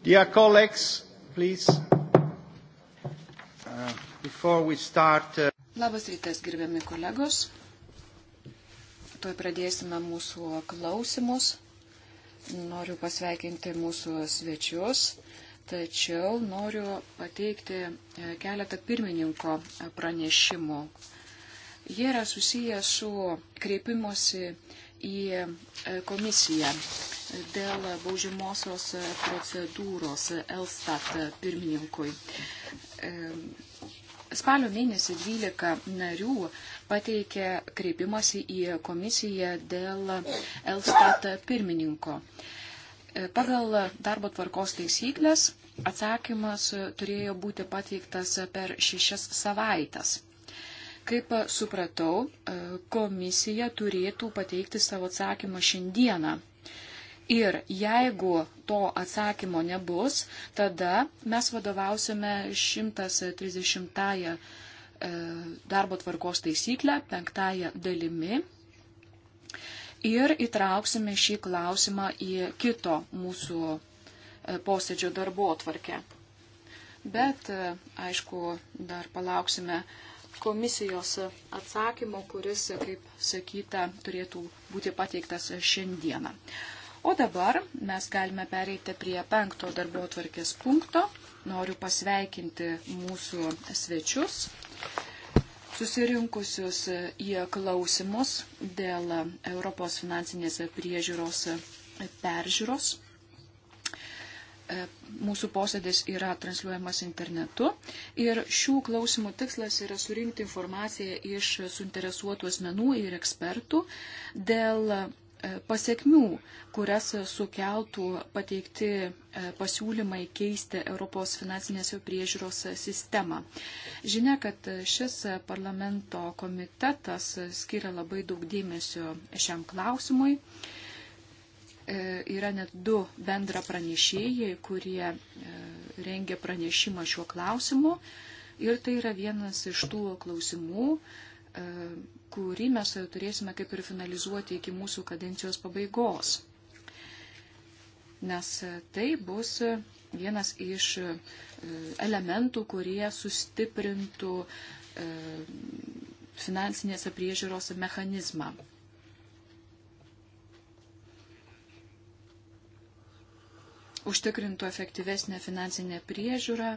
Dear colleagues, please. Uh, before we start. Uh... Labas rytas, gerbiami kolegos. Tuoj pradėsime mūsų klausimus. Noriu pasveikinti mūsų svečius, tačiau noriu pateikti e, keletą pirmininko pranešimų. Jie yra susiję su kreipimosi į e, komisiją dėl baudžiamosios procedūros Elstat pirmininkui. Spalio mėnesį 12 narių pateikė kreipimasi į komisiją dėl Elstat pirmininko. E, pagal darbo tvarkos taisyklės atsakymas turėjo būti pateiktas per šešias savaitės. Kaip supratau, e, komisija turėtų pateikti savo atsakymą šiandieną Ir jeigu to atsakymo nebus, tada mes vadovausime 130 e, darbo tvarkos taisyklę penktąją dalimi ir įtrauksime šį klausimą į kito mūsų e, posėdžio darbo atvarkę. Bet, e, aišku, dar palauksime komisijos atsakymo, kuris, kaip sakyta, turėtų būti pateiktas šiandieną. O dabar mes galime pereiti prie penkto darbo tvarkės punkto. Noriu pasveikinti mūsų svečius, susirinkusius į klausimus dėl Europos finansinės priežiūros peržiūros mūsų posėdis yra transliuojamas internetu ir šių klausimų tikslas yra surinkti informaciją iš suinteresuotų asmenų ir ekspertų dėl E, pasiekmių, kurias sukeltų pateikti e, pasiūlymai keisti Europos finansinės priežiūros sistemą. Žinia, kad šis parlamento komitetas skiria labai daug dėmesio šiam klausimui. E, yra net du bendra pranešėjai, kurie rengia pranešimą šiuo klausimu. Ir tai yra vienas iš tų klausimų, E, kurį mes turėsime kaip ir finalizuoti iki mūsų kadencijos pabaigos. Nes tai bus vienas iš e, elementų, kurie sustiprintų e, finansinės apriežiūros mechanizmą. užtikrintų efektyvesnę finansinę priežiūrą,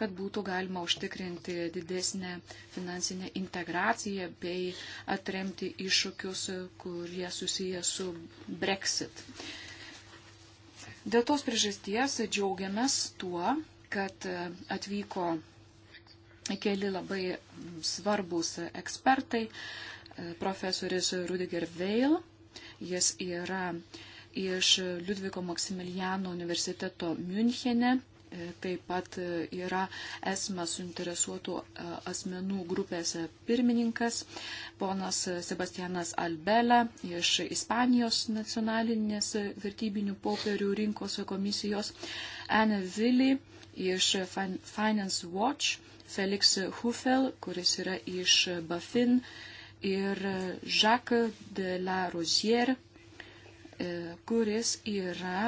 kad būtų galima užtikrinti didesnę finansinę integraciją bei atremti iššūkius, kurie susiję su Brexit. Dėl tos priežasties džiaugiamės tuo, kad atvyko keli labai svarbus ekspertai, profesorius Rudiger Veil, jis yra uh, iš Liudviko Maksimilijano universiteto Münchene. E, taip pat e, yra esma suinteresuotų e, asmenų grupės pirmininkas, ponas Sebastianas Albelė iš Ispanijos nacionalinės vertybinių popierių rinkos komisijos, Anne Vili iš Finance Watch, Felix Hufel, kuris yra iš Bafin ir Jacques de la Rosière E, kuris yra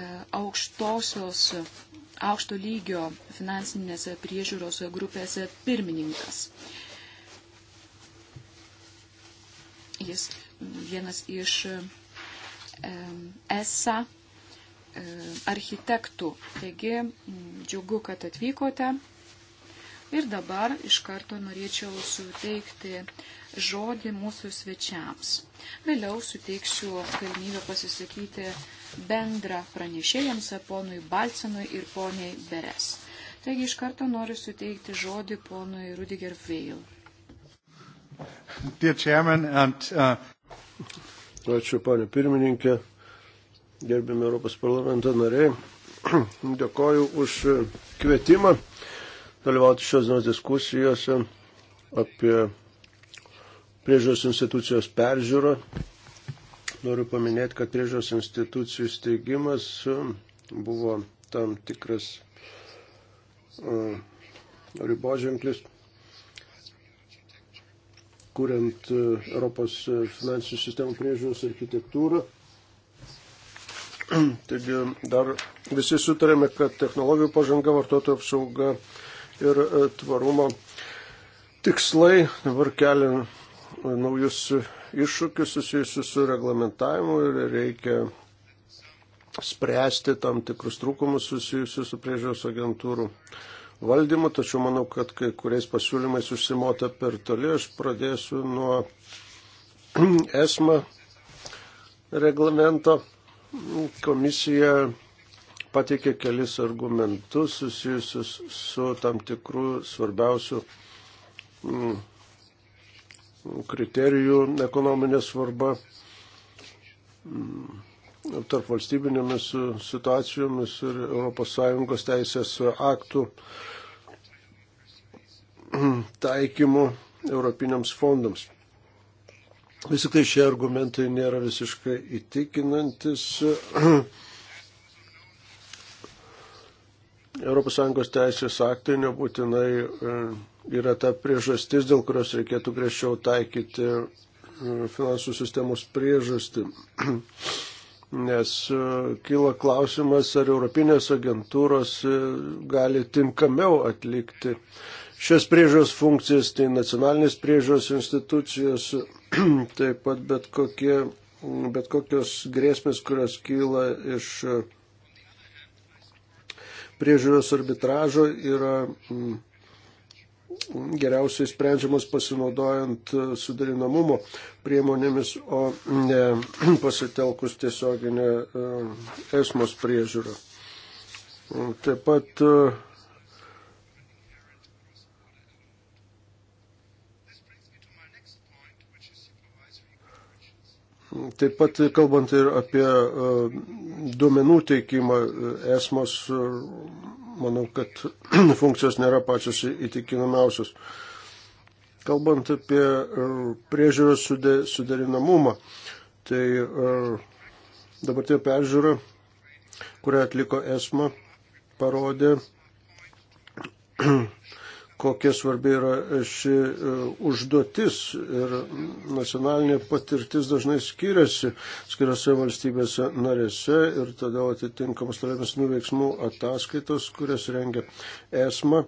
e, aukštosios, aukšto lygio finansinės priežiūros grupės pirmininkas. Jis vienas iš e, ESA architektų. Taigi, džiugu, kad atvykote. Ir dabar iš karto norėčiau suteikti žodį mūsų svečiams. Vėliau suteiksiu galimybę pasisakyti bendrą pranešėjams, ponui Balcenui ir poniai Beres. Taigi iš karto noriu suteikti žodį ponui Rudiger Veil. Uh, Ačiū, panė pirmininkė, gerbėme Europos parlamento nariai. Dėkoju už kvietimą dalyvauti šios dienos diskusijose apie priežiūros institucijos peržiūra. Noriu paminėti, kad priežiūros institucijų steigimas um, buvo tam tikras uh, riboženklis, kuriant uh, Europos uh, finansinių sistemų priežiūros architektūrą. Taigi dar visi sutarėme, kad technologijų pažanga, vartotojų apsauga ir tvarumo tikslai dabar kelia naujus iššūkius susijusius su reglamentavimu ir reikia spręsti tam tikrus trūkumus susijusius su priežiūros agentūrų valdymu, tačiau manau, kad kai kuriais pasiūlymais užsimota per toli, aš pradėsiu nuo esmą reglamento. Komisija pateikė kelis argumentus susijusius su tam tikrų svarbiausių mm, kriterijų ekonominė svarba mm, tarp valstybinėmis situacijomis ir ES teisės aktų taikymu europiniams fondams. Vis tik tai šie argumentai nėra visiškai įtikinantis. ES teisės aktai nebūtinai e, yra ta priežastis, dėl kurios reikėtų griežčiau taikyti e, finansų sistemos priežastį. Nes e, kyla klausimas, ar Europinės agentūros e, gali tinkamiau atlikti šias priežos funkcijas, tai nacionalinės priežos institucijos, taip pat bet, kokie, bet kokios grėsmės, kurios kyla iš priežiūros arbitražo, yra. Mm, geriausiai sprendžiamas pasinaudojant e, sudarinamumo priemonėmis, o ne pasitelkus tiesioginę esmos priežiūrą. Taip pat e, Taip pat kalbant ir apie e, duomenų teikimą, e, esmos, e, manau, kad funkcijos nėra pačios įtikinamiausios. Kalbant apie priežiūros suderinamumą, tai dabartinė peržiūra, kurią atliko esma, parodė, kokia svarbi yra ši e, užduotis ir nacionalinė patirtis dažnai skiriasi skiriose valstybėse narėse ir todėl atitinkamas tolimesnių veiksmų ataskaitos, kurias rengia ESMA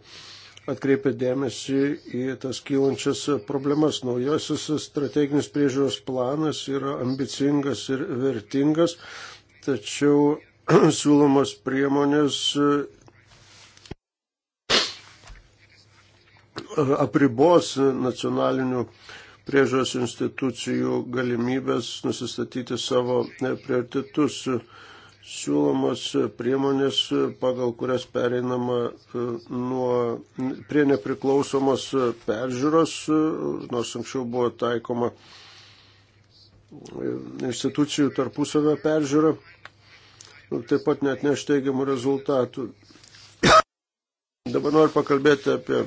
atkreipia dėmesį į tas kylančias problemas. Naujasis strateginis priežiūros planas yra ambicingas ir vertingas, tačiau siūlomos priemonės apribos nacionalinių priežos institucijų galimybės nusistatyti savo e, prioritetus siūlomos priemonės, pagal kurias pereinama e, nuo, prie nepriklausomos peržiūros, e, nors anksčiau buvo taikoma institucijų tarpusavio peržiūra, nu, taip pat net nešteigiamų rezultatų. Dabar noriu pakalbėti apie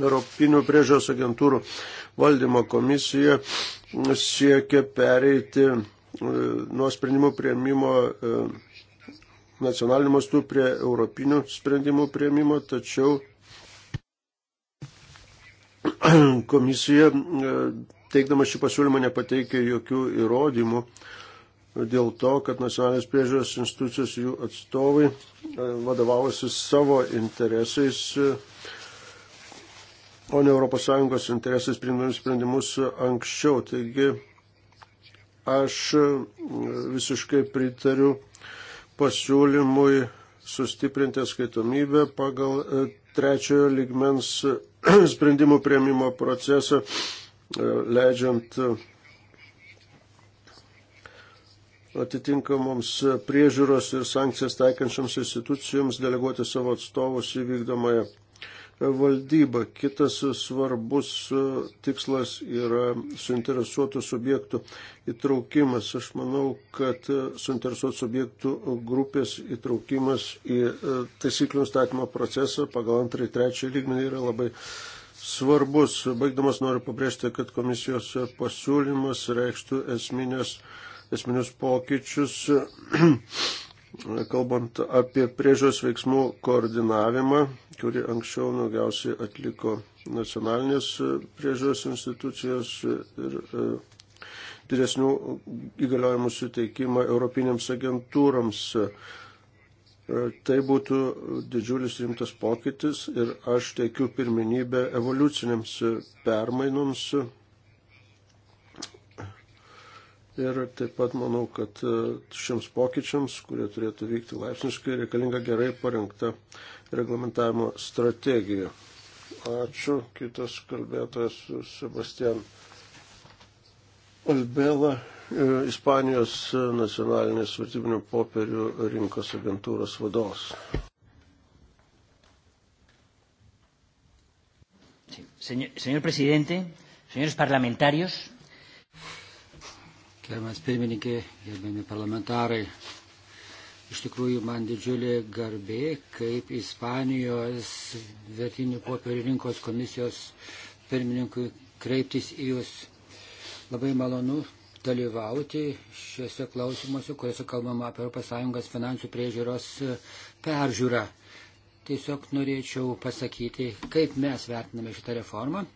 Europinių priežiūros agentūrų valdymo komisija siekia pereiti e, nuo sprendimų prieimimo e, nacionalinių mastų prie europinių sprendimų prieimimo, tačiau komisija e, teikdama šį pasiūlymą nepateikė jokių įrodymų dėl to, kad nacionalinės priežiūros institucijos jų atstovai vadovavosi savo interesais o ne ES interesais priimdami sprendimus anksčiau. Taigi aš mm, visiškai pritariu pasiūlymui sustiprinti skaitomybę pagal e, trečiojo ligmens sprendimų prieimimo procesą, e, leidžiant e, atitinkamoms priežiūros ir sankcijas taikančiams institucijoms deleguoti savo atstovus į vykdomąją valdyba. Kitas svarbus tikslas yra suinteresuotų subjektų įtraukimas. Aš manau, kad suinteresuotų subjektų grupės įtraukimas į e, taisyklių statymo procesą pagal antrą ir trečią lygmenį yra labai svarbus. Baigdamas noriu pabrėžti, kad komisijos pasiūlymas reikštų esminės, esminius pokyčius kalbant apie priežiūros veiksmų koordinavimą, kurį anksčiau daugiausiai atliko nacionalinės priežiūros institucijos ir e, didesnių įgaliojimų suteikimą Europinėms agentūrams. E, tai būtų didžiulis rimtas pokytis ir aš teikiu pirminybę evoliucinėms permainoms Ir taip pat manau, kad e, šiems pokyčiams, kurie turėtų vykti laipsniškai, reikalinga gerai parengta reglamentavimo strategija. Ačiū. Kitas kalbėtojas Sebastian Albela, e, Ispanijos nacionalinės vertybinių popierių rinkos agentūros vadovas. Señor presidente, señores parlamentarios, Gerbiamas pirmininkė, gerbiami parlamentarai, iš tikrųjų man didžiulė garbė, kaip Ispanijos vertinių popierių rinkos komisijos pirmininkui kreiptis į Jūs. Labai malonu dalyvauti šiuose klausimuose, kuriuose kalbama apie ES finansų priežiūros peržiūrą. Tiesiog norėčiau pasakyti, kaip mes vertiname šitą reformą.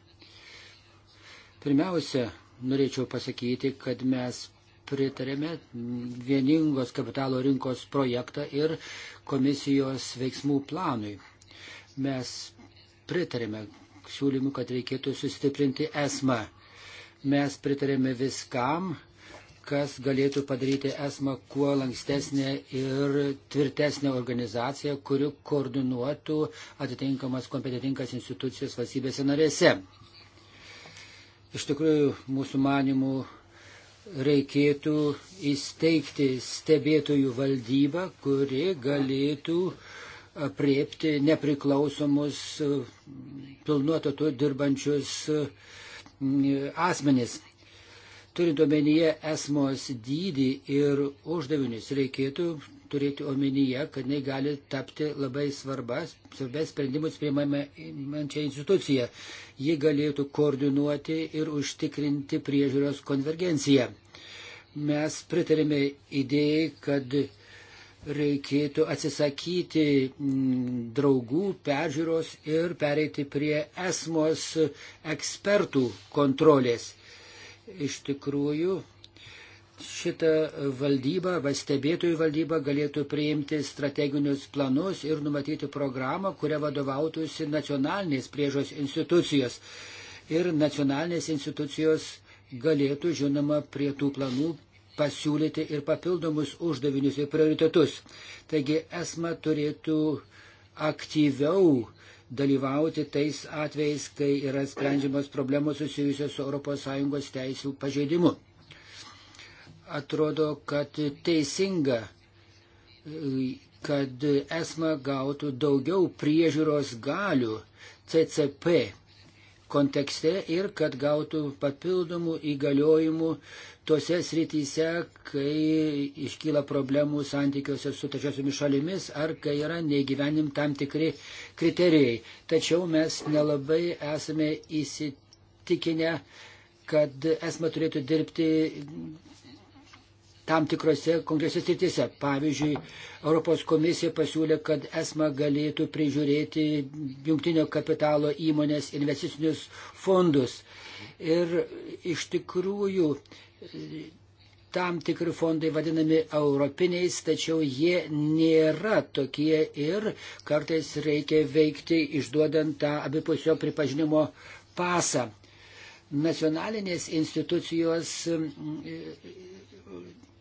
Pirmiausia, norėčiau pasakyti, kad mes pritarėme vieningos kapitalo rinkos projektą ir komisijos veiksmų planui. Mes pritarėme siūlymų, kad reikėtų sustiprinti esmą. Mes pritarėme viskam, kas galėtų padaryti esmą kuo lankstesnė ir tvirtesnė organizacija, kuri koordinuotų atitinkamas kompetitinkas institucijas valstybėse narėse. Iš tikrųjų, mūsų manimų reikėtų įsteigti stebėtojų valdybą, kuri galėtų apriepti nepriklausomus pilnuotatu dirbančius asmenis. Turint omenyje esmos dydį ir uždavinius, reikėtų turėti omenyje, kad jinai gali tapti labai svarbas, svarbės sprendimus priimančią instituciją. Ji galėtų koordinuoti ir užtikrinti priežiūros konvergenciją. Mes pritarėme idėjai, kad reikėtų atsisakyti mm, draugų peržiūros ir pereiti prie esmos ekspertų kontrolės. Iš tikrųjų, šita valdyba arba stebėtojų valdyba galėtų priimti strateginius planus ir numatyti programą, kuria vadovautųsi nacionalinės priežos institucijos. Ir nacionalinės institucijos galėtų, žinoma, prie tų planų pasiūlyti ir papildomus uždavinius ir prioritetus. Taigi esma turėtų aktyviau dalyvauti tais atvejais, kai yra sprendžiamos problemos susijusios su ES teisų pažeidimu atrodo, kad teisinga, kad esma gautų daugiau priežiūros galių CCP kontekste ir kad gautų papildomų įgaliojimų tose srityse, kai iškyla problemų santykiuose su trečiosiomis šalimis ar kai yra neįgyvenim tam tikri kriterijai. Tačiau mes nelabai esame įsitikinę, kad esame turėtų dirbti tam tikrose konkrečiose srityse. Pavyzdžiui, Europos komisija pasiūlė, kad ESMA galėtų prižiūrėti jungtinio kapitalo įmonės investicinius fondus. Ir iš tikrųjų tam tikri fondai vadinami europiniais, tačiau jie nėra tokie ir kartais reikia veikti išduodant tą abipusio pripažinimo pasą. Nacionalinės institucijos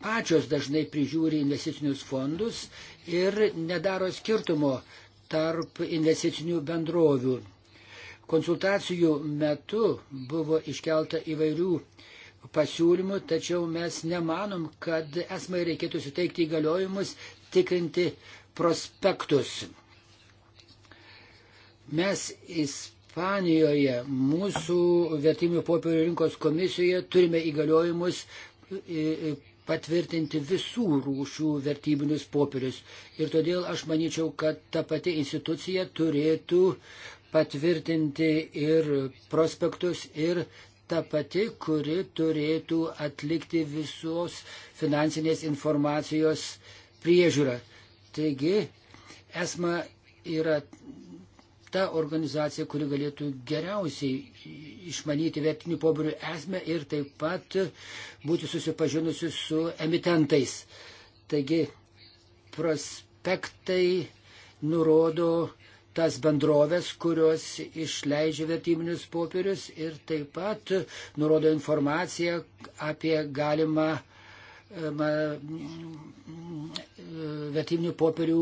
pačios dažnai prižiūri investicinius fondus ir nedaro skirtumo tarp investicinių bendrovių. Konsultacijų metu buvo iškelta įvairių pasiūlymų, tačiau mes nemanom, kad esmai reikėtų suteikti įgaliojimus tikrinti prospektus. Mes Ispanijoje, mūsų vertimių popierių rinkos komisijoje turime įgaliojimus patvirtinti visų rūšių vertybinius popierius. Ir todėl aš manyčiau, kad ta pati institucija turėtų patvirtinti ir prospektus, ir ta pati, kuri turėtų atlikti visos finansinės informacijos priežiūrą. Taigi, esma yra ta organizacija, kuri galėtų geriausiai išmanyti vertinių pobūrių esmę ir taip pat būti susipažinusi su emitentais. Taigi prospektai nurodo tas bendrovės, kurios išleidžia vertybinius popierius ir taip pat nurodo informaciją apie galimą e, mm, e, vertybinių popierių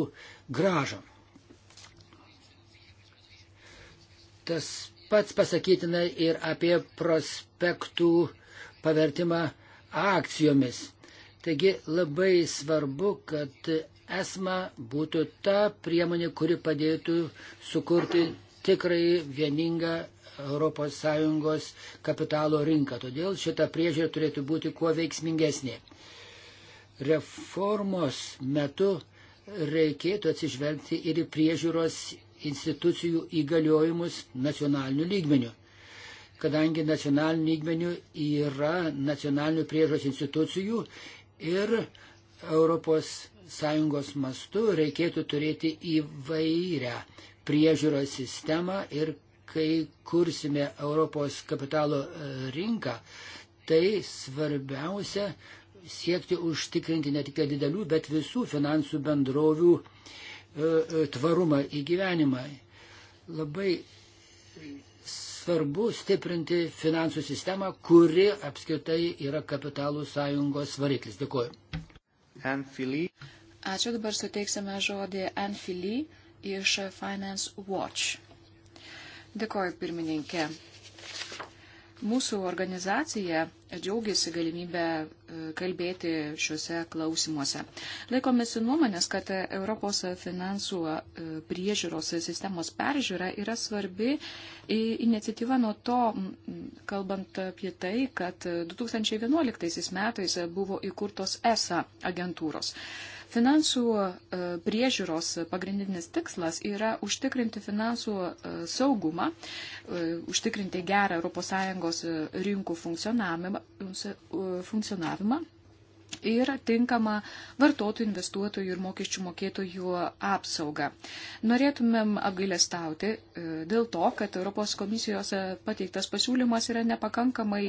gražą. Tas pats pasakytina ir apie prospektų pavertimą akcijomis. Taigi labai svarbu, kad esma būtų ta priemonė, kuri padėtų sukurti tikrai vieningą ES kapitalo rinką. Todėl šita priežiūra turėtų būti kuo veiksmingesnė. Reformos metu reikėtų atsižvelgti ir į priežiūros institucijų įgaliojimus nacionaliniu lygmeniu. Kadangi nacionaliniu lygmeniu yra nacionalinių priežos institucijų ir ES mastu reikėtų turėti įvairią priežiūros sistemą ir kai kursime Europos kapitalo e, rinką, tai svarbiausia siekti užtikrinti ne tik didelių, bet visų finansų bendrovių uh, E, e, tvarumą į gyvenimą. Labai svarbu stiprinti finansų sistemą, kuri apskritai yra kapitalų sąjungos variklis. Dėkuoju. Ačiū dabar suteiksime žodį Anfily iš Finance Watch. Dėkuoju pirmininkė. Mūsų organizacija džiaugiasi galimybę e, kalbėti šiuose klausimuose. Laikomėsi nuomonės, kad Europos finansų e, priežiūros sistemos peržiūra yra svarbi iniciatyva nuo to, kalbant apie tai, kad 2011 e, metais buvo įkurtos ESA agentūros. Finansų e, priežiūros pagrindinis tikslas yra užtikrinti finansų e, saugumą, e, užtikrinti gerą ES rinkų funkcionavimą ir tinkamą vartotojų, investuotojų ir mokesčių mokėtojų apsaugą. Norėtumėm apgailestauti dėl to, kad Europos komisijos pateiktas pasiūlymas yra nepakankamai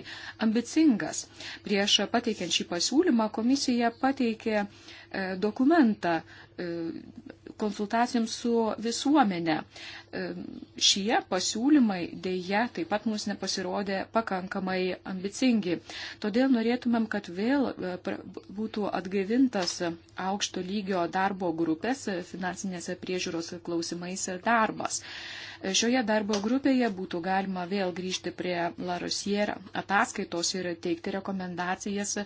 ambicingas. Prieš pateikiant šį pasiūlymą komisija pateikė E, dokumentą e, konsultacijoms su visuomenė. E, šie pasiūlymai dėja taip pat mums nepasirodė pakankamai ambicingi. Todėl norėtumėm, kad vėl būtų atgaivintas aukšto lygio darbo grupės finansinėse priežiūros klausimais darbas. Šioje darbo grupėje būtų galima vėl grįžti prie Larosier ataskaitos ir teikti rekomendacijas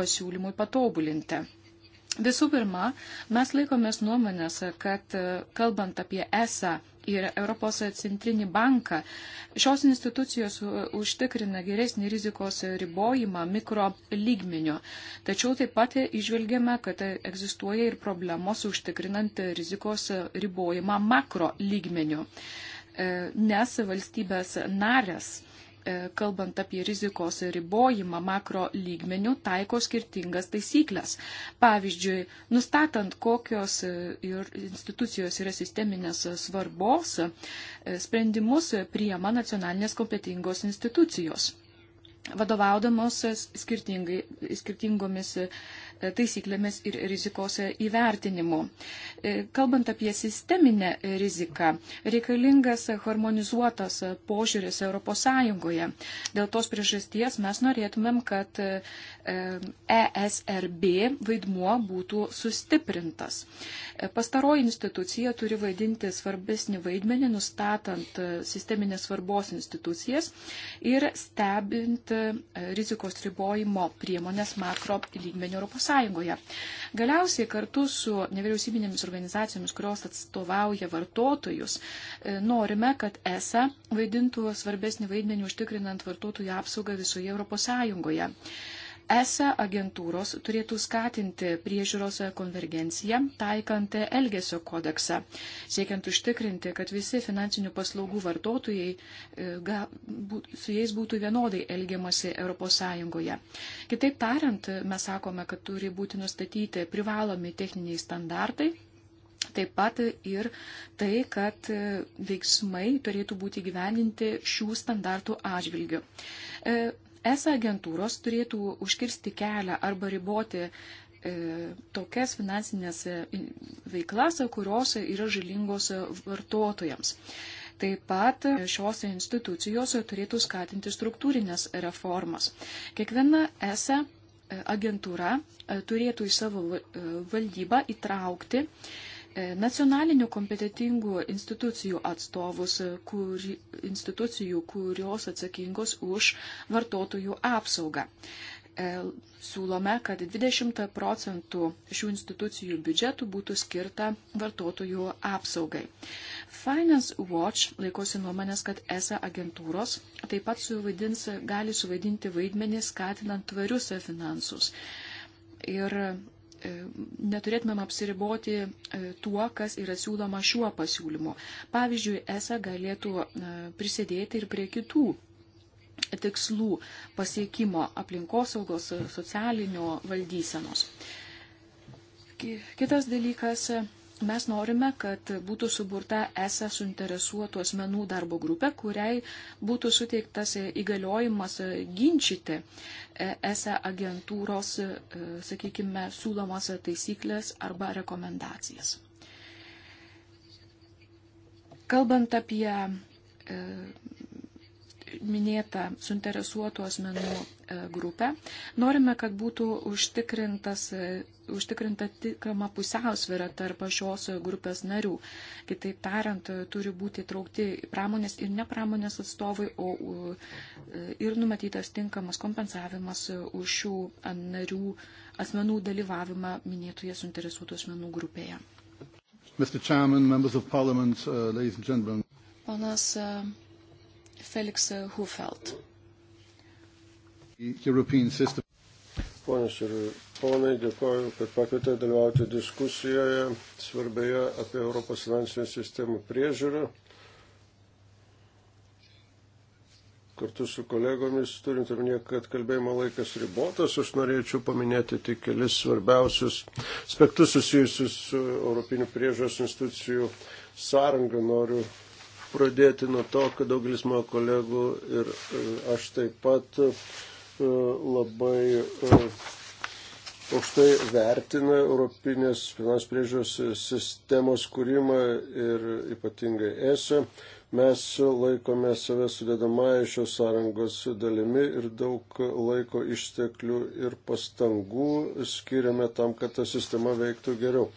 pasiūlymui patobulinti. Visų pirma, mes laikomės nuomonės, kad e, kalbant apie ESA ir Europos centrinį banką, šios institucijos e, užtikrina geresnį rizikos ribojimą mikro lygmeniu. Tačiau taip pat išvelgiame, kad egzistuoja ir problemos užtikrinant rizikos ribojimą makro lygmeniu, e, nes valstybės narės E, kalbant apie rizikos ribojimą makro lygmenių, taiko skirtingas taisyklės. Pavyzdžiui, nustatant, kokios e, institucijos yra sisteminės svarbos, e, sprendimus priema nacionalinės kompetingos institucijos vadovaudamos skirtingomis taisyklėmis ir rizikos įvertinimu. E, kalbant apie sisteminę riziką, reikalingas harmonizuotas požiūris ES. Dėl tos priežasties mes norėtumėm, kad ESRB e vaidmuo būtų sustiprintas. E, pastaroji institucija turi vaidinti svarbesnį vaidmenį, nustatant sisteminės svarbos institucijas ir stebint rizikos ribojimo priemonės makro lygmenį ES. Sąjungoje. Galiausiai kartu su nevyriausybinėmis organizacijomis, kurios atstovauja vartotojus, e, norime, kad ESA vaidintų svarbesnį vaidmenį užtikrinant vartotojų apsaugą visoje Europos Sąjungoje. ESA agentūros turėtų skatinti priežiūros konvergenciją, taikant Elgesio kodeksą, siekiant užtikrinti, kad visi finansinių paslaugų vartotojai e, ga, būt, su jais būtų vienodai elgiamasi ES. Kitaip tariant, mes sakome, kad turi būti nustatyti privalomi techniniai standartai Taip pat ir tai, kad e, veiksmai turėtų būti gyveninti šių standartų atžvilgių. E, ESA agentūros turėtų užkirsti kelią arba riboti e, tokias finansinės e, veiklas, kurios yra žalingos vartotojams. Taip pat šios institucijos turėtų skatinti struktūrinės reformas. Kiekviena ESA e, agentūra turėtų į savo valdybą įtraukti uh, E, nacionalinių kompetitingų institucijų atstovus, kur, institucijų, kurios atsakingos už vartotojų apsaugą. E, siūlome, kad 20 procentų šių institucijų biudžetų būtų skirta vartotojų apsaugai. Finance Watch laikosi nuomonės, kad ESA agentūros taip pat suvaidins, gali suvaidinti vaidmenį skatinant tvarius finansus. Ir E, neturėtumėm apsiriboti e, tuo, kas yra siūloma šiuo pasiūlymu. Pavyzdžiui, ESA galėtų e, prisidėti ir prie kitų tikslų pasiekimo aplinkosaugos socialinio valdysenos. Kitas dalykas Mes norime, kad būtų suburta esą suinteresuotų asmenų darbo grupė, kuriai būtų suteiktas įgaliojimas ginčyti esą agentūros, sakykime, siūlomas taisyklės arba rekomendacijas. Kalbant apie minėtą suinteresuotų asmenų e, grupę. Norime, kad būtų e, užtikrinta tikrama pusiausvėra tarp šios grupės narių. Kitaip tariant, turi būti traukti pramonės ir nepramonės atstovai o, e, ir numatytas tinkamas kompensavimas už šių narių asmenų dalyvavimą minėtoje suinteresuotų asmenų grupėje. Mr. Chairman, members of Parliament, uh, ladies and gentlemen. Ponas uh, Felix Hufeld. Ponas ir ponai, dėkoju, kad pakvietė dalyvauti diskusijoje svarbėje apie Europos finansinių sistemų priežiūrą. Kartu su kolegomis, turint omenyje, kad kalbėjimo laikas ribotas, aš norėčiau paminėti tik kelis svarbiausius aspektus susijusius su Europinių priežiūros institucijų sąranga. Noriu pradėti nuo to, kad daugelis mano kolegų ir e, aš taip pat e, labai e, aukštai vertina Europinės finansų priežiūros sistemos kūrimą ir ypatingai ESA. Mes laikome save sudėdamąją šios sąrangos dalimi ir daug laiko išteklių ir pastangų skiriame tam, kad ta sistema veiktų geriau.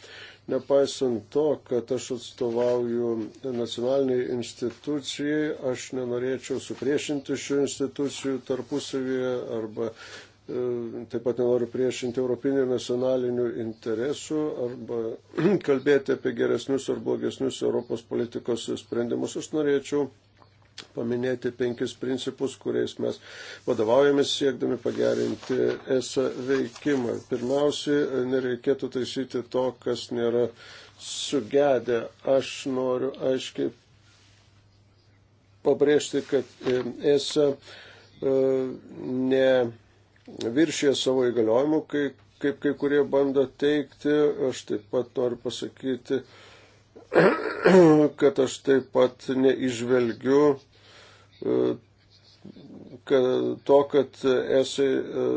Nepaisant to, kad aš atstovauju nacionaliniai institucijai, aš nenorėčiau supriešinti šių institucijų tarpusavyje arba e, taip pat nenoriu priešinti europinių ir nacionalinių interesų arba kalbėti apie geresnius ar blogesnius Europos politikos sprendimus. Aš norėčiau paminėti penkis principus, kuriais mes vadovaujamės siekdami pagerinti ESA veikimą. Pirmiausiai, nereikėtų taisyti to, kas nėra sugedę. Aš noriu aiškiai pabrėžti, kad ESA e, ne viršė savo įgaliojimų, kaip, kaip kai kurie bando teikti. Aš taip pat noriu pasakyti, kad aš taip pat neižvelgiu E, kad to, kad esai e,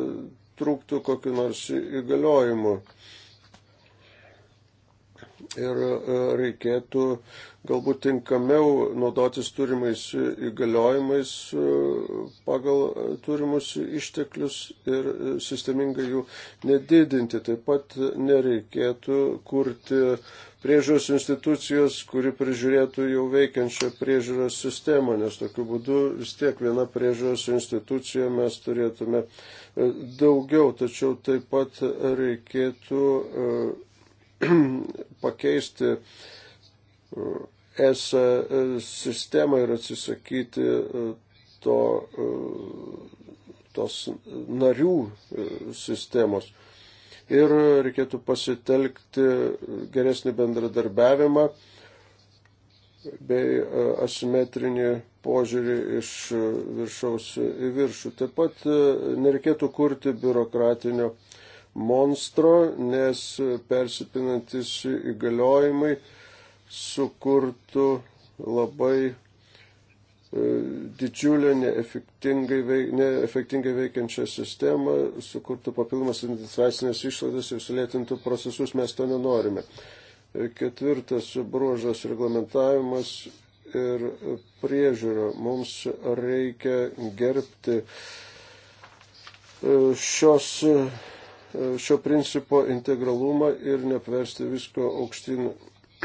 trūktų kokiu nors įgaliojimu. Ir e, reikėtų galbūt tinkamiau naudotis turimais įgaliojimais pagal turimus išteklius ir sistemingai jų nedidinti. Taip pat nereikėtų kurti priežiūros institucijos, kuri prižiūrėtų jau veikiančią priežiūros sistemą, nes tokiu būdu vis tiek viena priežiūros institucija mes turėtume e, daugiau, tačiau taip pat reikėtų e, pakeisti e, ESA sistemą ir atsisakyti to, tos narių sistemos ir reikėtų pasitelkti geresnį bendradarbiavimą bei e, asimetrinį požiūrį iš viršaus į viršų. Taip pat e, nereikėtų kurti biurokratinio monstro, nes persipinantis įgaliojimai sukurtų labai E, didžiulę neefektingai, veik, neefektingai veikiančią sistemą, sukurtų papildomas administracinės išlaidas ir sulėtintų procesus, mes to nenorime. E, ketvirtas bruožas - reglamentavimas ir priežiūra. Mums reikia gerbti e, šios, šio principo integralumą ir neapversti visko aukštin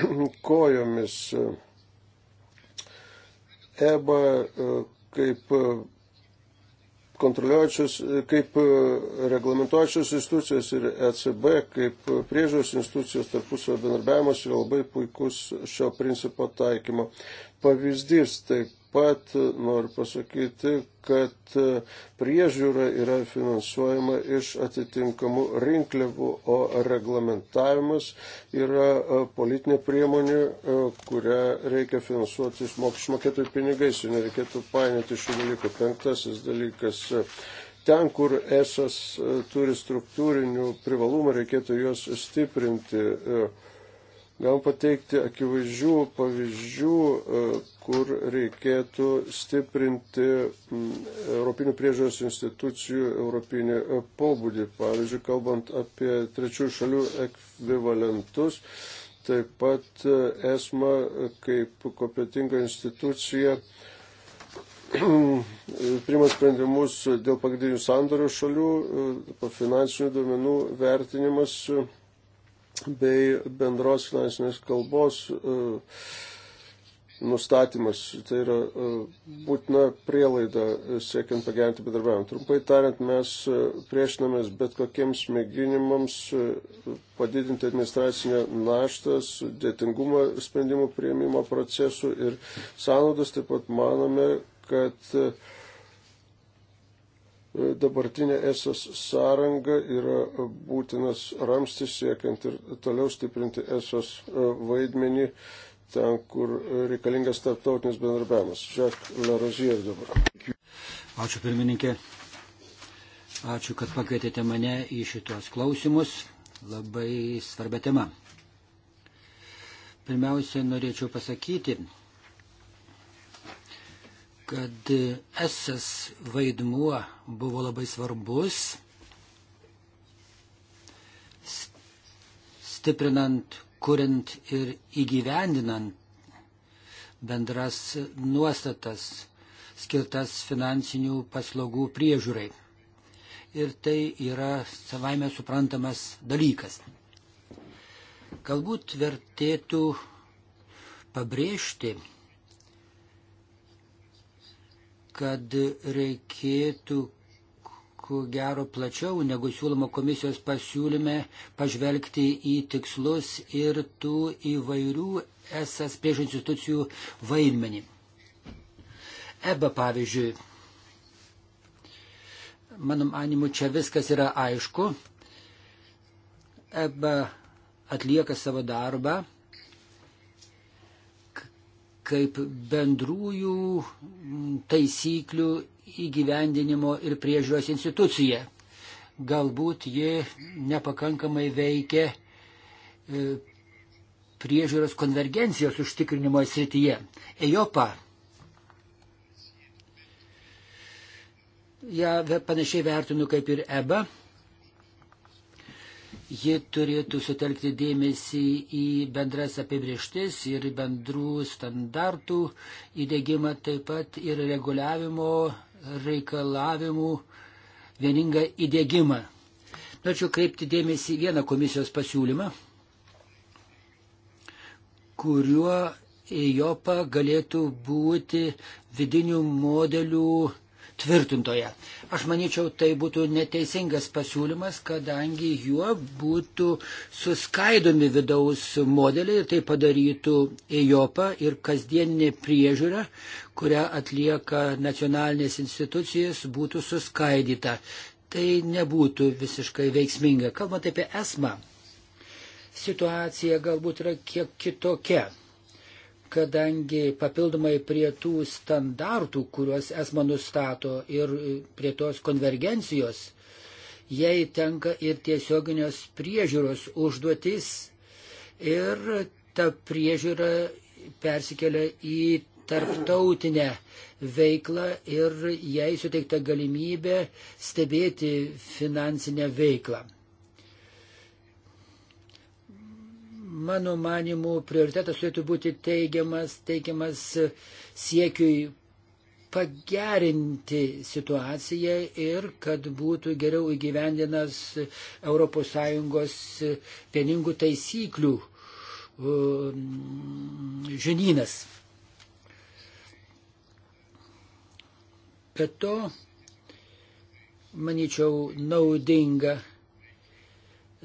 kojomis EBA e, kaip e, kontroliuojančios, e, kaip reglamentuojančios institucijos ir ECB, kaip priežiūros institucijos tarpusavio bendarbiavimas yra labai puikus šio principo taikymo pavyzdys. Taip pat noriu pasakyti, kad priežiūra yra finansuojama iš atitinkamų rinkliavų, o reglamentavimas yra e, politinė priemonė, e, kurią reikia finansuoti iš mokesčių mokėtojų pinigais ir nereikėtų painėti šių dalykų. Penktasis dalykas. E, ten, kur esas turi struktūrinių privalumų, reikėtų juos stiprinti. E, Gal pateikti akivaizdžių pavyzdžių, e, kur reikėtų stiprinti Europinių priežiūros institucijų europinį e, pobūdį. Pavyzdžiui, kalbant apie trečių šalių ekvivalentus, taip pat e, ESMA kaip kompetinga institucija priima sprendimus dėl pagrindinių sandorių šalių, finansinių duomenų vertinimas bei bendros finansinės kalbos e, nustatymas. Tai yra e, būtina prielaida e, siekiant pagerinti bedarbiavimą. Trumpai tariant, mes priešinamės bet kokiems mėginimams padidinti administracinę naštą, sudėtingumą sprendimų prieimimo procesų ir sąnaudas. Taip pat manome, kad uh, dabartinė ESAS sąranga yra būtinas ramstis siekiant ir toliau stiprinti ESAS e, vaidmenį ten, kur reikalingas tarptautinis bendarbiavimas. Žak Larozier dabar. Ačiū pirmininkė. Ačiū, kad pakvietėte mane į šitos klausimus. Labai svarbia tema. Pirmiausia, norėčiau pasakyti, kad esas vaidmuo buvo labai svarbus, stiprinant, kuriant ir įgyvendinant bendras nuostatas skirtas finansinių paslaugų priežiūrai. Ir tai yra savaime suprantamas dalykas. Galbūt vertėtų pabrėžti, kad reikėtų ko gero plačiau negu siūloma komisijos pasiūlyme pažvelgti į tikslus ir tų įvairių esas prieš institucijų vaidmenį. EBA pavyzdžiui, mano manimu, čia viskas yra aišku. EBA atlieka savo darbą kaip bendrųjų taisyklių įgyvendinimo ir priežiūros institucija. Galbūt ji nepakankamai veikia e, priežiūros konvergencijos užtikrinimo srityje. EJOPA ją ja, panašiai vertinu kaip ir EBA. Ji turėtų sutelkti dėmesį į bendras apibrieštis ir bendrų standartų įdėgymą, taip pat ir reguliavimo reikalavimų vieningą įdėgymą. Norėčiau kreipti dėmesį į vieną komisijos pasiūlymą, kuriuo EJOPA galėtų būti vidinių modelių tvirtintoje. Aš manyčiau, tai būtų neteisingas pasiūlymas, kadangi juo būtų suskaidomi vidaus modeliai, tai padarytų EJOPA ir kasdieninė priežiūra, kurią atlieka nacionalinės institucijas, būtų suskaidyta. Tai nebūtų visiškai veiksminga. Kalbant apie esmą, situacija galbūt yra kiek kitokia kadangi papildomai prie tų standartų, kuriuos esma nustato ir prie tos konvergencijos, jai tenka ir tiesioginės priežiūros užduotis ir ta priežiūra persikelia į tarptautinę veiklą ir jai suteikta galimybė stebėti finansinę veiklą. Mano manimu, prioritetas turėtų būti teigiamas, teigiamas siekiui pagerinti situaciją ir kad būtų geriau įgyvendinas ES vieningų taisyklių žinynas. Bet to, manyčiau, naudinga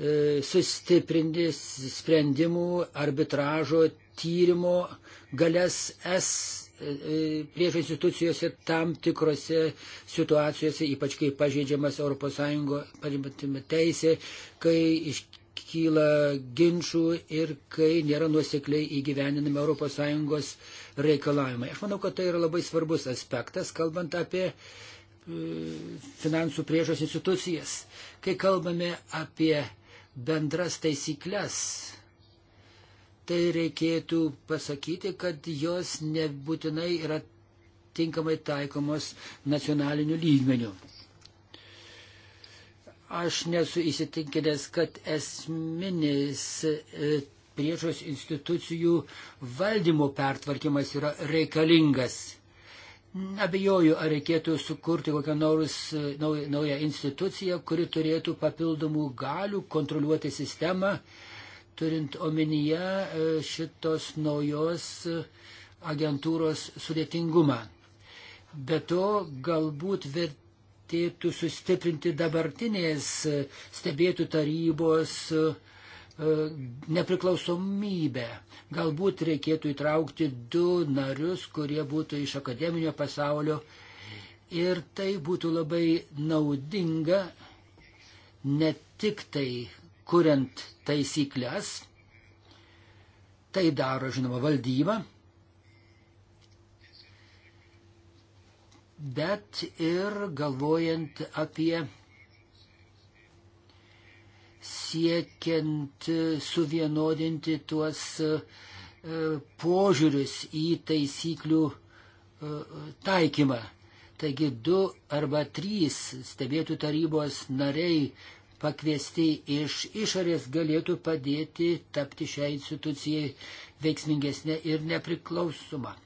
E, sustiprinti sprendimų arbitražo tyrimo galės S e, e, prieš institucijose tam tikrose situacijose, ypač kai pažeidžiamas ES teisė, kai iškyla ginčių ir kai nėra nuosekliai įgyveninami ES reikalavimai. Aš manau, kad tai yra labai svarbus aspektas, kalbant apie finansų priežos institucijas. Kai kalbame apie bendras taisyklės, tai reikėtų pasakyti, kad jos nebūtinai yra tinkamai taikomos nacionaliniu lygmeniu. Aš nesu įsitikinęs, kad esminis e, priežos institucijų valdymo pertvarkymas yra reikalingas. Abejoju, ar reikėtų sukurti kokią nors e, naują, naują instituciją, kuri turėtų papildomų galių kontroliuoti sistemą, turint omenyje e, šitos naujos e, agentūros sudėtingumą. Be to, galbūt vertėtų sustiprinti dabartinės stebėtų tarybos uh, E, nepriklausomybę. Galbūt reikėtų įtraukti du narius, kurie būtų iš akademinio pasaulio. Ir tai būtų labai naudinga ne tik tai kuriant taisyklės, tai daro žinoma valdyba, bet ir galvojant apie siekiant suvienodinti tuos e, požiūrius į taisyklių e, taikymą. Taigi du arba trys stebėtų tarybos nariai pakviesti iš išorės galėtų padėti tapti šią instituciją veiksmingesnė ir nepriklausoma.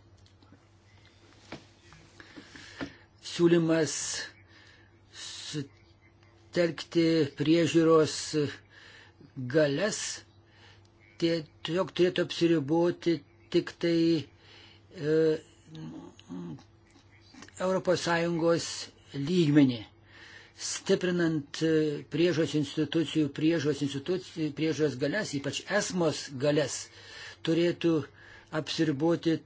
Siūlymas sutelkti priežiūros galės, tiesiog turėtų apsiriboti tik tai e, ES lygmenį. Stiprinant e, priežos institucijų, priežos institucijų, priežos galės, ypač esmos galės, turėtų apsiriboti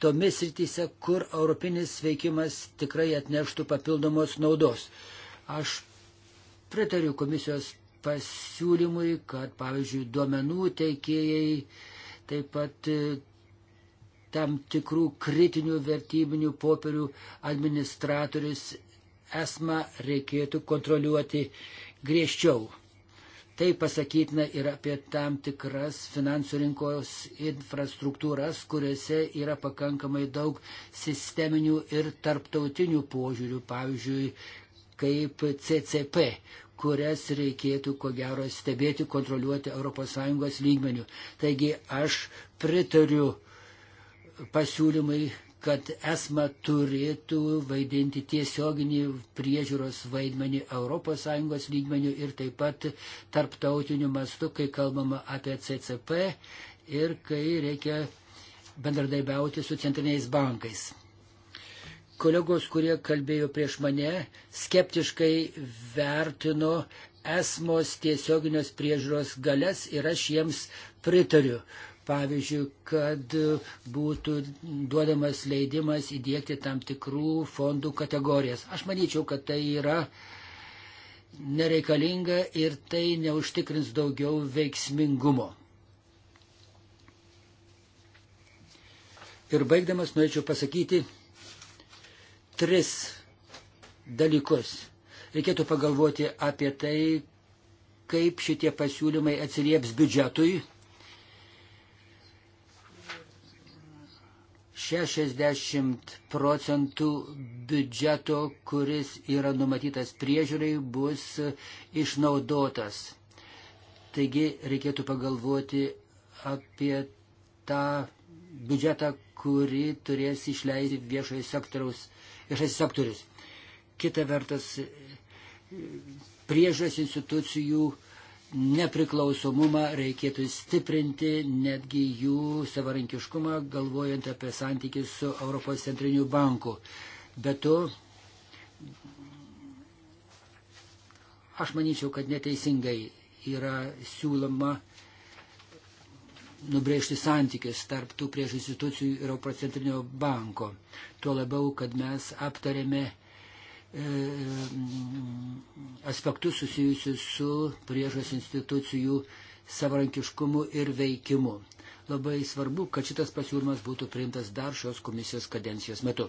tomis rytise, kur europinis veikimas tikrai atneštų papildomos naudos. Aš pritariu komisijos pasiūlymui, kad, pavyzdžiui, duomenų teikėjai taip pat e, tam tikrų kritinių vertybinių popierių administratorius esmą reikėtų kontroliuoti griežčiau. Tai pasakytina ir apie tam tikras finansų rinkos infrastruktūras, kuriuose yra pakankamai daug sisteminių ir tarptautinių požiūrių, pavyzdžiui, kaip CCP, kurias reikėtų ko gero stebėti, kontroliuoti ES lygmenių. Taigi aš pritariu pasiūlymai, kad esma turėtų vaidinti tiesioginį priežiūros vaidmenį ES lygmenių ir taip pat tarptautiniu mastu, kai kalbama apie CCP ir kai reikia bendradarbiauti su centriniais bankais. Kolegos, kurie kalbėjo prieš mane, skeptiškai vertino esmos tiesioginios priežiūros galės ir aš jiems pritariu. Pavyzdžiui, kad būtų duodamas leidimas įdėkti tam tikrų fondų kategorijas. Aš manyčiau, kad tai yra nereikalinga ir tai neužtikrins daugiau veiksmingumo. Ir baigdamas norėčiau pasakyti, tris dalykus. Reikėtų pagalvoti apie tai, kaip šitie pasiūlymai atsilieps biudžetui. 60 procentų biudžeto, kuris yra numatytas priežiūrai, bus išnaudotas. Taigi reikėtų pagalvoti apie tą biudžetą, kurį turės išleisti viešojo sektoriaus viešasis sektorius. Kita vertas, priežas institucijų nepriklausomumą reikėtų stiprinti, netgi jų savarankiškumą, galvojant apie santykius su Europos centriniu banku. Bet to, aš manyčiau, kad neteisingai yra siūloma nubrėžti santykius tarp tų prieš institucijų ir Europos centrinio banko. Tuo labiau, kad mes aptarėme e, aspektus susijusius su priežas institucijų savarankiškumu ir veikimu. Labai svarbu, kad šitas pasiūlymas būtų priimtas dar šios komisijos kadencijos metu.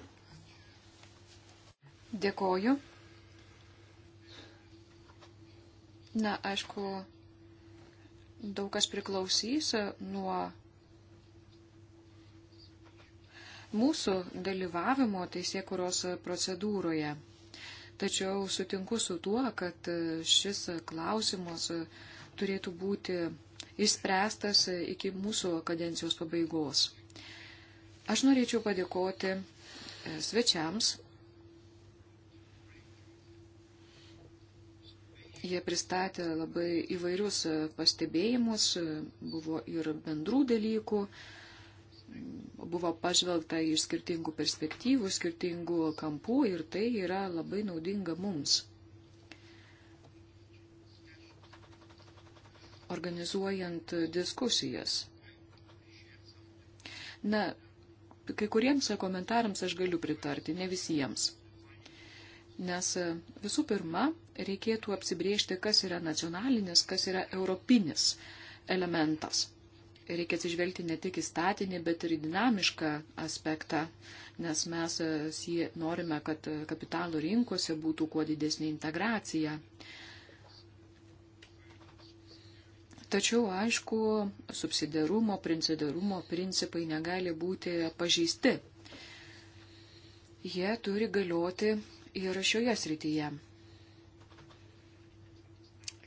Dėkoju. Na, aišku, daug kas priklausys nuo mūsų dalyvavimo teisėkuros procedūroje. Tačiau sutinku su tuo, kad šis klausimas turėtų būti išspręstas iki mūsų kadencijos pabaigos. Aš norėčiau padėkoti svečiams Jie pristatė labai įvairius pastebėjimus, buvo ir bendrų dalykų, buvo pažvelgta iš skirtingų perspektyvų, skirtingų kampų ir tai yra labai naudinga mums. Organizuojant diskusijas. Na, kai kuriems komentarams aš galiu pritarti, ne visiems. Nes visų pirma, reikėtų apsibriežti, kas yra nacionalinis, kas yra europinis elementas. Reikia atsižvelgti ne tik įstatinį, bet ir dinamišką aspektą, nes mes e, norime, kad e, kapitalų rinkose būtų kuo didesnė integracija. Tačiau, aišku, subsidiarumo, princidarumo principai negali būti pažeisti. Jie turi galioti ir šioje srityje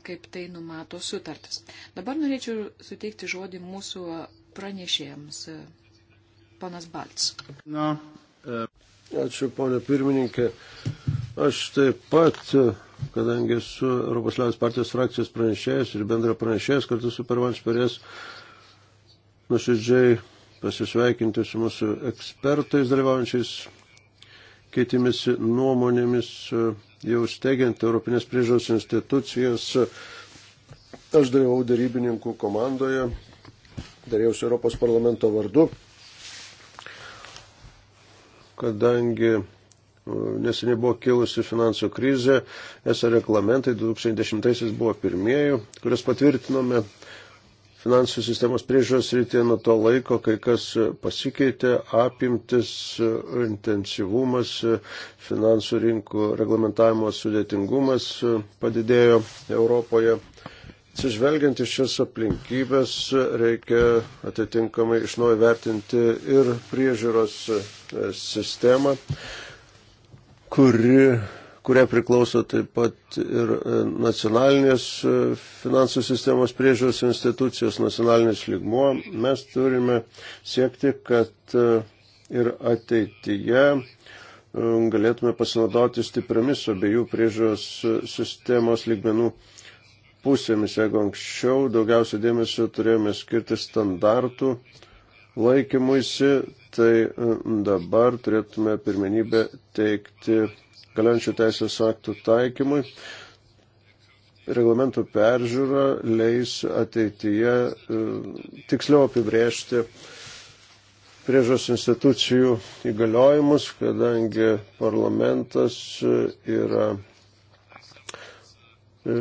kaip tai numato sutartis. Dabar norėčiau suteikti žodį mūsų pranešėjams. Ponas Balts. Na, e, ačiū, ponė pirmininkė. Aš taip pat, kadangi esu Europos Liaudės partijos frakcijos pranešėjas ir bendra pranešėjas kartu su Pervans Perės, nuoširdžiai pasisveikinti su mūsų ekspertais dalyvaujančiais keitimėsi nuomonėmis. E, jau steigiant Europinės priežos institucijas, aš dalyvau darybininkų komandoje, darėjausi Europos parlamento vardu, kadangi uh, neseniai buvo kilusi finansų krizė, esą reglamentai 2010 buvo pirmieji, kurias patvirtinome finansų sistemos priežiūros rytė nuo to laiko, kai kas pasikeitė, apimtis, intensyvumas, finansų rinkų reglamentavimo sudėtingumas padidėjo Europoje. Atsižvelgiant iš šias aplinkybės, reikia atitinkamai iš naujo vertinti ir priežiūros sistemą, kuri kuria priklauso taip pat ir e, nacionalinės e, finansų sistemos priežiūros institucijos, nacionalinis ligmuo, mes turime siekti, kad e, ir ateityje galėtume pasinaudoti stipriamis abiejų priežiūros sistemos lygmenų pusėmis, jeigu anksčiau daugiausia dėmesio turėjome skirti standartų laikymuisi, tai dabar turėtume pirmenybę teikti galiančių teisės aktų taikymui. Reglamentų peržiūra leis ateityje e, tiksliau apibrėžti priežos institucijų įgaliojimus, kadangi parlamentas yra e,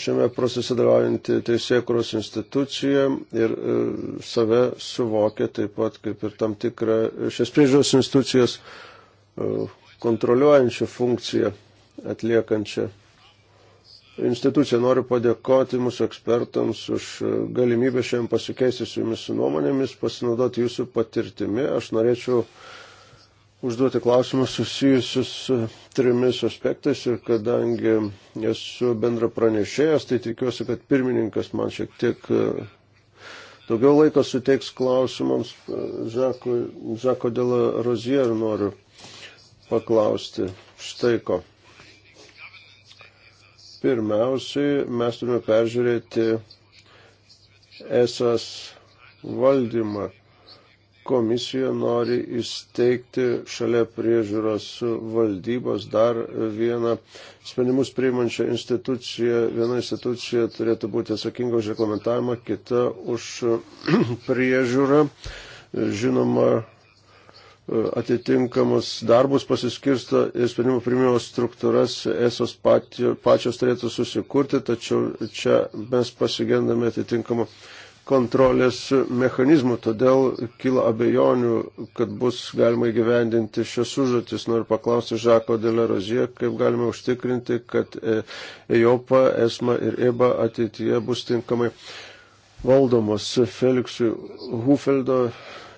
šiame procese dalyvaujanti teisėkuros institucija ir e, save suvokia taip pat kaip ir tam tikrą šias priežos institucijas kontroliuojančią funkciją atliekančią instituciją. Noriu padėkoti mūsų ekspertams už galimybę šiandien pasikeisti su jumis nuomonėmis, pasinaudoti jūsų patirtimi. Aš norėčiau užduoti klausimus susijusius su trimis aspektais ir kadangi esu bendra pranešėjas, tai tikiuosi, kad pirmininkas man šiek tiek e, daugiau laiko suteiks klausimams. Žako, Žako Dela Rozier noriu paklausti štai ko. Pirmiausiai, mes turime peržiūrėti esas valdymą. Komisija nori įsteigti šalia priežiūros valdybos dar vieną sprendimus priimančią instituciją. Viena institucija turėtų būti atsakinga už reglamentavimą, kita už priežiūrą. Žinoma, atitinkamus darbus pasiskirsto ir sprendimų primimo struktūras esos pačios turėtų susikurti, tačiau čia mes pasigendame atitinkamų kontrolės mechanizmų, todėl kyla abejonių, kad bus galima įgyvendinti šias užduotis. Noriu paklausti Žako Delerozie, kaip galime užtikrinti, kad e- EJOPA, ESMA ir EBA ateityje bus tinkamai uh, valdomos Feliksui Hufeldo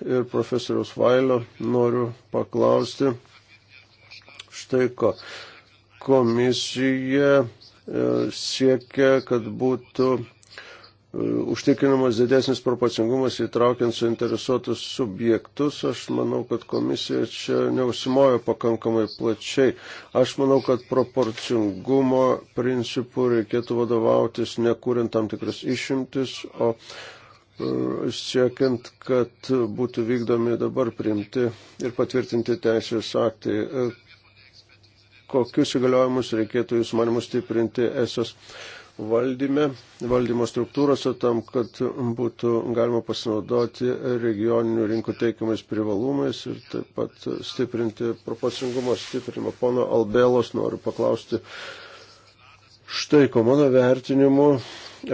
ir profesoriaus Vailio. Noriu paklausti štai ko. Komisija e, siekia, kad būtų E, užtikrinamas didesnis proporcingumas įtraukiant suinteresuotus subjektus, aš manau, kad komisija čia neusimojo pakankamai plačiai. Aš manau, kad proporcingumo principų reikėtų vadovautis nekūrint tam tikras išimtis, o e, siekiant, kad būtų vykdomi dabar priimti ir patvirtinti teisės aktai. E, kokius įgaliojimus reikėtų jūs manimus stiprinti esos? valdyme, valdymo struktūrose tam, kad būtų galima pasinaudoti regioninių rinkų teikiamais privalumais ir taip pat stiprinti proporcingumo stiprinimą. Pono Albėlos noriu paklausti. Štai ko mano vertinimu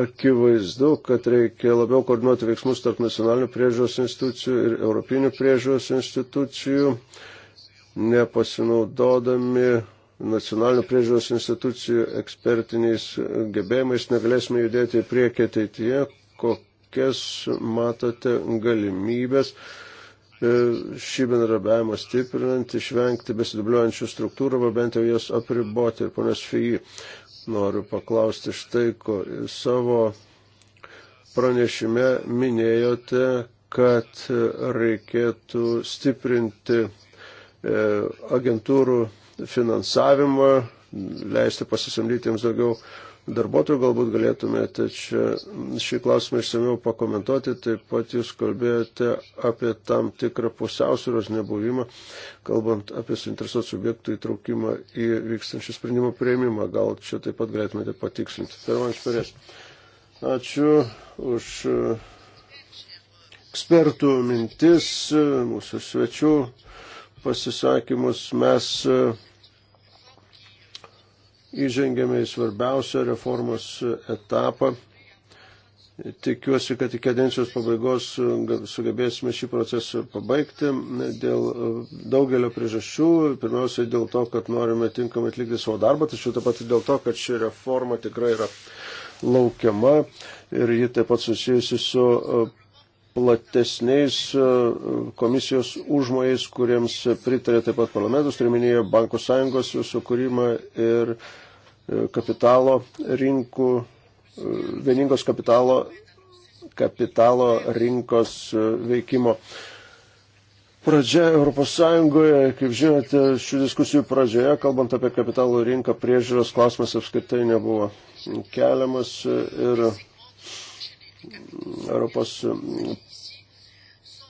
akivaizdu, kad reikia labiau koordinuoti veiksmus tarp nacionalinių priežiūros institucijų ir europinių priežiūros institucijų, nepasinaudodami nacionalinių priežiūros institucijų ekspertiniais gebėjimais negalėsime judėti į priekį ateityje, kokias matote galimybės e, šį bendrabiavimą stiprinant, išvengti besidubliuojančių struktūrų, arba bent jau jas apriboti. Ir ponas Fiji, noriu paklausti štai, ko savo pranešime minėjote, kad reikėtų stiprinti e, agentūrų finansavimą, leisti pasisamdyti jiems daugiau darbuotojų, galbūt galėtumėte čia šį klausimą išsamiau pakomentuoti. Taip pat jūs kalbėjote apie tam tikrą pusiausvėros nebuvimą, kalbant apie suinteresuotų subjektų įtraukimą į vykstančių sprendimų prieimimą. Gal čia taip pat galėtumėte patikslinti. Pirmąjį šperės. Ačiū už ekspertų mintis, mūsų svečių pasisakymus. Mes įžengėme į svarbiausią reformos etapą. Tikiuosi, kad iki kadencijos pabaigos sugebėsime šį procesą pabaigti dėl e, daugelio priežasčių. Pirmiausiai dėl to, kad norime tinkamai atlikti savo darbą, tačiau taip pat ir dėl to, kad ši reforma tikrai yra laukiama ir ji taip pat susijusi su e, platesniais e, komisijos užmojais, kuriems pritarė taip pat parlamentas, turiminėjo Bankų sąjungos sukūrimą ir kapitalo rinkų, vieningos kapitalo, kapitalo rinkos veikimo pradžia Europos Sąjungoje, kaip žinote, šių diskusijų pradžioje, kalbant apie kapitalų rinką, priežiūros klausimas apskritai nebuvo keliamas ir Europos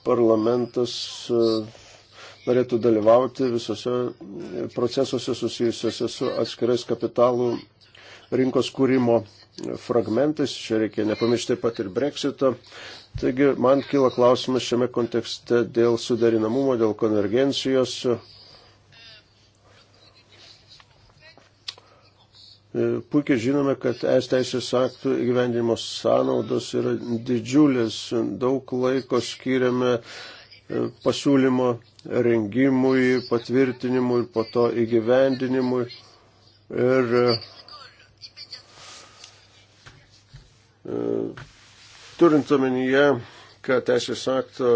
parlamentas norėtų dalyvauti visose procesuose susijusiuose su atskirais kapitalų rinkos kūrimo fragmentais. Čia reikia nepamiršti taip pat ir breksito. Taigi man kyla klausimas šiame kontekste dėl suderinamumo, dėl konvergencijos. Puikiai žinome, kad es teisės aktų įgyvendinimo sąnaudos yra didžiulės. Daug laiko skiriame uh, E, pasiūlymo rengimui, patvirtinimui, po to įgyvendinimui. Ir e, e, turint omenyje, kad teisės akto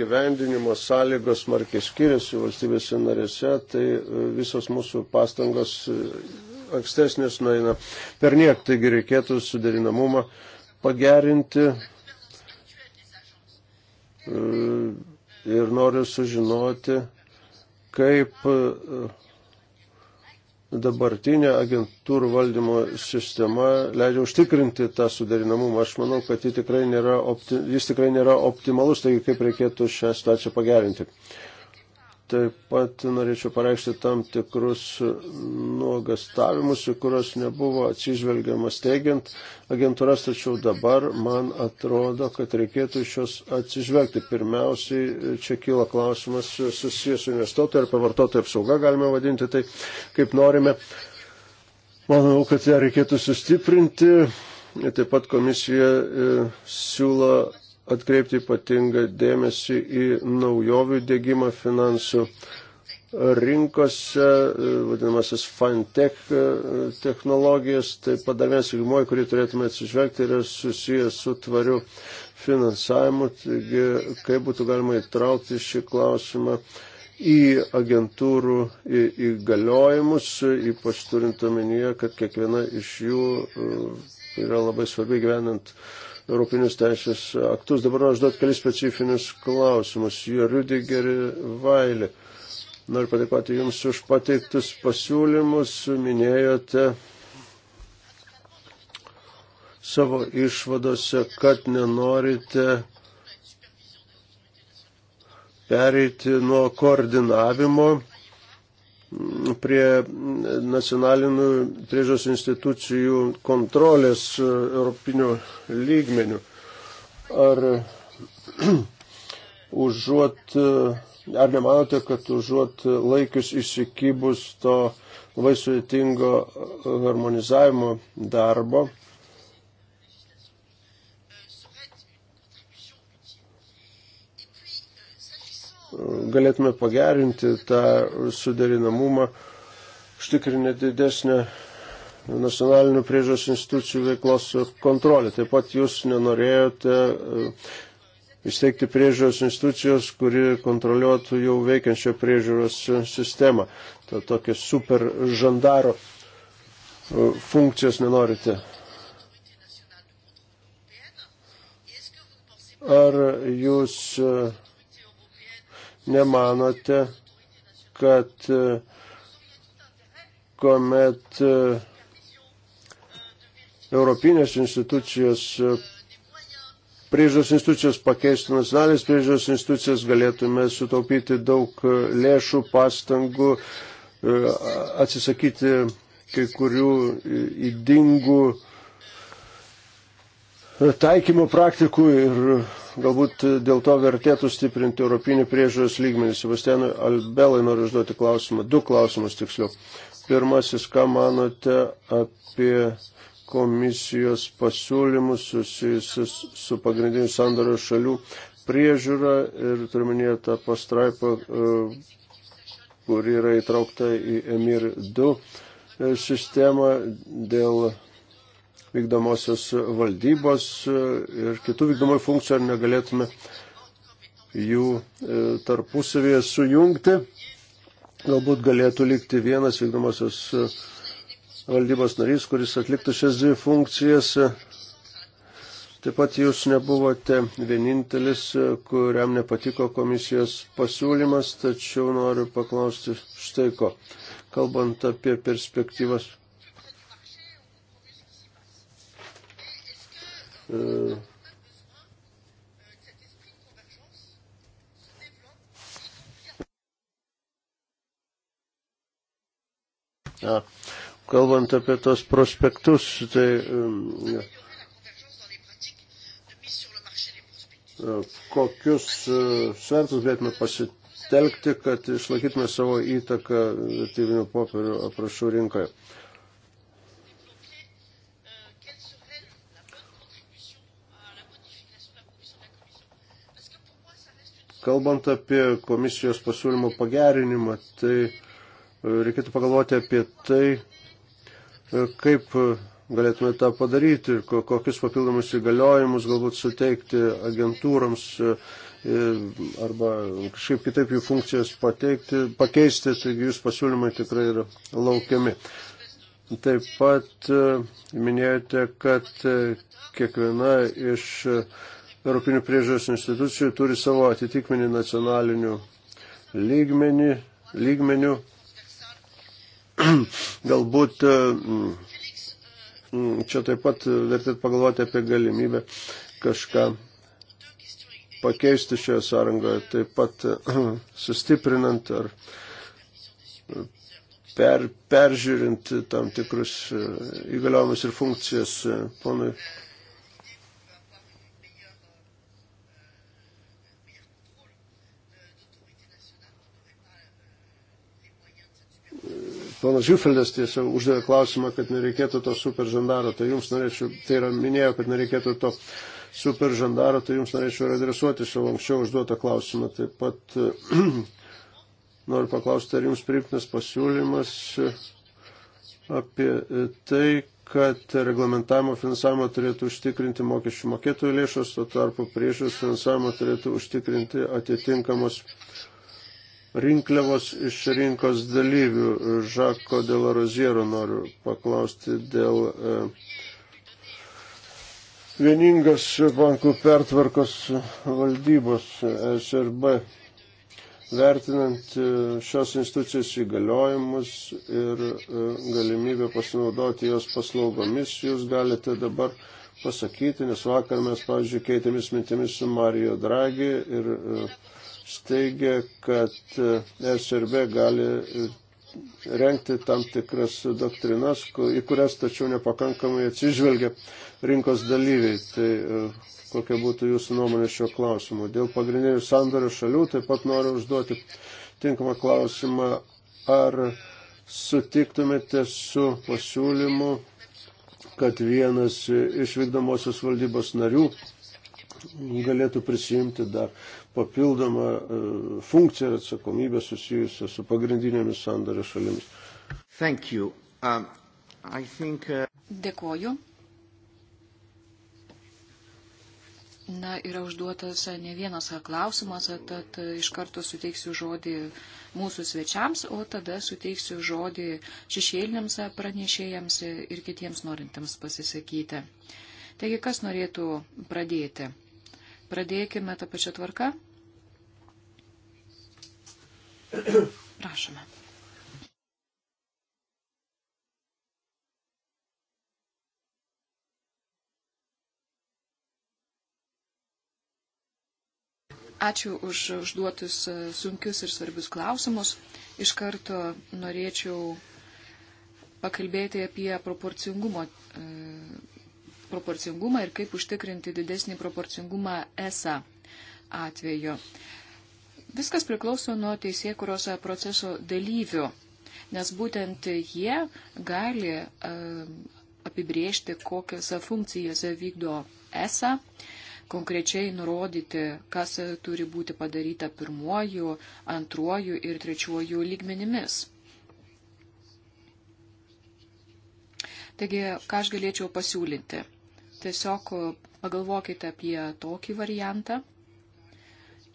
gyvendinimo sąlygos markiai skiriasi valstybėse narėse, tai visos mūsų pastangos ankstesnės nueina per niek, taigi reikėtų suderinamumą pagerinti E, ir noriu sužinoti, kaip e, dabartinė agentūrų valdymo sistema leidžia užtikrinti tą suderinamumą. Aš manau, kad tikrai nėra opti, jis tikrai nėra optimalus, taigi kaip reikėtų šią situaciją pagerinti. Taip pat norėčiau pareikšti tam tikrus nuogastavimus, į kuriuos nebuvo atsižvelgiama steigiant agentūras, tačiau dabar man atrodo, kad reikėtų iš jos atsižvelgti. Pirmiausiai čia kyla klausimas susijęs su investuotojų ar pavartotojų apsauga, galime vadinti tai kaip norime. Manau, kad ją reikėtų sustiprinti. Taip pat komisija e, siūlo atkreipti ypatingą dėmesį į naujovių dėgymą finansų rinkose, e, vadinamasis fintech e, technologijas, tai padavės įgimoji, kurį turėtume atsižvelgti, yra susijęs su tvariu finansavimu, taigi kaip būtų galima įtraukti šį klausimą į agentūrų įgaliojimus, ypač turint omenyje, kad kiekviena iš jų e, yra labai svarbi gyvenant uh, Europinius teisės aktus. Dabar noriu užduoti kelis specifinius klausimus. Jie Rudigerį Vailį. Noriu padėkoti Jums už pateiktus pasiūlymus. Minėjote savo išvadose, kad nenorite pereiti nuo koordinavimo prie nacionalinių priežos institucijų kontrolės e, europinių lygmenių. Ar, užuot, e, ar nemanote, kad užuot laikius įsikibus to labai sudėtingo harmonizavimo darbo, galėtume pagerinti tą suderinamumą, užtikrinę didesnę nacionalinių priežos institucijų veiklos kontrolę. Taip pat jūs nenorėjote e, įsteigti priežiūros institucijos, kuri kontroliuotų jau veikiančią priežiūros sistemą. Ta tokia super žandaro e, funkcijos nenorite. Ar jūs uh, nemanote, kad e, kuomet e, Europinės institucijos, e, priežiūros institucijos pakeistų nacionalinės priežiūros institucijas, galėtume sutaupyti daug lėšų, pastangų, atsisakyti kai kurių įdingų taikymo praktikų ir galbūt e, dėl to vertėtų stiprinti europinį priežiūros lygmenį. Sebastianui Albelai noriu užduoti klausimą, du klausimus tiksliau. Pirmasis, ką manote apie komisijos pasiūlymus susijusius su pagrindiniu sandario šalių priežiūra ir turminėje tą pastraipą, e, kur yra įtraukta į EMIR 2 e, sistemą dėl vykdomosios valdybos ir kitų vykdomųjų funkcijų, ar negalėtume jų e, tarpusavėje sujungti. Galbūt galėtų likti vienas vykdomosios e, valdybos narys, kuris atliktų šias dvi funkcijas. Taip pat jūs nebuvote vienintelis, e, kuriam nepatiko komisijos pasiūlymas, tačiau noriu paklausti štai ko, kalbant apie perspektyvas Ja. E, kalbant apie tos prospektus, tai ja. Um, e, kokius e, svertus galėtume pasitelkti, kad išlaikytume savo įtaką vertybinių popierių aprašų rinkoje. Kalbant apie komisijos pasiūlymų pagerinimą, tai e, reikėtų pagalvoti apie tai, e, kaip e, galėtume tą padaryti, kokius papildomus įgaliojimus galbūt suteikti agentūrams arba kažkaip kitaip jų funkcijas pateikti, pakeisti, taigi jūs pasiūlymai tikrai yra laukiami. Taip pat minėjote, kad kiekviena iš Europinių priežiūros institucijų turi savo atitikmenį nacionalinių lygmenį, lygmenių. Galbūt e, čia taip pat vertėt pagalvoti apie galimybę kažką pakeisti šioje sąrangoje, taip pat sustiprinant ar per, peržiūrint tam tikrus e, įgaliojimus ir funkcijas e, ponui Ponas Jufeldas tiesiog uždavė klausimą, kad nereikėtų to super žandaro, tai jums norėčiau, tai yra minėjo, kad nereikėtų to super žandaro, tai jums norėčiau ir adresuoti savo anksčiau užduotą klausimą. Taip pat noriu paklausti, ar jums priimtinas pasiūlymas apie tai, kad reglamentavimo finansavimo turėtų užtikrinti mokesčių mokėtojų lėšos, o tarpu priežiūros finansavimo turėtų užtikrinti atitinkamos rinkliavos iš rinkos dalyvių. Žako Delaroziero noriu paklausti dėl e, vieningos bankų pertvarkos valdybos SRB, vertinant e, šios institucijos įgaliojimus ir e, galimybę pasinaudoti jos paslaugomis, jūs galite dabar pasakyti, nes vakar mes, pavyzdžiui, keitėmis mintimis su Mario Draghi ir uh, steigia, kad e, SRB gali renkti tam tikras doktrinas, į kurias tačiau nepakankamai atsižvelgia rinkos dalyviai. Tai e, kokia būtų jūsų nuomonė šio klausimu. Dėl pagrindinių sandorio šalių taip pat noriu užduoti tinkamą klausimą, ar sutiktumėte su pasiūlymu, kad vienas iš vykdomosios valdybos narių galėtų prisijimti dar papildomą e, funkciją ir atsakomybę susijusią su pagrindinėmis sandario šalimis. Thank you. Um, I think, uh... Dėkoju. Na, yra užduotas ne vienas klausimas, tad iš karto suteiksiu žodį mūsų svečiams, o tada suteiksiu žodį šešėliniams pranešėjams ir kitiems norintams pasisakyti. Taigi, kas norėtų pradėti? pradėkime tą pačią tvarką. Prašome. Ačiū už užduotus e, sunkius ir svarbius klausimus. Iš karto norėčiau pakalbėti apie proporcingumo e, proporcingumą ir kaip užtikrinti didesnį proporcingumą ESA atveju. Viskas priklauso nuo teisėkuros proceso dalyvių, nes būtent jie gali apibriežti, kokias funkcijas vykdo ESA, konkrečiai nurodyti, kas turi būti padaryta pirmuoju, antruoju ir trečiuoju lygmenimis. Taigi, ką aš galėčiau pasiūlyti? Tiesiog pagalvokite apie tokį variantą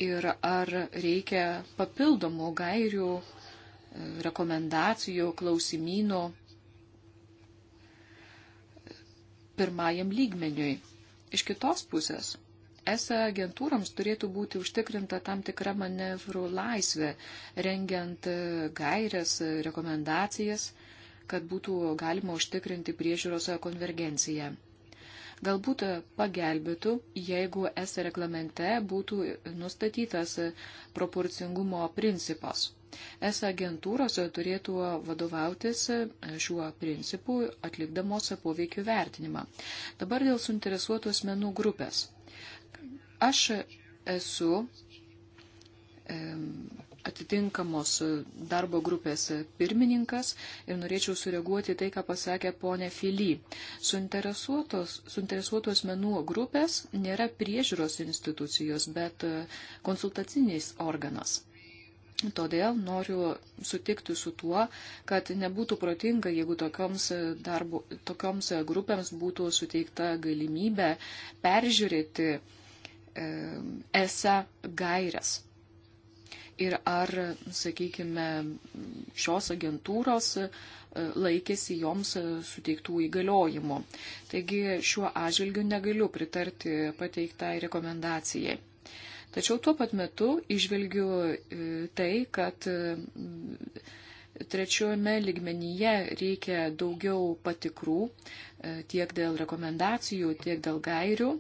ir ar reikia papildomų gairių, e, rekomendacijų, klausimynų pirmajam lygmeniui. Iš kitos pusės, ESA agentūrams turėtų būti užtikrinta tam tikra manevrų laisvė, rengiant e, gairias, e, rekomendacijas, kad būtų galima užtikrinti priežiūros konvergenciją. Galbūt pagelbėtų, jeigu S reglamente būtų nustatytas proporcingumo principas. S agentūros turėtų vadovautis šiuo principu atlikdamos poveikių vertinimą. Dabar dėl suinteresuotų asmenų grupės. Aš esu atitinkamos darbo grupės pirmininkas ir norėčiau sureaguoti tai, ką pasakė ponė Fily. Suinteresuotų asmenų grupės nėra priežiūros institucijos, bet e, konsultacinis organas. Todėl noriu sutikti su tuo, kad nebūtų protinga, jeigu tokioms, e, darbo, tokioms e, grupėms būtų suteikta galimybė peržiūrėti esą gairias ir ar, sakykime, šios agentūros e, laikėsi joms e, suteiktų įgaliojimų. Taigi šiuo atžvilgiu negaliu pritarti pateiktai rekomendacijai. Tačiau tuo pat metu išvelgiu e, tai, kad trečiojame ligmenyje reikia daugiau patikrų tiek dėl rekomendacijų, tiek dėl gairių.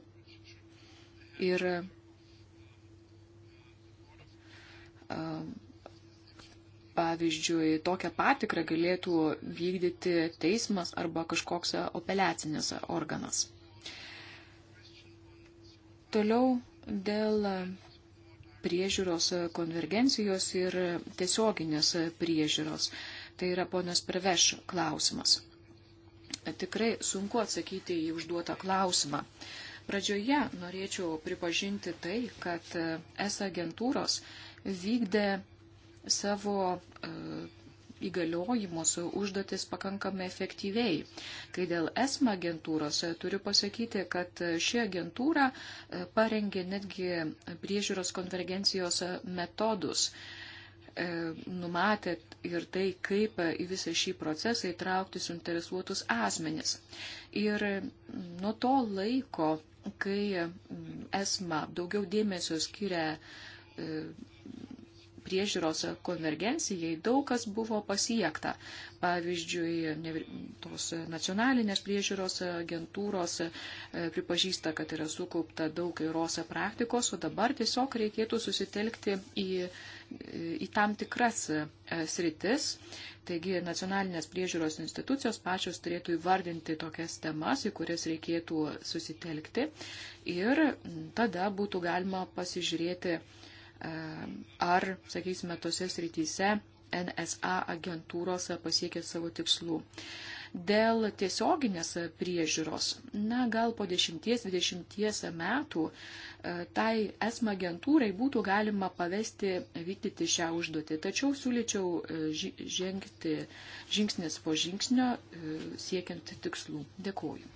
Ir pavyzdžiui, tokią patikrą galėtų vykdyti teismas arba kažkoks apeliacinis organas. Toliau dėl priežiūros konvergencijos ir tiesioginės priežiūros. Tai yra ponios Preveš klausimas. Tikrai sunku atsakyti į užduotą klausimą. Pradžioje norėčiau pripažinti tai, kad S agentūros uh, vykdė savo e, įgaliojimus, užduotis pakankamai efektyviai. Kai dėl ESMA agentūros e, turiu pasakyti, kad e, ši agentūra parengė netgi priežiūros konvergencijos metodus numatė ir tai, kaip į visą šį procesą įtraukti suinteresuotus asmenis. Ir nuo to laiko, kai ESMA daugiau dėmesio skiria priežiūros konvergencijai daug kas buvo pasiekta. Pavyzdžiui, tos nacionalinės priežiūros agentūros e, pripažįsta, kad yra sukaupta daug įros praktikos, o dabar tiesiog reikėtų susitelkti į, e, į tam tikras e, sritis. Taigi nacionalinės priežiūros institucijos pačios turėtų įvardinti tokias temas, į kurias reikėtų susitelkti ir tada būtų galima pasižiūrėti, ar, sakysime, tose srityse NSA agentūros pasiekė savo tikslų. Dėl tiesioginės priežiūros, na gal po 10-20 metų e, tai esma agentūrai būtų galima pavesti vykdyti šią užduotį. Tačiau siūlyčiau e, žengti žingsnis po žingsnio e, siekiant tikslų. Dėkuoju.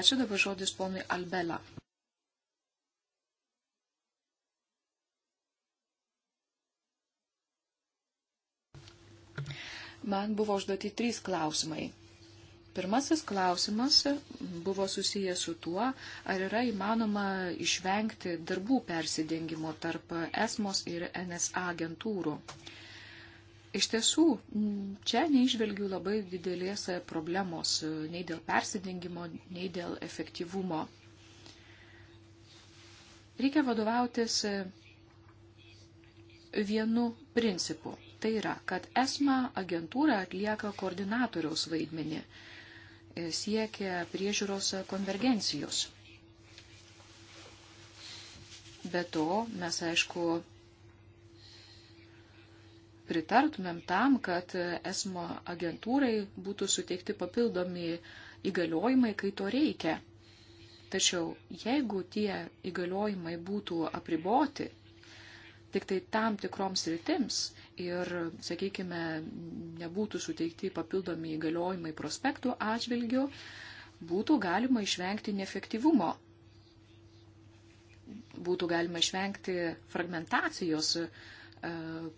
Ačiū dabar žodis ponui Albela. man buvo užduoti trys klausimai. Pirmasis klausimas buvo susijęs su tuo, ar yra įmanoma išvengti darbų persidengimo tarp ESMOS ir NSA agentūrų. Iš tiesų, čia neižvelgiu labai didelės problemos nei dėl persidengimo, nei dėl efektyvumo. Reikia vadovautis vienu principu. Tai yra, kad ESMA agentūra atlieka koordinatoriaus vaidmenį, e, siekia priežiūros konvergencijos. Be to, mes aišku pritartumėm tam, kad ESMO agentūrai būtų suteikti papildomi įgaliojimai, kai to reikia. Tačiau jeigu tie įgaliojimai būtų apriboti tik tai tam tikroms rytims, ir, sakykime, nebūtų suteikti papildomi įgaliojimai prospektų atžvilgių, būtų galima išvengti neefektyvumo, būtų galima išvengti fragmentacijos e,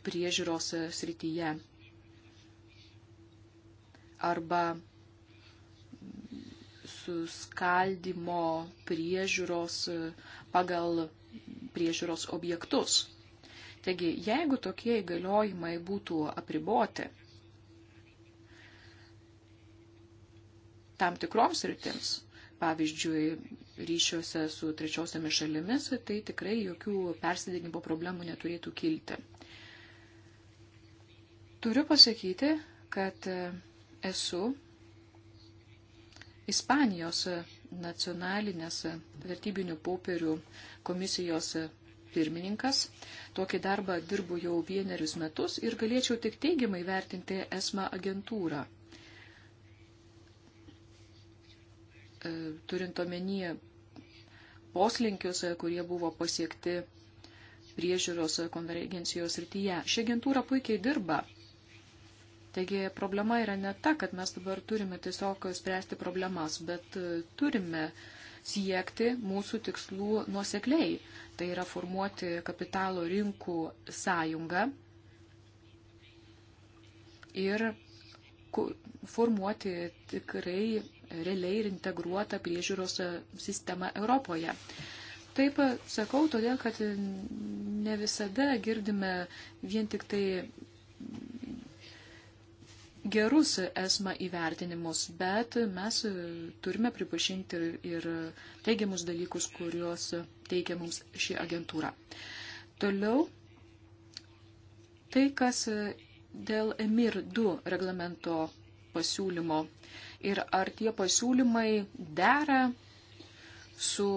priežiūros srityje arba suskaldimo priežiūros e, pagal priežiūros objektus. Taigi, jeigu tokie įgaliojimai būtų apriboti tam tikroms rytims, pavyzdžiui, ryšiuose su trečiosiamis šalimis, tai tikrai jokių persidėgymo problemų neturėtų kilti. Turiu pasakyti, kad esu Ispanijos nacionalinės vertybinių popierių komisijos pirmininkas. Tokį darbą dirbu jau vienerius metus ir galėčiau tik teigiamai vertinti ESMA agentūrą. E, turint omenyje poslinkius, e, kurie buvo pasiekti priežiūros e, konvergencijos rytyje. Ši agentūra puikiai dirba. Taigi problema yra ne ta, kad mes dabar turime tiesiog spręsti problemas, bet turime uh, siekti mūsų tikslų nuosekliai. Tai yra formuoti kapitalo rinkų sąjungą ir formuoti tikrai realiai ir integruotą priežiūros sistemą Europoje. Taip sakau, todėl, kad ne visada girdime vien tik tai gerus esmą įvertinimus, bet mes turime pripažinti ir teigiamus dalykus, kuriuos teigia mums ši agentūra. Toliau tai, kas dėl MIR 2 reglamento pasiūlymo ir ar tie pasiūlymai dera su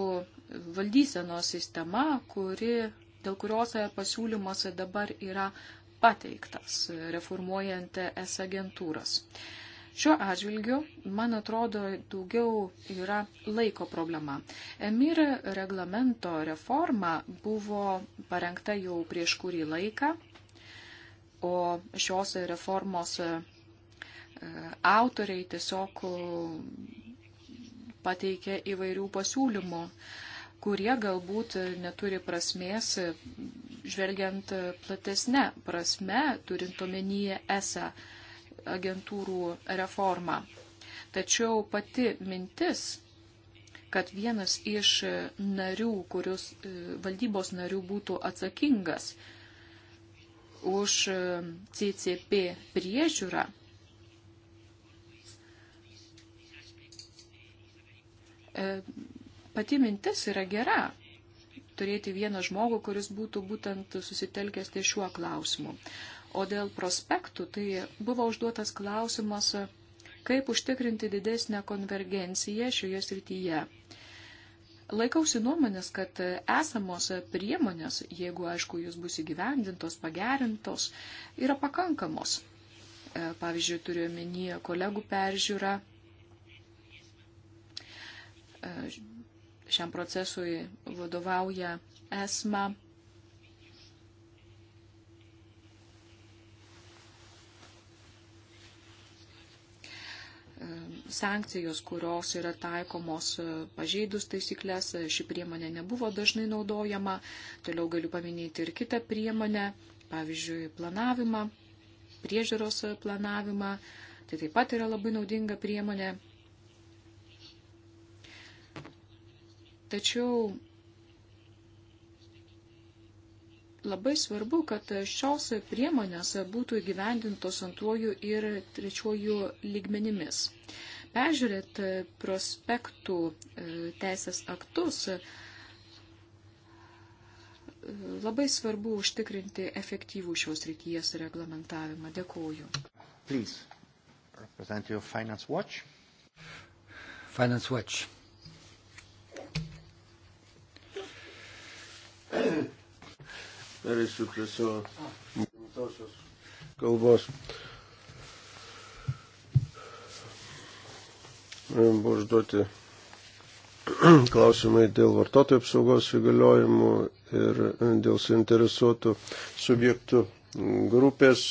valdysenos sistema, kuri, dėl kurios pasiūlymuose dabar yra pateiktas, reformuojant es agentūras. Šiuo atžvilgiu, man atrodo, daugiau yra laiko problema. Emir reglamento reforma buvo parengta jau prieš kurį laiką, o šios reformos e, autoriai tiesiog pateikė įvairių pasiūlymų kurie galbūt neturi prasmės, žvelgiant platesnę prasme, turint omenyje esą agentūrų reformą. Tačiau pati mintis, kad vienas iš narių, kurios e, valdybos narių būtų atsakingas už e, CCP priežiūrą, e, Pati mintis yra gera turėti vieną žmogų, kuris būtų būtent susitelkęs ties šiuo klausimu. O dėl prospektų, tai buvo užduotas klausimas, kaip užtikrinti didesnę konvergenciją šioje srityje. Laikausi nuomonės, kad esamos priemonės, jeigu aišku jūs bus įgyvendintos, pagerintos, yra pakankamos. E, pavyzdžiui, turiu omenyje kolegų peržiūrą, e, Šiam procesui vadovauja ESMA. Sankcijos, kurios yra taikomos pažeidus taisyklės, ši priemonė nebuvo dažnai naudojama. Toliau galiu paminėti ir kitą priemonę, pavyzdžiui, planavimą, priežiūros planavimą. Tai taip pat yra labai naudinga priemonė Tačiau labai svarbu, kad šios priemonės būtų įgyvendintos antruoju ir trečiuoju lygmenimis. Peržiūrėt prospektų e, teisės aktus e, labai svarbu užtikrinti efektyvų šios rytyjas reglamentavimą. Dėkuoju. Please, represent your Finance Watch. Finance Watch. Perėsiu prie savo gimtosios kalbos. Buvo užduoti klausimai dėl vartotojų apsaugos įgaliojimų ir dėl suinteresuotų subjektų grupės.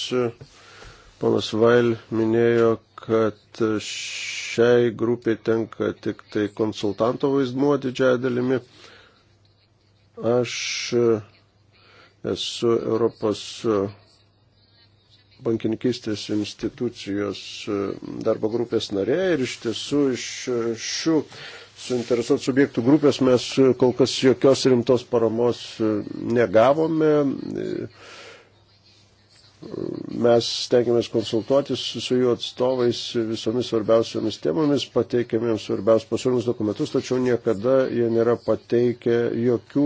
Ponas Vail minėjo, kad šiai grupiai tenka tik tai konsultanto vaidmuo didžiąją dalimi. Aš e, esu Europos e, bankininkistės institucijos e, darbo grupės narė ir iš tiesų iš šių suinteresuotų subjektų grupės mes kol kas jokios rimtos paramos negavome. Mes stengiamės konsultuotis su jų atstovais visomis svarbiausiamis temomis, pateikėme jiems svarbiausius pasiūlymus dokumentus, tačiau niekada jie nėra pateikę jokių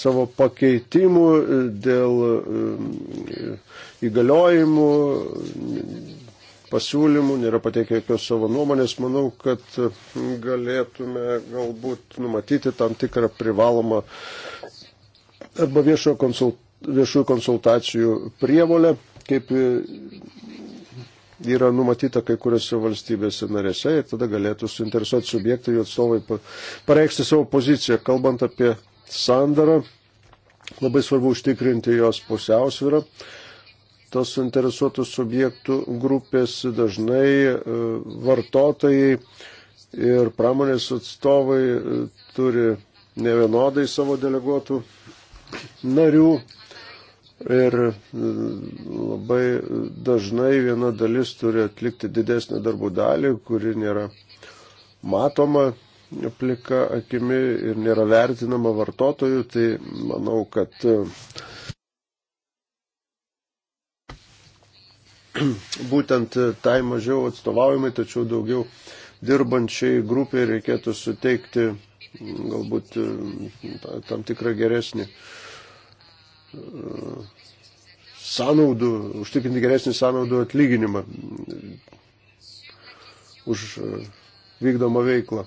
savo pakeitimų dėl um, įgaliojimų, pasiūlymų, nėra pateikę jokios savo nuomonės. Manau, kad galėtume galbūt numatyti tam tikrą privalomą arba viešojo konsultavimo viešųjų konsultacijų prievolę, kaip yra numatyta kai kuriuose valstybėse narėse ir tada galėtų suinteresuoti subjektai, jų atstovai pareikšti savo poziciją. Kalbant apie sandarą, labai svarbu užtikrinti jos pusiausvyrą. Tos suinteresuotų subjektų grupės dažnai e, vartotojai ir pramonės atstovai e, turi nevienodai savo deleguotų narių Ir mm, labai dažnai viena dalis turi atlikti didesnį darbų dalį, kuri nėra matoma plika akimi ir nėra vertinama vartotojų, tai manau, kad mm, būtent tai mažiau atstovaujamai, tačiau daugiau dirbančiai grupiai reikėtų suteikti mm, galbūt tam tikrą geresnį sąnaudų, užtikrinti geresnį sąnaudų atlyginimą už e, vykdomą veiklą.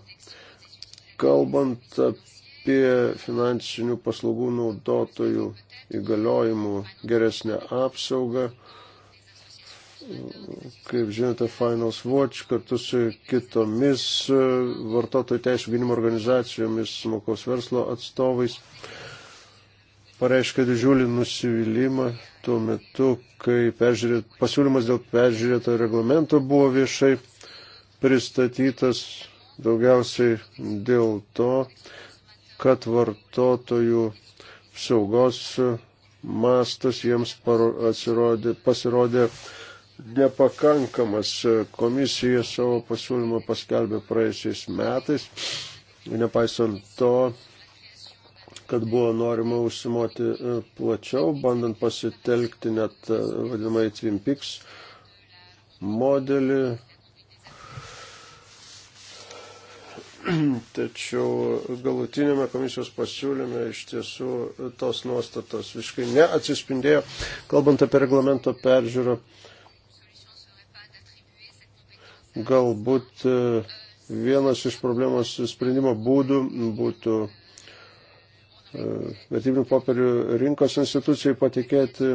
Kalbant apie finansinių paslaugų naudotojų įgaliojimų geresnę apsaugą, kaip žinote, Finals Watch kartu su kitomis e, vartotojų teisų gynimo organizacijomis, smulkaus verslo atstovais pareiškė didžiulį nusivylimą tuo metu, kai peržiūrėt, pasiūlymas dėl peržiūrėto reglamento buvo viešai pristatytas daugiausiai dėl to, kad vartotojų apsaugos mastas jiems atsirodė, pasirodė nepakankamas. Komisija savo pasiūlymą paskelbė praeisiais metais. Nepaisant to, kad buvo norima užsimoti e, plačiau, bandant pasitelkti net e, vadinamai Twin Peaks modelį. Tačiau galutinėme komisijos pasiūlyme iš tiesų tos nuostatos visiškai neatsispindėjo, kalbant apie reglamento peržiūrą. Galbūt e, vienas iš problemos sprendimo būdų būtų vertybinių popierių rinkos institucijai patikėti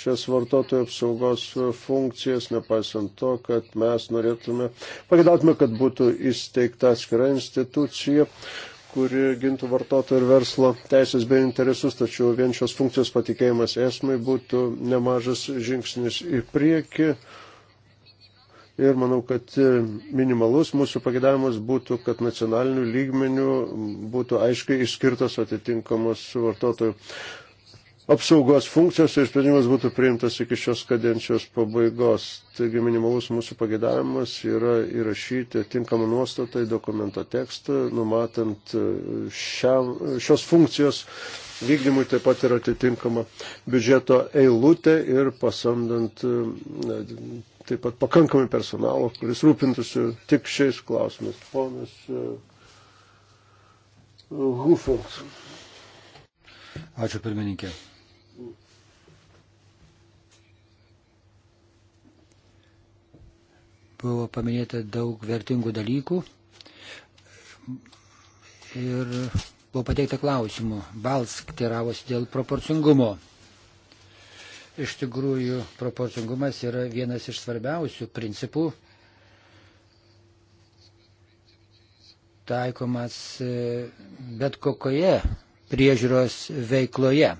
šias vartotojų apsaugos funkcijas, nepaisant to, kad mes norėtume, pagėdautume, kad būtų įsteigta atskira institucija, kuri gintų vartotojų ir verslo teisės bei interesus, tačiau vien šios funkcijos patikėjimas esmai būtų nemažas žingsnis į priekį. Ir manau, kad e, minimalus mūsų pagėdavimas būtų, kad nacionalinių lygmenių būtų aiškiai išskirtos atitinkamos vartotojų apsaugos funkcijos ir sprendimas būtų priimtas iki šios kadencijos pabaigos. Taigi minimalus mūsų pagėdavimas yra įrašyti tinkamą nuostatą į dokumento tekstą, numatant e, šiam, šios funkcijos vykdymui taip pat yra atitinkama biudžeto eilutė ir pasamdant e, taip pat pakankamai personalo, kuris rūpintųsi tik šiais klausimais. Ponas e, Hufels. Ačiū pirmininkė. Buvo paminėta daug vertingų dalykų ir buvo pateikta klausimų. Balsk teravosi dėl proporcingumo. Iš tikrųjų, proporcingumas yra vienas iš svarbiausių principų taikomas e, bet kokioje priežiūros veikloje.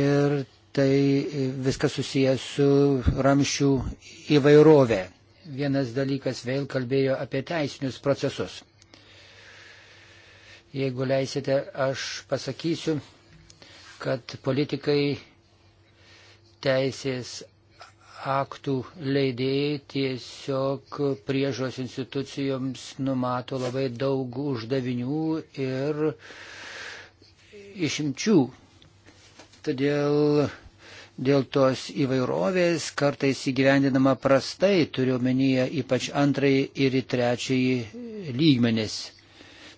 Ir tai e, viskas susijęs su ramšių įvairovė. Vienas dalykas vėl kalbėjo apie teisinius procesus. Jeigu leisite, aš pasakysiu, kad politikai teisės aktų leidėjai tiesiog priežos institucijoms numato labai daug uždavinių ir išimčių. Todėl dėl tos įvairovės kartais įgyvendinama prastai, turiu menyje ypač antrąjį ir trečiąjį lygmenis.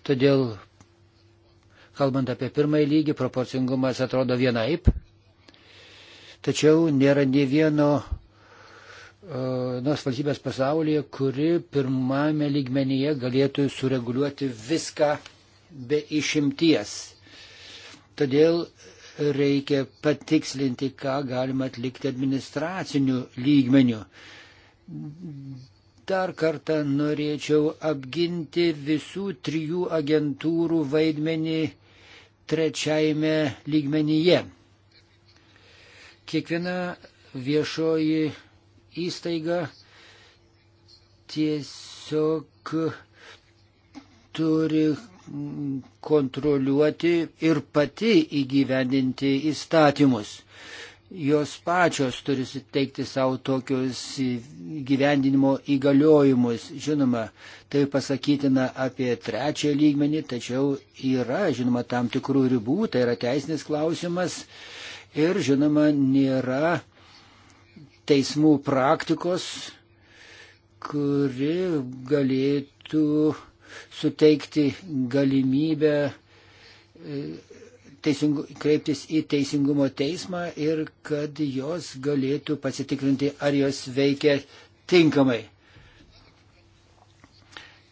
Todėl, kalbant apie pirmąjį lygį, proporcingumas atrodo vienaip, Tačiau nėra ne vieno e, nors valstybės pasaulyje, kuri pirmame lygmenyje galėtų sureguliuoti viską be išimties. Todėl reikia patikslinti, ką galima atlikti administraciniu lygmeniu. Dar kartą norėčiau apginti visų trijų agentūrų vaidmenį trečiajame lygmenyje. Kiekviena viešoji įstaiga tiesiog turi kontroliuoti ir pati įgyvendinti įstatymus. Jos pačios turi suteikti savo tokius gyvendinimo įgaliojimus. Žinoma, tai pasakytina apie trečią lygmenį, tačiau yra, žinoma, tam tikrų ribų, tai yra teisinis klausimas. E, ir, žinoma, nėra teismų praktikos, kuri galėtų suteikti galimybę e, teisingu, kreiptis į teisingumo teismą ir kad jos galėtų pasitikrinti, ar jos veikia tinkamai.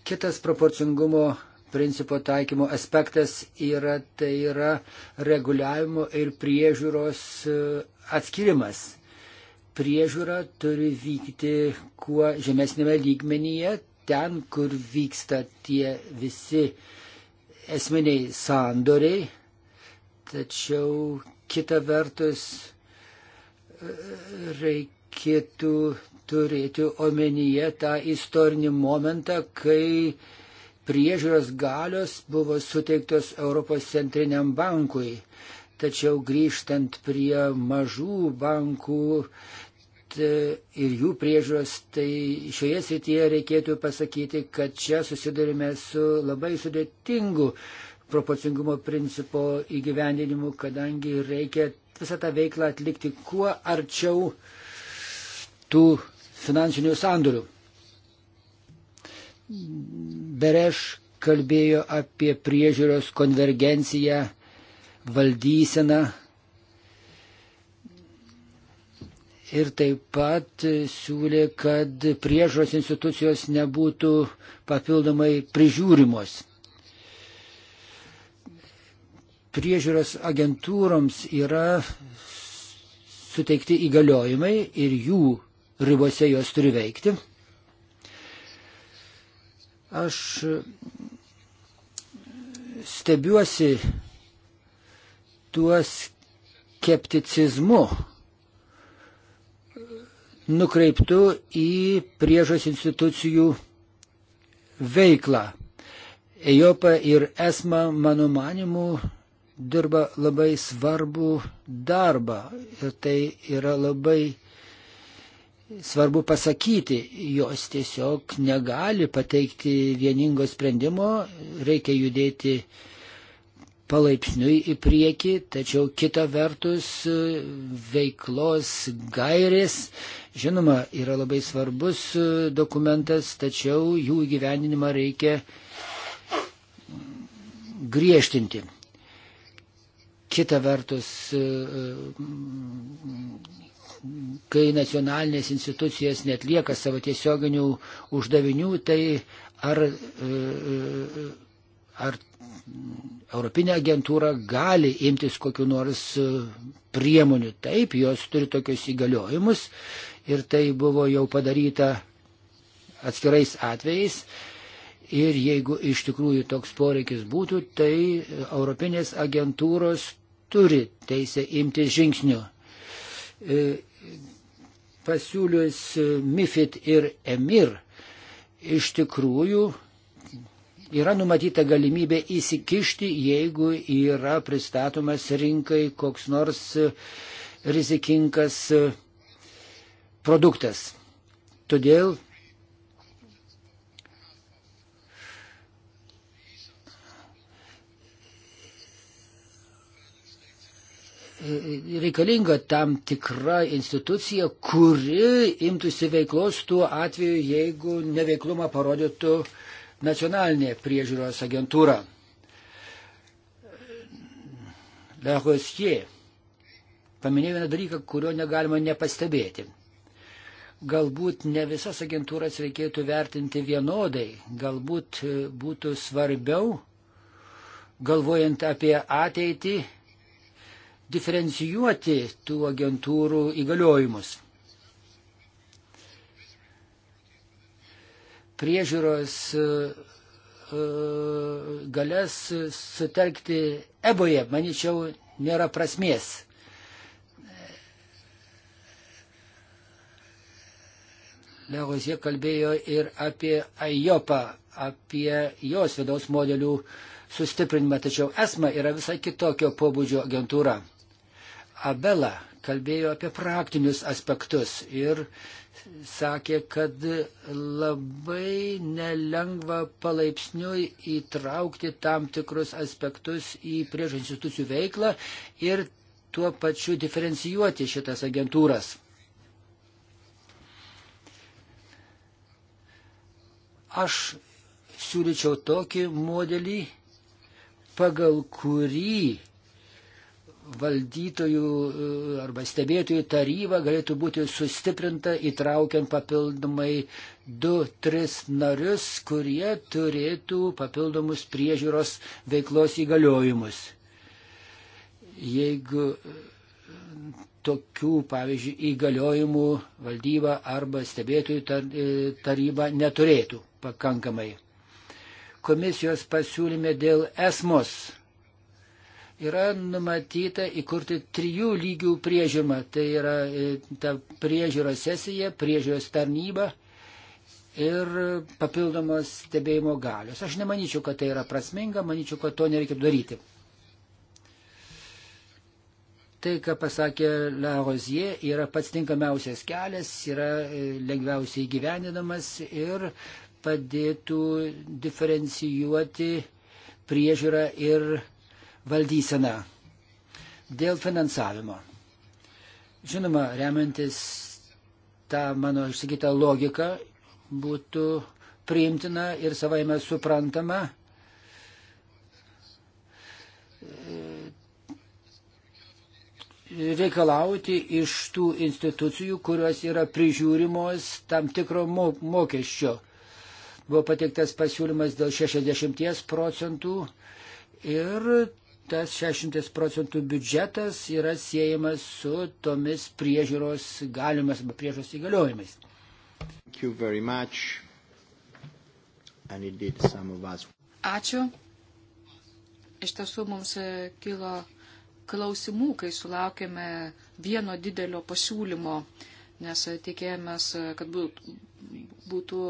Kitas proporcingumo principo taikymo aspektas yra, tai yra reguliavimo ir priežiūros e, atskirimas. Priežiūra turi vykti kuo žemesnėme lygmenyje, ten, kur vyksta tie visi esminiai sandoriai, tačiau kita vertus e, reikėtų turėti omenyje tą istorinį momentą, kai uh, priežiūros galios buvo suteiktos Europos centriniam bankui. Tačiau grįžtant prie mažų bankų ir jų priežiūros, tai šioje srityje reikėtų pasakyti, kad čia susidurime su labai sudėtingu proporcingumo principo įgyvendinimu, kadangi reikia visą tą veiklą atlikti kuo arčiau tų finansinių sandorių. Bereš kalbėjo apie priežiūros konvergenciją, valdyseną ir taip pat siūlė, kad priežiūros institucijos nebūtų papildomai prižiūrimos. Priežiūros agentūroms yra suteikti įgaliojimai ir jų ribose jos turi veikti. Aš stebiuosi tuo skepticizmu nukreiptu į priežos institucijų veiklą. EJOPA ir ESMA, mano manimu, dirba labai svarbų darbą ir tai yra labai svarbu pasakyti, jos tiesiog negali pateikti vieningo sprendimo, reikia judėti palaipsniui į priekį, tačiau kita vertus veiklos gairės, žinoma, yra labai svarbus dokumentas, tačiau jų gyveninimą reikia griežtinti. Kita vertus, kai nacionalinės institucijas netlieka savo tiesioginių uždavinių, tai ar, e, e, ar Europinė agentūra gali imtis kokiu nors e, priemonių. Taip, jos turi tokius įgaliojimus ir tai buvo jau padaryta atskirais atvejais. Ir jeigu iš tikrųjų toks poreikis būtų, tai Europinės agentūros turi teisę imtis žingsnių pasiūlius MIFID ir EMIR, iš tikrųjų yra numatyta galimybė įsikišti, jeigu yra pristatomas rinkai koks nors rizikingas produktas. Todėl reikalinga tam tikra institucija, kuri imtųsi veiklos tuo atveju, jeigu neveiklumą parodytų nacionalinė priežiūros agentūra. Lehosie paminėjo vieną dalyką, kurio negalima nepastebėti. Galbūt ne visas agentūras reikėtų vertinti vienodai, galbūt būtų svarbiau, galvojant apie ateitį, diferencijuoti tų agentūrų įgaliojimus. Priežiūros e, e, galės sutelkti eboje, manyčiau, nėra prasmės. Legozie kalbėjo ir apie AIOPą, apie jos vidaus modelių sustiprinimą, tačiau ESMA yra visai kitokio pobūdžio agentūra. Abela kalbėjo apie praktinius aspektus ir sakė, kad labai nelengva palaipsniui įtraukti tam tikrus aspektus į priežo institucijų veiklą ir tuo pačiu diferencijuoti šitas agentūras. Aš siūlyčiau tokį modelį, pagal kurį valdytojų e, arba stebėtojų taryba galėtų būti sustiprinta įtraukiant papildomai 2-3 narius, kurie turėtų papildomus priežiūros veiklos įgaliojimus. Jeigu e, tokių, pavyzdžiui, įgaliojimų valdyba arba stebėtojų e, taryba neturėtų pakankamai. Komisijos pasiūlyme dėl esmos yra numatyta įkurti trijų lygių priežiūrą. Tai yra e, ta priežiūros sesija, priežiūros tarnyba ir papildomos stebėjimo galios. Aš nemanyčiau, kad tai yra prasminga, manyčiau, kad to nereikia daryti. Tai, ką pasakė La Rozie, yra pats tinkamiausias kelias, yra e, lengviausiai gyveninamas ir padėtų diferencijuoti priežiūrą ir valdyseną. Dėl finansavimo. Žinoma, remiantis tą mano išsakytą logiką, būtų priimtina ir savaime suprantama e, reikalauti iš tų institucijų, kurios yra prižiūrimos tam tikro mokesčio. Buvo pateiktas pasiūlymas dėl 60 procentų ir tas 60 procentų biudžetas yra siejamas su tomis priežiūros galimas arba priežiūros įgaliojimais. Ačiū. Iš tiesų mums e, kilo klausimų, kai sulaukėme vieno didelio pasiūlymo, nes e, tikėjomės, e, kad būtų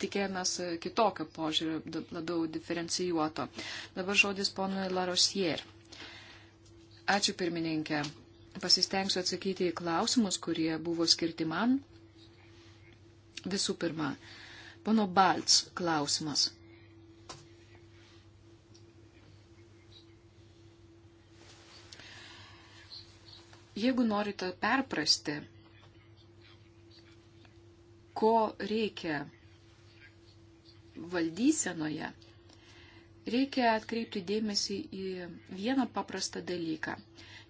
tikėjomės kitokio požiūrio, labiau diferencijuoto. Dabar žodis ponui Larosier. Ačiū pirmininkė. Pasistengsiu atsakyti į klausimus, kurie buvo skirti man. Visų pirma, pono Balts klausimas. Jeigu norite perprasti ko reikia valdysenoje reikia atkreipti dėmesį į vieną paprastą dalyką.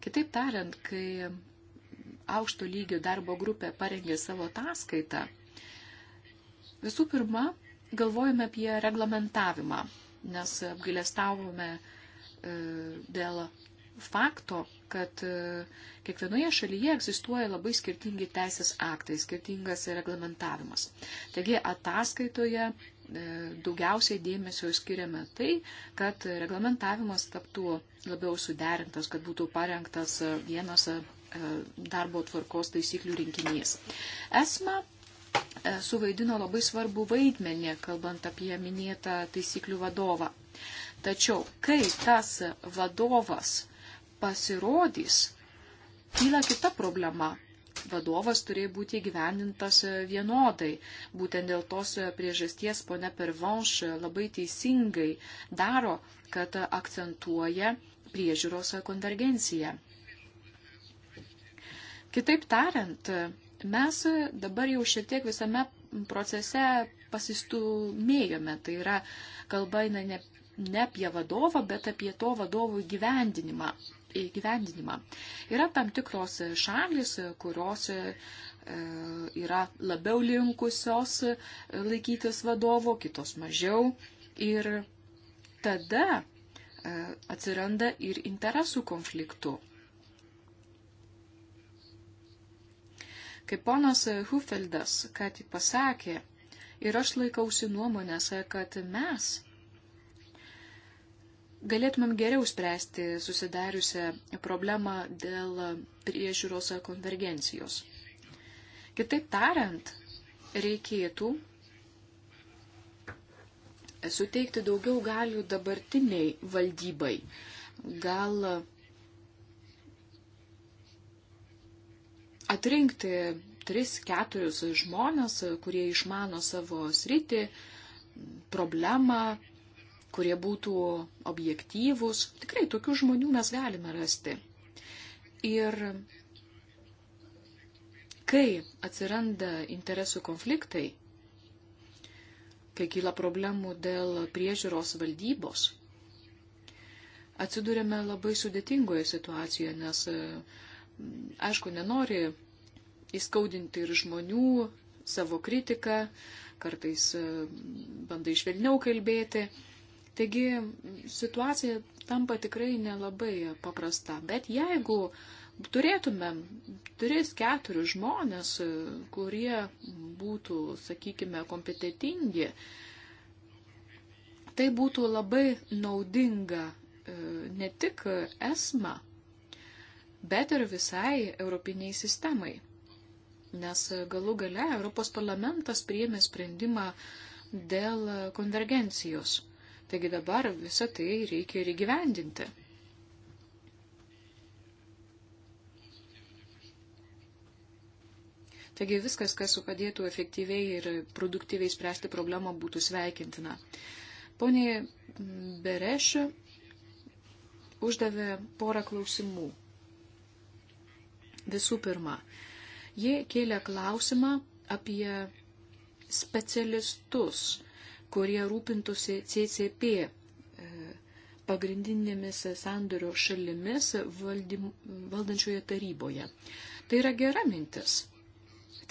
Kitaip tariant, kai aukšto lygio darbo grupė parengė savo ataskaitą, visų pirma, galvojame apie reglamentavimą, nes apgailestavome e, dėl fakto, kad e, kiekvienoje šalyje egzistuoja labai skirtingi teisės aktai, skirtingas reglamentavimas. Taigi ataskaitoje E, daugiausiai dėmesio skiriame tai, kad reglamentavimas taptų labiau suderintas, kad būtų parengtas vienas e, darbo tvarkos taisyklių rinkinys. Esma e, suvaidino labai svarbu vaidmenį, kalbant apie minėtą taisyklių vadovą. Tačiau, kai tas vadovas pasirodys, kyla kita problema vadovas turėjo būti gyvenintas e, vienodai. Būtent dėl tos e, priežasties ponia Pervanš labai teisingai daro, kad akcentuoja priežiūros konvergenciją. Kitaip tariant, mes dabar jau šiek tiek visame procese pasistumėjome. Tai yra kalba eina ne, ne apie vadovą, bet apie to vadovų gyvendinimą įgyvendinimą. Yra tam tikros šalis, kurios e, yra labiau linkusios e, laikytis vadovo, kitos mažiau. Ir tada e, atsiranda ir interesų konfliktų. Kaip ponas Hufeldas ką tik pasakė, ir aš laikausi nuomonės, kad mes galėtumėm geriau spręsti susidariusią problemą dėl priežiūros konvergencijos. Kitaip tariant, reikėtų suteikti daugiau galių dabartiniai valdybai. Gal atrinkti 3-4 žmonės, kurie išmano savo sritį, problemą, kurie būtų objektyvūs. Tikrai tokių žmonių mes galime rasti. Ir kai atsiranda interesų konfliktai, kai kyla problemų dėl priežiūros valdybos, atsidurėme labai sudėtingoje situacijoje, nes, e, aišku, nenori įskaudinti ir žmonių savo kritiką, kartais e, bandai išvelniau kalbėti, Taigi situacija tampa tikrai nelabai paprasta. Bet jeigu turėtume 3-4 žmonės, kurie būtų, sakykime, kompetitingi, tai būtų labai naudinga e, ne tik esma, bet ir visai europiniai sistemai. Nes galų gale Europos parlamentas priėmė sprendimą dėl konvergencijos. Taigi dabar visą tai reikia ir įgyvendinti. Taigi viskas, kas padėtų efektyviai ir produktyviai spręsti problemą, būtų sveikintina. Pone Bereš uždavė porą klausimų. Visų pirma, jie kėlė klausimą apie specialistus kurie rūpintųsi CCP e, pagrindinėmis sandorio šalimis valdym, valdančioje taryboje. Tai yra gera mintis.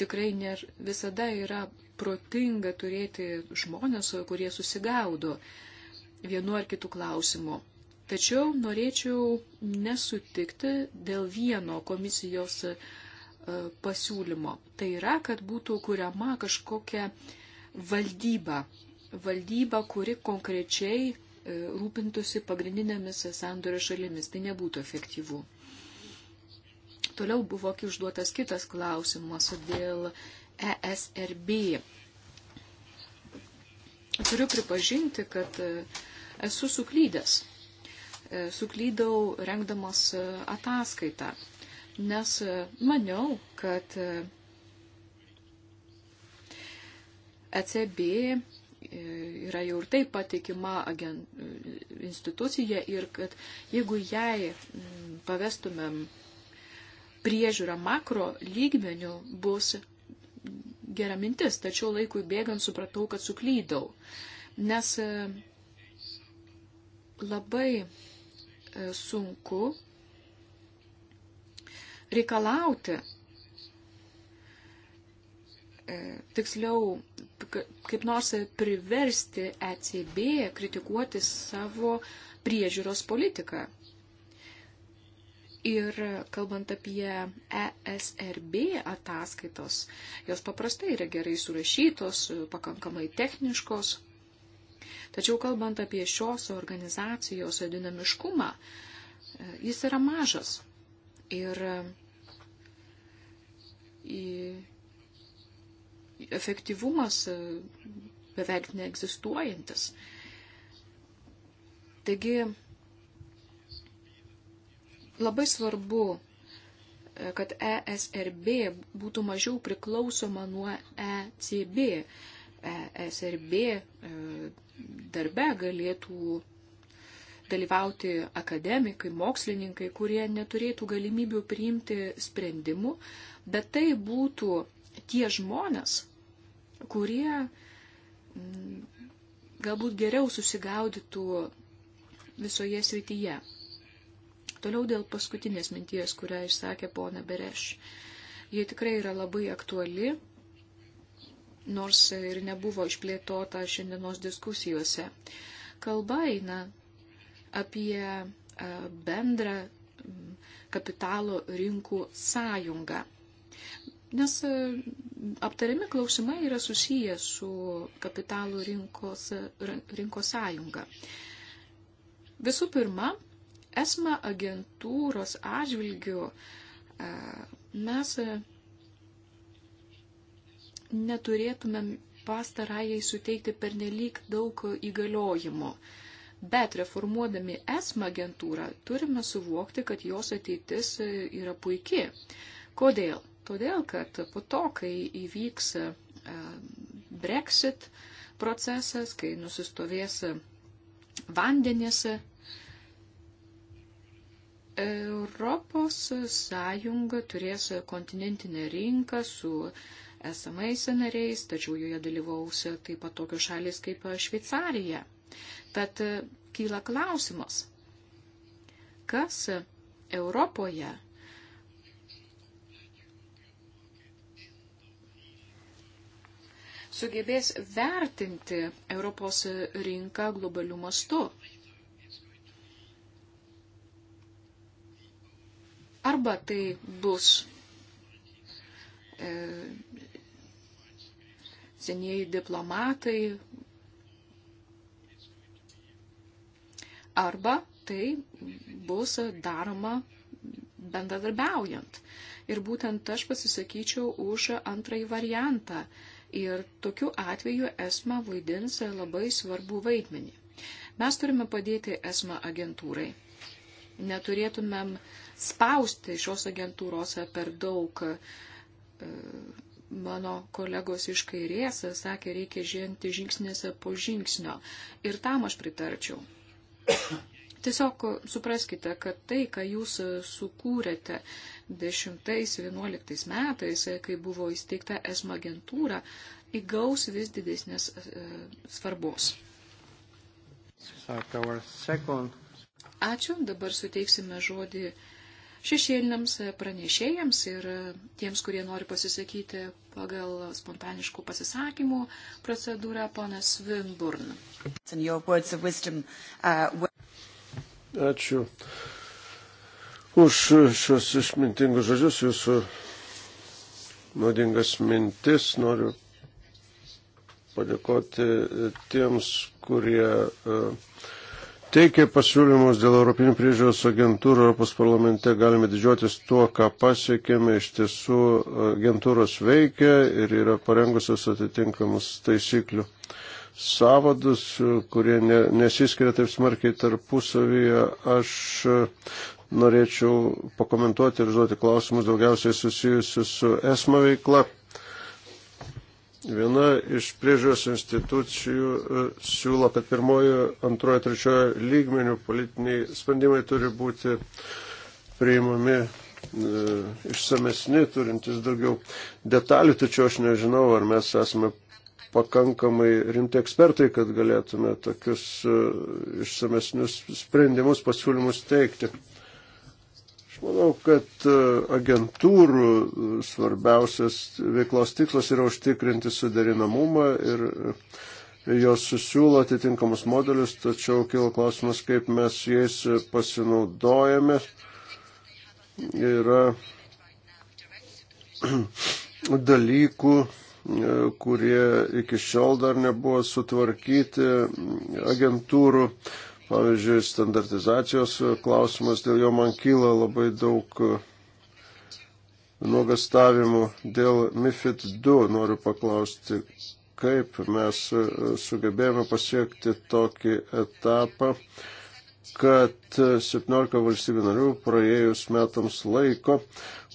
Tikrai ne visada yra protinga turėti žmonės, kurie susigaudo vienu ar kitu klausimu. Tačiau norėčiau nesutikti dėl vieno komisijos e, pasiūlymo. Tai yra, kad būtų kuriama kažkokia valdyba valdybą, kuri konkrečiai e, rūpintųsi pagrindinėmis sandorio šalimis. Tai nebūtų efektyvu. Toliau buvo užduotas kitas klausimas dėl ESRB. Turiu pripažinti, kad e, esu suklydęs. E, suklydau rengdamas ataskaitą, nes maniau, kad ECB yra jau ir taip patikima agent, institucija ir kad jeigu jai mm, pavestumėm priežiūrą makro lygmenių, bus gera mintis, tačiau laikui bėgant supratau, kad suklydau. Nes e, labai e, sunku reikalauti E, tiksliau, kaip nors priversti ECB kritikuoti savo priežiūros politiką. Ir kalbant apie ESRB ataskaitos, jos paprastai yra gerai surašytos, pakankamai techniškos. Tačiau kalbant apie šios organizacijos dinamiškumą, e, jis yra mažas. Ir e, efektyvumas e, beveik neegzistuojantis. Taigi labai svarbu, e, kad ESRB būtų mažiau priklausoma nuo ECB. ESRB e, darbe galėtų dalyvauti akademikai, mokslininkai, kurie neturėtų galimybių priimti sprendimų, bet tai būtų tie žmonės, kurie mm, galbūt geriau susigaudytų visoje srityje. Toliau dėl paskutinės minties, kurią išsakė pona Bereš. Ji tikrai yra labai aktuali, nors ir nebuvo išplėtota šiandienos diskusijose. Kalba eina apie bendrą kapitalo rinkų sąjungą. Nes e, aptariami klausimai yra susiję su kapitalų rinkos, e, rinkos sąjunga. Visų pirma, esma agentūros atžvilgių e, mes neturėtumėm pastarajai suteikti pernelyg daug įgaliojimų. Bet reformuodami esmą agentūrą turime suvokti, kad jos ateitis yra puikiai. Kodėl? Todėl, kad po to, kai įvyks e, Brexit procesas, kai nusistovės vandenėse, Europos sąjunga turės kontinentinę rinką su esamais nariais, tačiau joje dalyvaus taip pat tokios šalis kaip Šveicarija. Tad e, kyla klausimas, kas Europoje sugebės vertinti Europos rinką globalių mastų. Arba tai bus e, senieji diplomatai, arba tai bus daroma bendradarbiaujant. Ir būtent aš pasisakyčiau už antrąjį variantą. E, ir tokiu atveju ESMA vaidins labai svarbų vaidmenį. Mes turime padėti ESMA agentūrai. Neturėtumėm spausti šios agentūros per daug. E, mano kolegos iš kairės sakė, reikia žengti žingsnėse po žingsnio. Ir tam aš pritarčiau. Tiesiog supraskite, kad tai, ką jūs sukūrėte, 10-11 metais, e, kai buvo įsteigta ESMA agentūra, įgaus vis didesnės e, svarbos. Ačiū, dabar suteiksime žodį šešėliniams e, pranešėjams ir tiems, kurie nori pasisakyti pagal spontaniškų pasisakymų procedūrą, ponas Vinburn. Uh, Ačiū už šios išmintingus žodžius, jūsų naudingas mintis. Noriu padėkoti tiems, kurie e, teikė pasiūlymus dėl Europinių priežiūros agentūrų Europos parlamente. Galime didžiuotis tuo, ką pasiekėme. Iš tiesų agentūros veikia ir yra parengusios atitinkamus taisyklių savadus, kurie ne, nesiskiria taip smarkiai tarpusavyje. Aš norėčiau pakomentuoti ir užduoti klausimus daugiausiai susijusius su esmo veikla. Viena iš priežiūros institucijų e, siūlo, kad pirmojo, antrojo, trečiojo lygmenių politiniai sprendimai turi būti priimami e, išsamesni, turintis daugiau detalių, tačiau aš nežinau, ar mes esame pakankamai rimti ekspertai, kad galėtume tokius e, išsamesnius sprendimus, pasiūlymus teikti. Manau, kad e, agentūrų e, svarbiausias veiklos tikslas yra užtikrinti suderinamumą ir e, jos susiūlo atitinkamus modelius, tačiau kilo klausimas, kaip mes jais pasinaudojame. Yra dalykų, kurie iki šiol dar nebuvo sutvarkyti agentūrų Pavyzdžiui, standartizacijos klausimas, dėl jo man kyla labai daug e, nuogastavimų. Dėl MIFID 2 noriu paklausti, kaip mes e, sugebėjome pasiekti tokį etapą, kad 17 valstybių narių praėjus metams laiko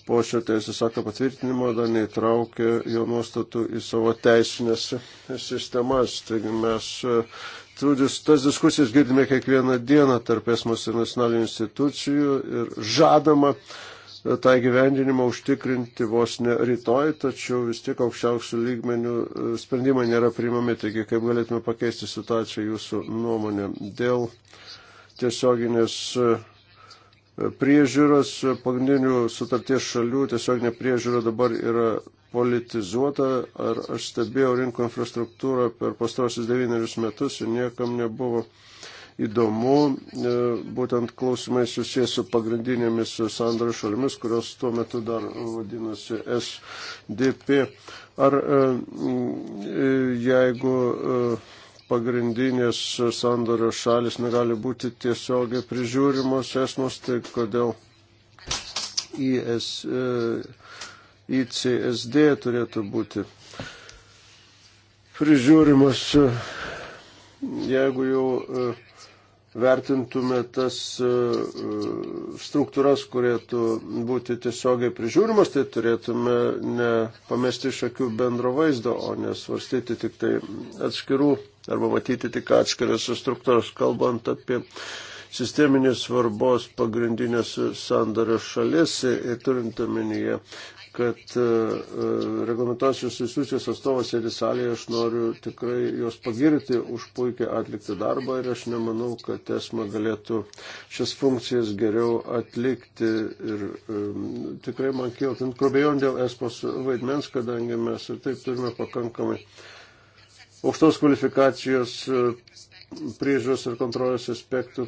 po šio teisės akto patvirtinimo dar neįtraukė jo nuostatų į savo teisinės sistemas. Taigi mes e, tų, tas diskusijas girdime kiekvieną dieną tarp esmos ir nacionalinių institucijų ir žadama e, tą gyvendinimą užtikrinti vos ne rytoj, tačiau vis tik aukščiausių lygmenių e, sprendimai nėra priimami, taigi kaip galėtume pakeisti situaciją jūsų nuomonė dėl tiesioginės e, priežiūros pagrindinių sutarties šalių, tiesioginė priežiūra dabar yra politizuota, ar aš stebėjau rinko infrastruktūrą per pastarosius devynerius metus ir niekam nebuvo įdomu, e, būtent klausimai susijęs su pagrindinėmis sandario šalimis, kurios tuo metu dar vadinosi SDP. Ar e, jeigu e, pagrindinės sandario šalis negali būti tiesiogiai prižiūrimos esmos, tai kodėl IS. E, į CSD turėtų būti prižiūrimas, jeigu jau e, vertintume tas e, struktūras, kurėtų būti tiesiogiai prižiūrimas, tai turėtume nepamesti iš akių bendro vaizdo, o nesvarstyti tik tai atskirų arba matyti tik atskiras struktūras, kalbant apie sisteminės svarbos pagrindinės sandario šalis ir e, turint omenyje kad e, e, reglamentosios institucijos atstovas sėdi salėje, aš noriu tikrai juos pagirti už puikiai atliktą darbą ir aš nemanau, kad esma galėtų šias funkcijas geriau atlikti. Ir e, tikrai man kilo ten krobėjon dėl esmos vaidmens, kadangi mes ir taip turime pakankamai aukštos kvalifikacijos priežiūros ir kontrolės aspektų,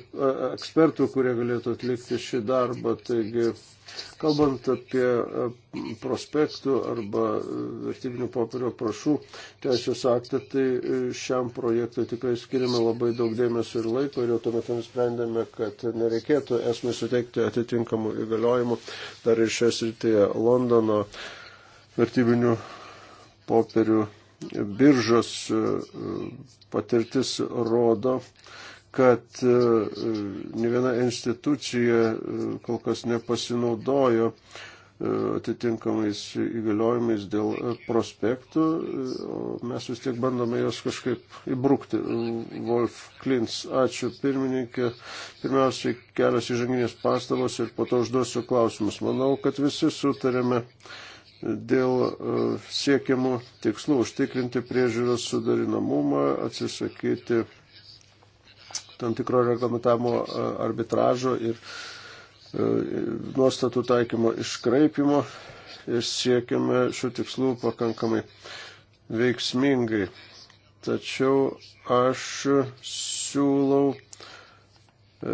ekspertų, kurie galėtų atlikti šį darbą. Taigi, kalbant apie prospektų arba vertybinių popierio prašų teisės aktą, tai šiam projektui tikrai skiriame labai daug dėmesio ir laiko ir jau tuomet nusprendėme, kad nereikėtų esmai suteikti atitinkamų įgaliojimų dar ir šią srityje Londono vertybinių popierių biržos e, patirtis rodo, kad e, ne viena institucija e, kol kas nepasinaudojo atitinkamais įgaliojimais dėl prospektų, mes vis tiek bandome juos kažkaip įbrukti. Wolf Klins, ačiū pirmininkė. Pirmiausiai kelios įžanginės pastabos ir po to užduosiu klausimus. Manau, kad visi sutarėme dėl e, siekiamų tikslų užtikrinti priežiūros sudarinamumą, atsisakyti tam tikro reglamentavimo e, arbitražo ir e, nuostatų taikymo iškraipimo ir siekiame šių tikslų pakankamai veiksmingai. Tačiau aš siūlau E,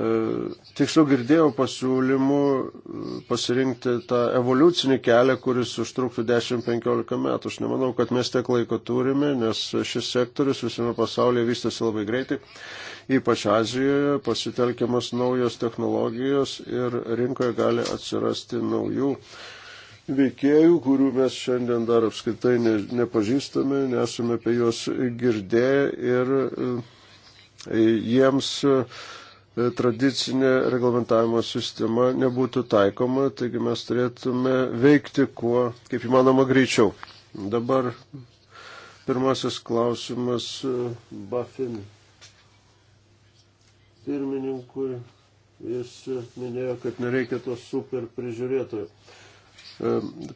tiksliau girdėjau pasiūlymų e, pasirinkti tą evoliucinį kelią, kuris užtruktų 10-15 metų. Aš nemanau, kad mes tiek laiko turime, nes šis sektorius visame pasaulyje vystosi labai greitai, ypač Azijoje pasitelkiamas naujos technologijos ir rinkoje gali atsirasti naujų veikėjų, kurių mes šiandien dar apskritai ne, nepažįstame, nesame apie juos girdėję ir e, jiems uh, E, tradicinė reglamentavimo sistema nebūtų taikoma, taigi mes turėtume veikti kuo, kaip įmanoma, greičiau. Dabar pirmasis klausimas e, Bafin pirmininkui. Jis e, minėjo, kad nereikia tos super prižiūrėtojų.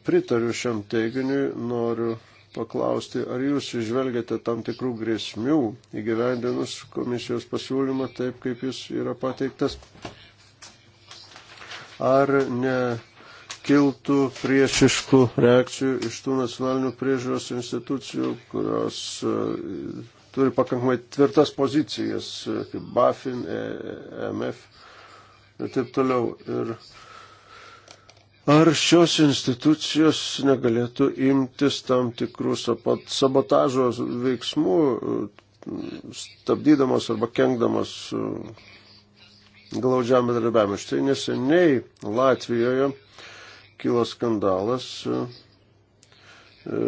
Pritariu šiam teiginiui, noriu paklausti, ar jūs išvelgiate tam tikrų grėsmių įgyvendinus komisijos pasiūlymą taip, kaip jis yra pateiktas, ar nekiltų priešiškų reakcijų iš tų nacionalinių priežiūros institucijų, kurios e, turi pakankamai tvirtas pozicijas, e, kaip BAFIN, EMF e, ir taip toliau. Ir Ar šios institucijos negalėtų imtis tam tikrų sabotažo veiksmų, stabdydamos arba kengdamos e, glaudžiam bedarbiavimui. Štai neseniai Latvijoje kilo skandalas e, e,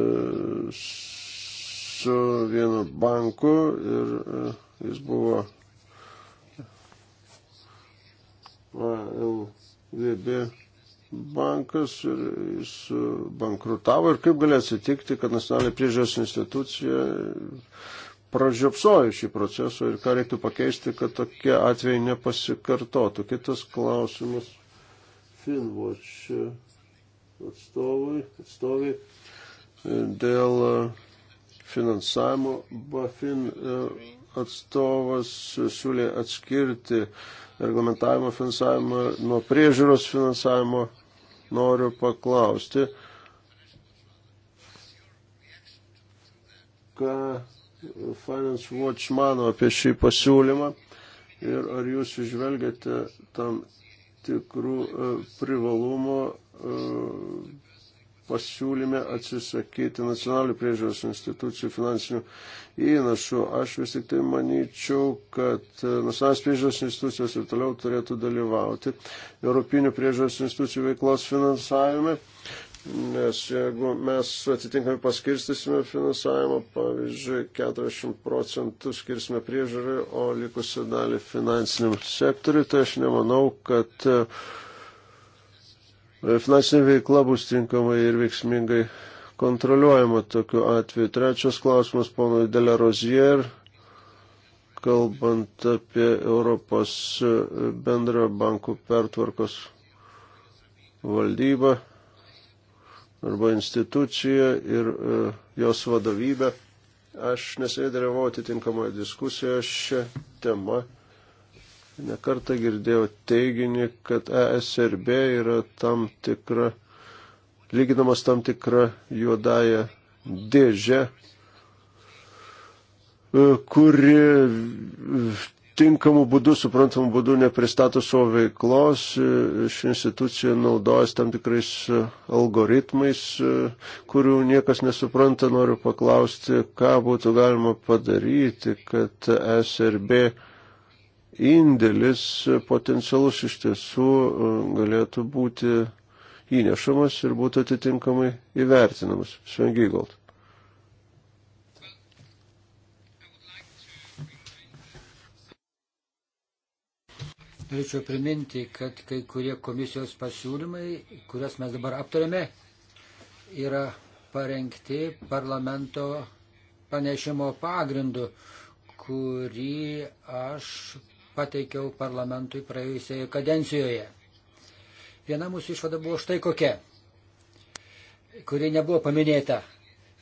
su vienu banku ir jis buvo LVB bankas ir jis bankrutavo ir kaip galėjo atsitikti, kad nacionalinė priežiūros institucija pražiopsojo šį procesą ir ką reiktų pakeisti, kad tokie atvejai nepasikartotų. Kitas klausimas Finwatch atstovui, atstovai dėl e, finansavimo. Bafin e, atstovas siūlė atskirti uh, reglamentavimo finansavimo, nuo priežiūros finansavimo noriu paklausti, ką Finance Watch mano apie šį pasiūlymą ir ar jūs išvelgiate tam tikrų e, privalumų e, pasiūlyme atsisakyti nacionalinių priežiūros institucijų finansinių įnašų. Aš vis tik tai manyčiau, kad e, nacionalinės priežiūros institucijos ir toliau turėtų dalyvauti Europinių priežiūros institucijų veiklos finansavime. Nes jeigu mes atitinkamai paskirstysime finansavimą, pavyzdžiui, 40 procentų skirsime priežiūrai, o likusią dalį finansiniam sektoriui, tai aš nemanau, kad uh, finansinė veikla bus tinkamai ir veiksmingai kontroliuojama tokiu atveju. Trečias klausimas, pono Delė Rozier, kalbant apie Europos bendrą bankų pertvarkos valdybą arba instituciją ir e, jos vadovybę. Aš nesėdėliavau atitinkamoje diskusijoje šią temą Nekartą girdėjau teiginį, kad ESRB yra tam tikra, lyginamas tam tikra juodąją dėžę, e, kuri tinkamų būdų, suprantamų būdų nepristato savo veiklos, e, ši institucija naudojas tam tikrais e, algoritmais, kurių niekas nesupranta, noriu paklausti, ką būtų galima padaryti, kad SRB indėlis potencialus iš tiesų e, galėtų būti įnešamas ir būtų atitinkamai įvertinamas. Svengygold. Norėčiau priminti, kad kai kurie komisijos pasiūlymai, kuriuos mes dabar aptarėme, yra parengti parlamento panešimo pagrindu, kurį aš pateikiau parlamentui praėjusioje kadencijoje. Viena mūsų išvada buvo štai kokia, kuri nebuvo paminėta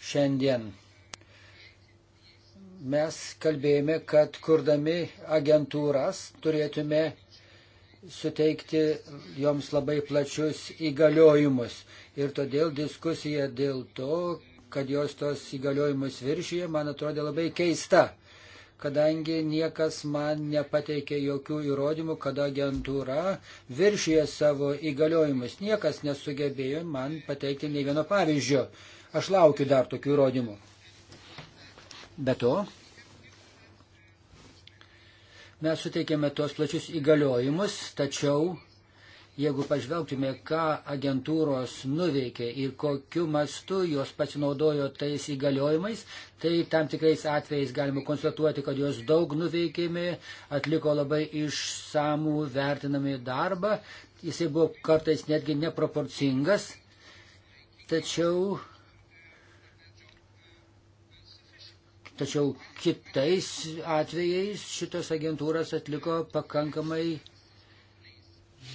šiandien. Mes kalbėjome, kad kurdami agentūras turėtume suteikti joms labai plačius įgaliojimus. Ir todėl diskusija dėl to, kad jos tos įgaliojimus viršyje, man atrodė labai keista kadangi niekas man nepateikė jokių įrodymų, kad agentūra viršyje savo įgaliojimus. Niekas nesugebėjo man pateikti nei vieno pavyzdžio. Aš laukiu dar tokių įrodymų. Be to, mes suteikėme tuos plačius įgaliojimus, tačiau Jeigu pažvelgtume, ką agentūros nuveikė ir kokiu mastu jos pasinaudojo tais įgaliojimais, tai tam tikrais atvejais galima konstatuoti, kad jos daug nuveikėme, atliko labai išsamų vertinami darbą, jisai buvo kartais netgi neproporcingas, tačiau Tačiau kitais atvejais šitas agentūras atliko pakankamai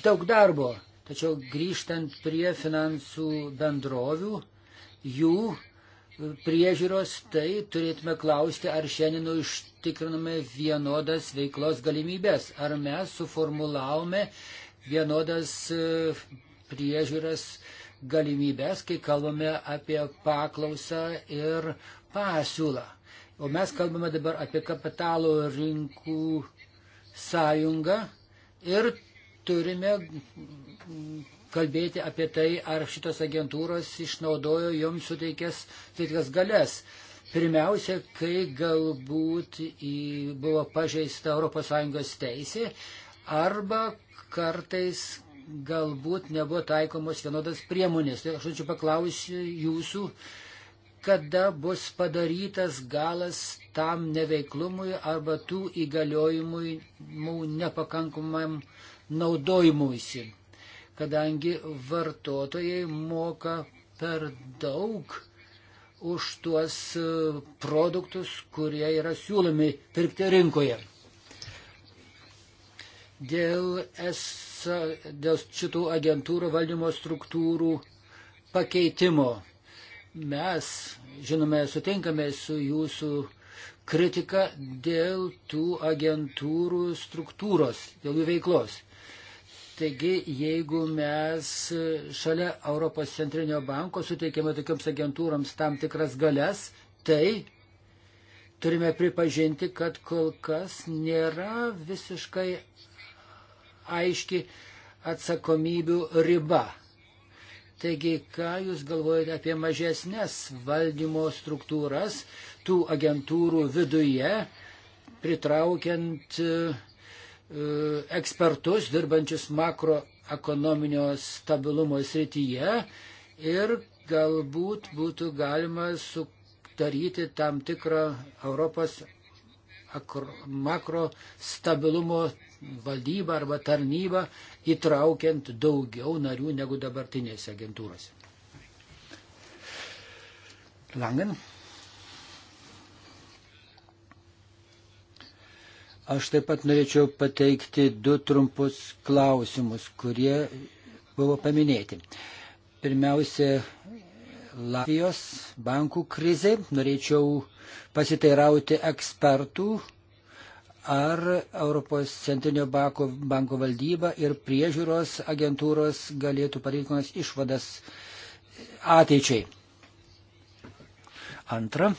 daug darbo, tačiau grįžtant prie finansų bendrovių, jų priežiūros, tai turėtume klausti, ar šiandien užtikriname vienodas veiklos galimybės, ar mes suformulavome vienodas e, priežiūras galimybės, kai kalbame apie paklausą ir pasiūlą. O mes kalbame dabar apie kapitalo rinkų sąjungą ir turime kalbėti apie tai, ar šitos agentūros išnaudojo joms suteikęs teikias galės. Pirmiausia, kai galbūt į, buvo pažeista ES teisė arba kartais galbūt nebuvo taikomos vienodas priemonės. Tai aš norėčiau paklausti jūsų, kada bus padarytas galas tam neveiklumui arba tų įgaliojimui nepakankamam uh, naudojimuisi, kadangi vartotojai moka per daug už tuos e, produktus, kurie yra siūlomi pirkti rinkoje. Dėl, es, dėl šitų agentūrų valdymo struktūrų pakeitimo mes, žinome, sutinkame su jūsų kritika dėl tų agentūrų struktūros, dėl jų veiklos. Taigi, jeigu mes šalia Europos centrinio banko suteikėme tokiams agentūrams tam tikras galias, tai turime pripažinti, kad kol kas nėra visiškai aiški atsakomybių riba. Taigi, ką Jūs galvojate apie mažesnės valdymo struktūras tų agentūrų viduje, pritraukiant uh, E, ekspertus dirbančius makroekonominio stabilumo srityje ir galbūt būtų galima sudaryti tam tikrą Europos makro stabilumo valdybą arba tarnybą, įtraukiant daugiau narių negu dabartinėse agentūrose. Langen. Aš taip pat norėčiau pateikti du trumpus klausimus, kurie buvo paminėti. Pirmiausia, Latvijos bankų krizė. Norėčiau pasiteirauti ekspertų, ar Europos centrinio banko, banko valdyba ir priežiūros agentūros galėtų pareikonas išvadas ateičiai. Antra,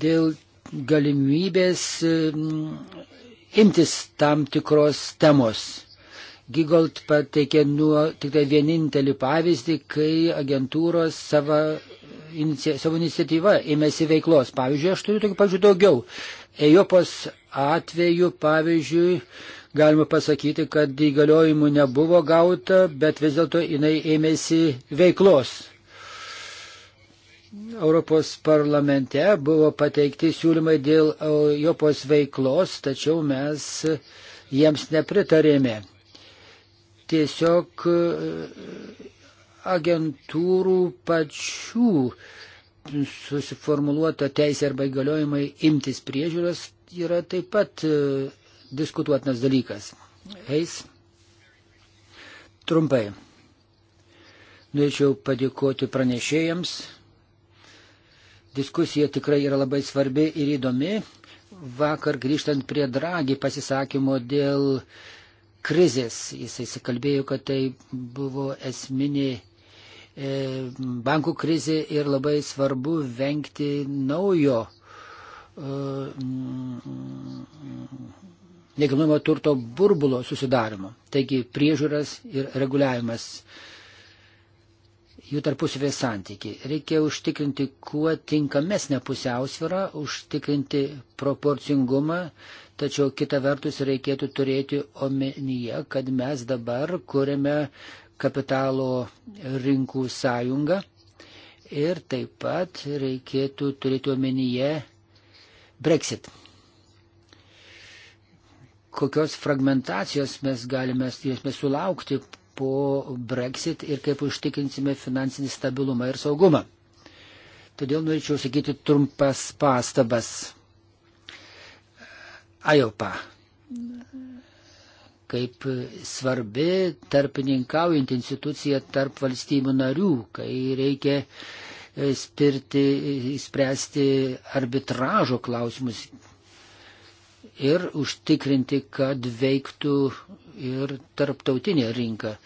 dėl galimybės imtis tam tikros temos. Gigolt pateikė nuo tik tai vienintelį pavyzdį, kai agentūros savo, inicia, savo iniciatyvą ėmėsi veiklos. Pavyzdžiui, aš turiu tokių pavyzdžių daugiau. Ejopos atveju, pavyzdžiui, galima pasakyti, kad įgaliojimų nebuvo gauta, bet vis dėlto jinai ėmėsi veiklos. Europos parlamente buvo pateikti siūlymai dėl e, Jopos veiklos, tačiau mes jiems nepritarėme. Tiesiog e, agentūrų pačių susiformuluota teisė arba įgaliojimai imtis priežiūros yra taip pat e, diskutuotinas dalykas. Eis. Trumpai. Norėčiau padėkoti pranešėjams, Diskusija tikrai yra labai svarbi ir įdomi. Vakar grįžtant prie Dragi pasisakymo dėl krizės, jis įsikalbėjo, kad tai buvo esminė e, bankų krizė ir labai svarbu vengti naujo e, nekilnojamo turto burbulo susidarimo. Taigi priežiūras ir reguliavimas jų tarpusavės santyki. Reikia užtikrinti kuo tinkamesnę pusiausvyrą, užtikrinti proporcingumą, tačiau kita vertus reikėtų turėti omenyje, kad mes dabar kuriame kapitalo rinkų sąjungą ir taip pat reikėtų turėti omenyje Brexit. Kokios fragmentacijos mes galime, mes sulaukti po Brexit ir kaip užtikrinsime finansinį stabilumą ir saugumą. Todėl norėčiau sakyti trumpas pastabas. Ajopa. Kaip svarbi tarpininkaujant institucija tarp valstybių narių, kai reikia e, spirti, spręsti arbitražo klausimus ir užtikrinti, kad veiktų ir tarptautinė rinka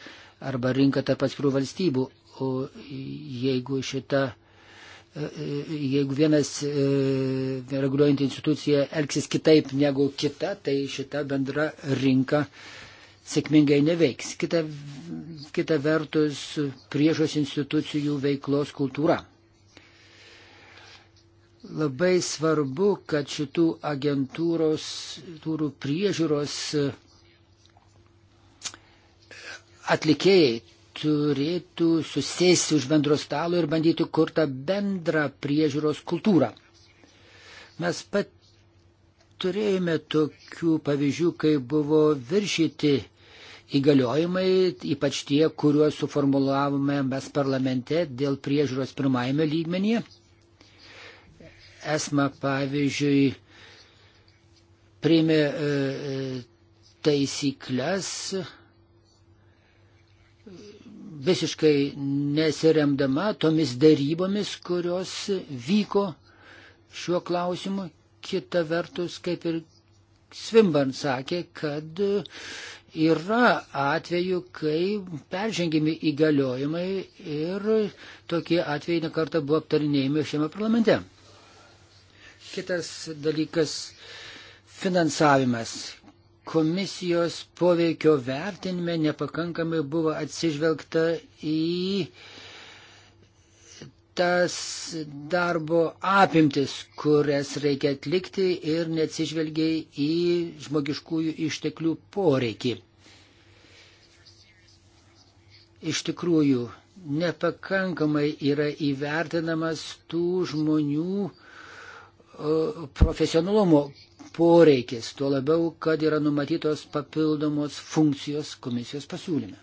arba rinka tarp atskirų valstybių. O jeigu šita, e, e, jeigu vienas e, reguliuojantį instituciją elgsis kitaip negu kita, tai šita bendra rinka sėkmingai neveiks. Kita, kita vertus priežos institucijų veiklos kultūra. Labai svarbu, kad šitų agentūros priežiūros atlikėjai turėtų susėsti už bendro stalo ir bandyti kurtą bendrą priežiūros kultūrą. Mes pat turėjome tokių pavyzdžių, kai buvo viršyti įgaliojimai, ypač tie, kuriuos suformulavome mes parlamente dėl priežiūros pirmajame lygmenyje. Esma, pavyzdžiui, priėmė e, e taisyklės, visiškai nesiremdama tomis darybomis, kurios vyko šiuo klausimu. Kita vertus, kaip ir Svimban sakė, kad yra atveju, kai peržengimi įgaliojimai ir tokie atvejai nekarta buvo aptarinėjami šiame parlamente. Kitas dalykas - finansavimas komisijos poveikio vertinime nepakankamai buvo atsižvelgta į tas darbo apimtis, kurias reikia atlikti ir neatsižvelgiai į žmogiškųjų išteklių poreikį. Iš tikrųjų, nepakankamai yra įvertinamas tų žmonių profesionalumo poreikis, tuo labiau, kad yra numatytos papildomos funkcijos komisijos pasiūlyme.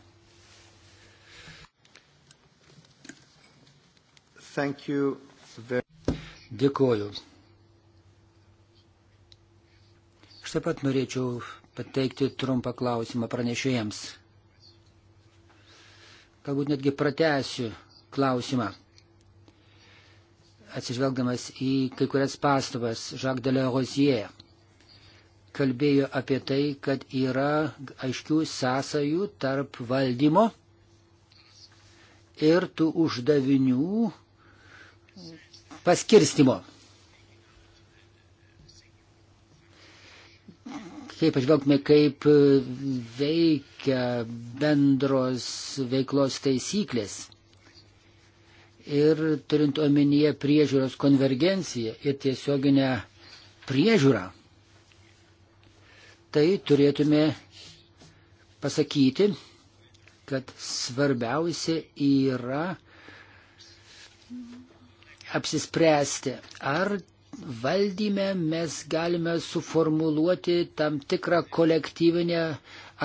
Dėkoju. Aš taip pat norėčiau pateikti trumpą klausimą pranešėjams. Galbūt netgi pratęsiu klausimą atsižvelgdamas į kai kurias pastabas Žak Dele Rozier kalbėjo apie tai, kad yra aiškių sąsajų tarp valdymo ir tų uždavinių paskirstimo. Kaip pažvelgtume, kaip veikia bendros veiklos taisyklės ir turint omenyje priežiūros konvergenciją ir tiesioginę priežiūrą tai turėtume pasakyti, kad svarbiausia yra apsispręsti, ar valdyme mes galime suformuluoti tam tikrą kolektyvinę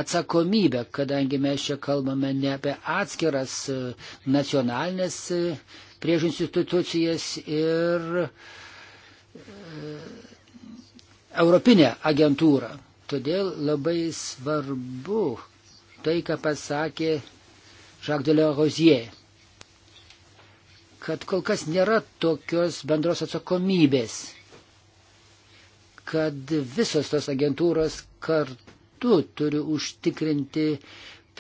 atsakomybę, kadangi mes čia kalbame ne apie atskiras nacionalinės priežiūros institucijas ir e, Europinę agentūrą. Todėl labai svarbu tai, ką pasakė Jacques de la Rosier, kad kol kas nėra tokios bendros atsakomybės, kad visos tos agentūros kartu turi užtikrinti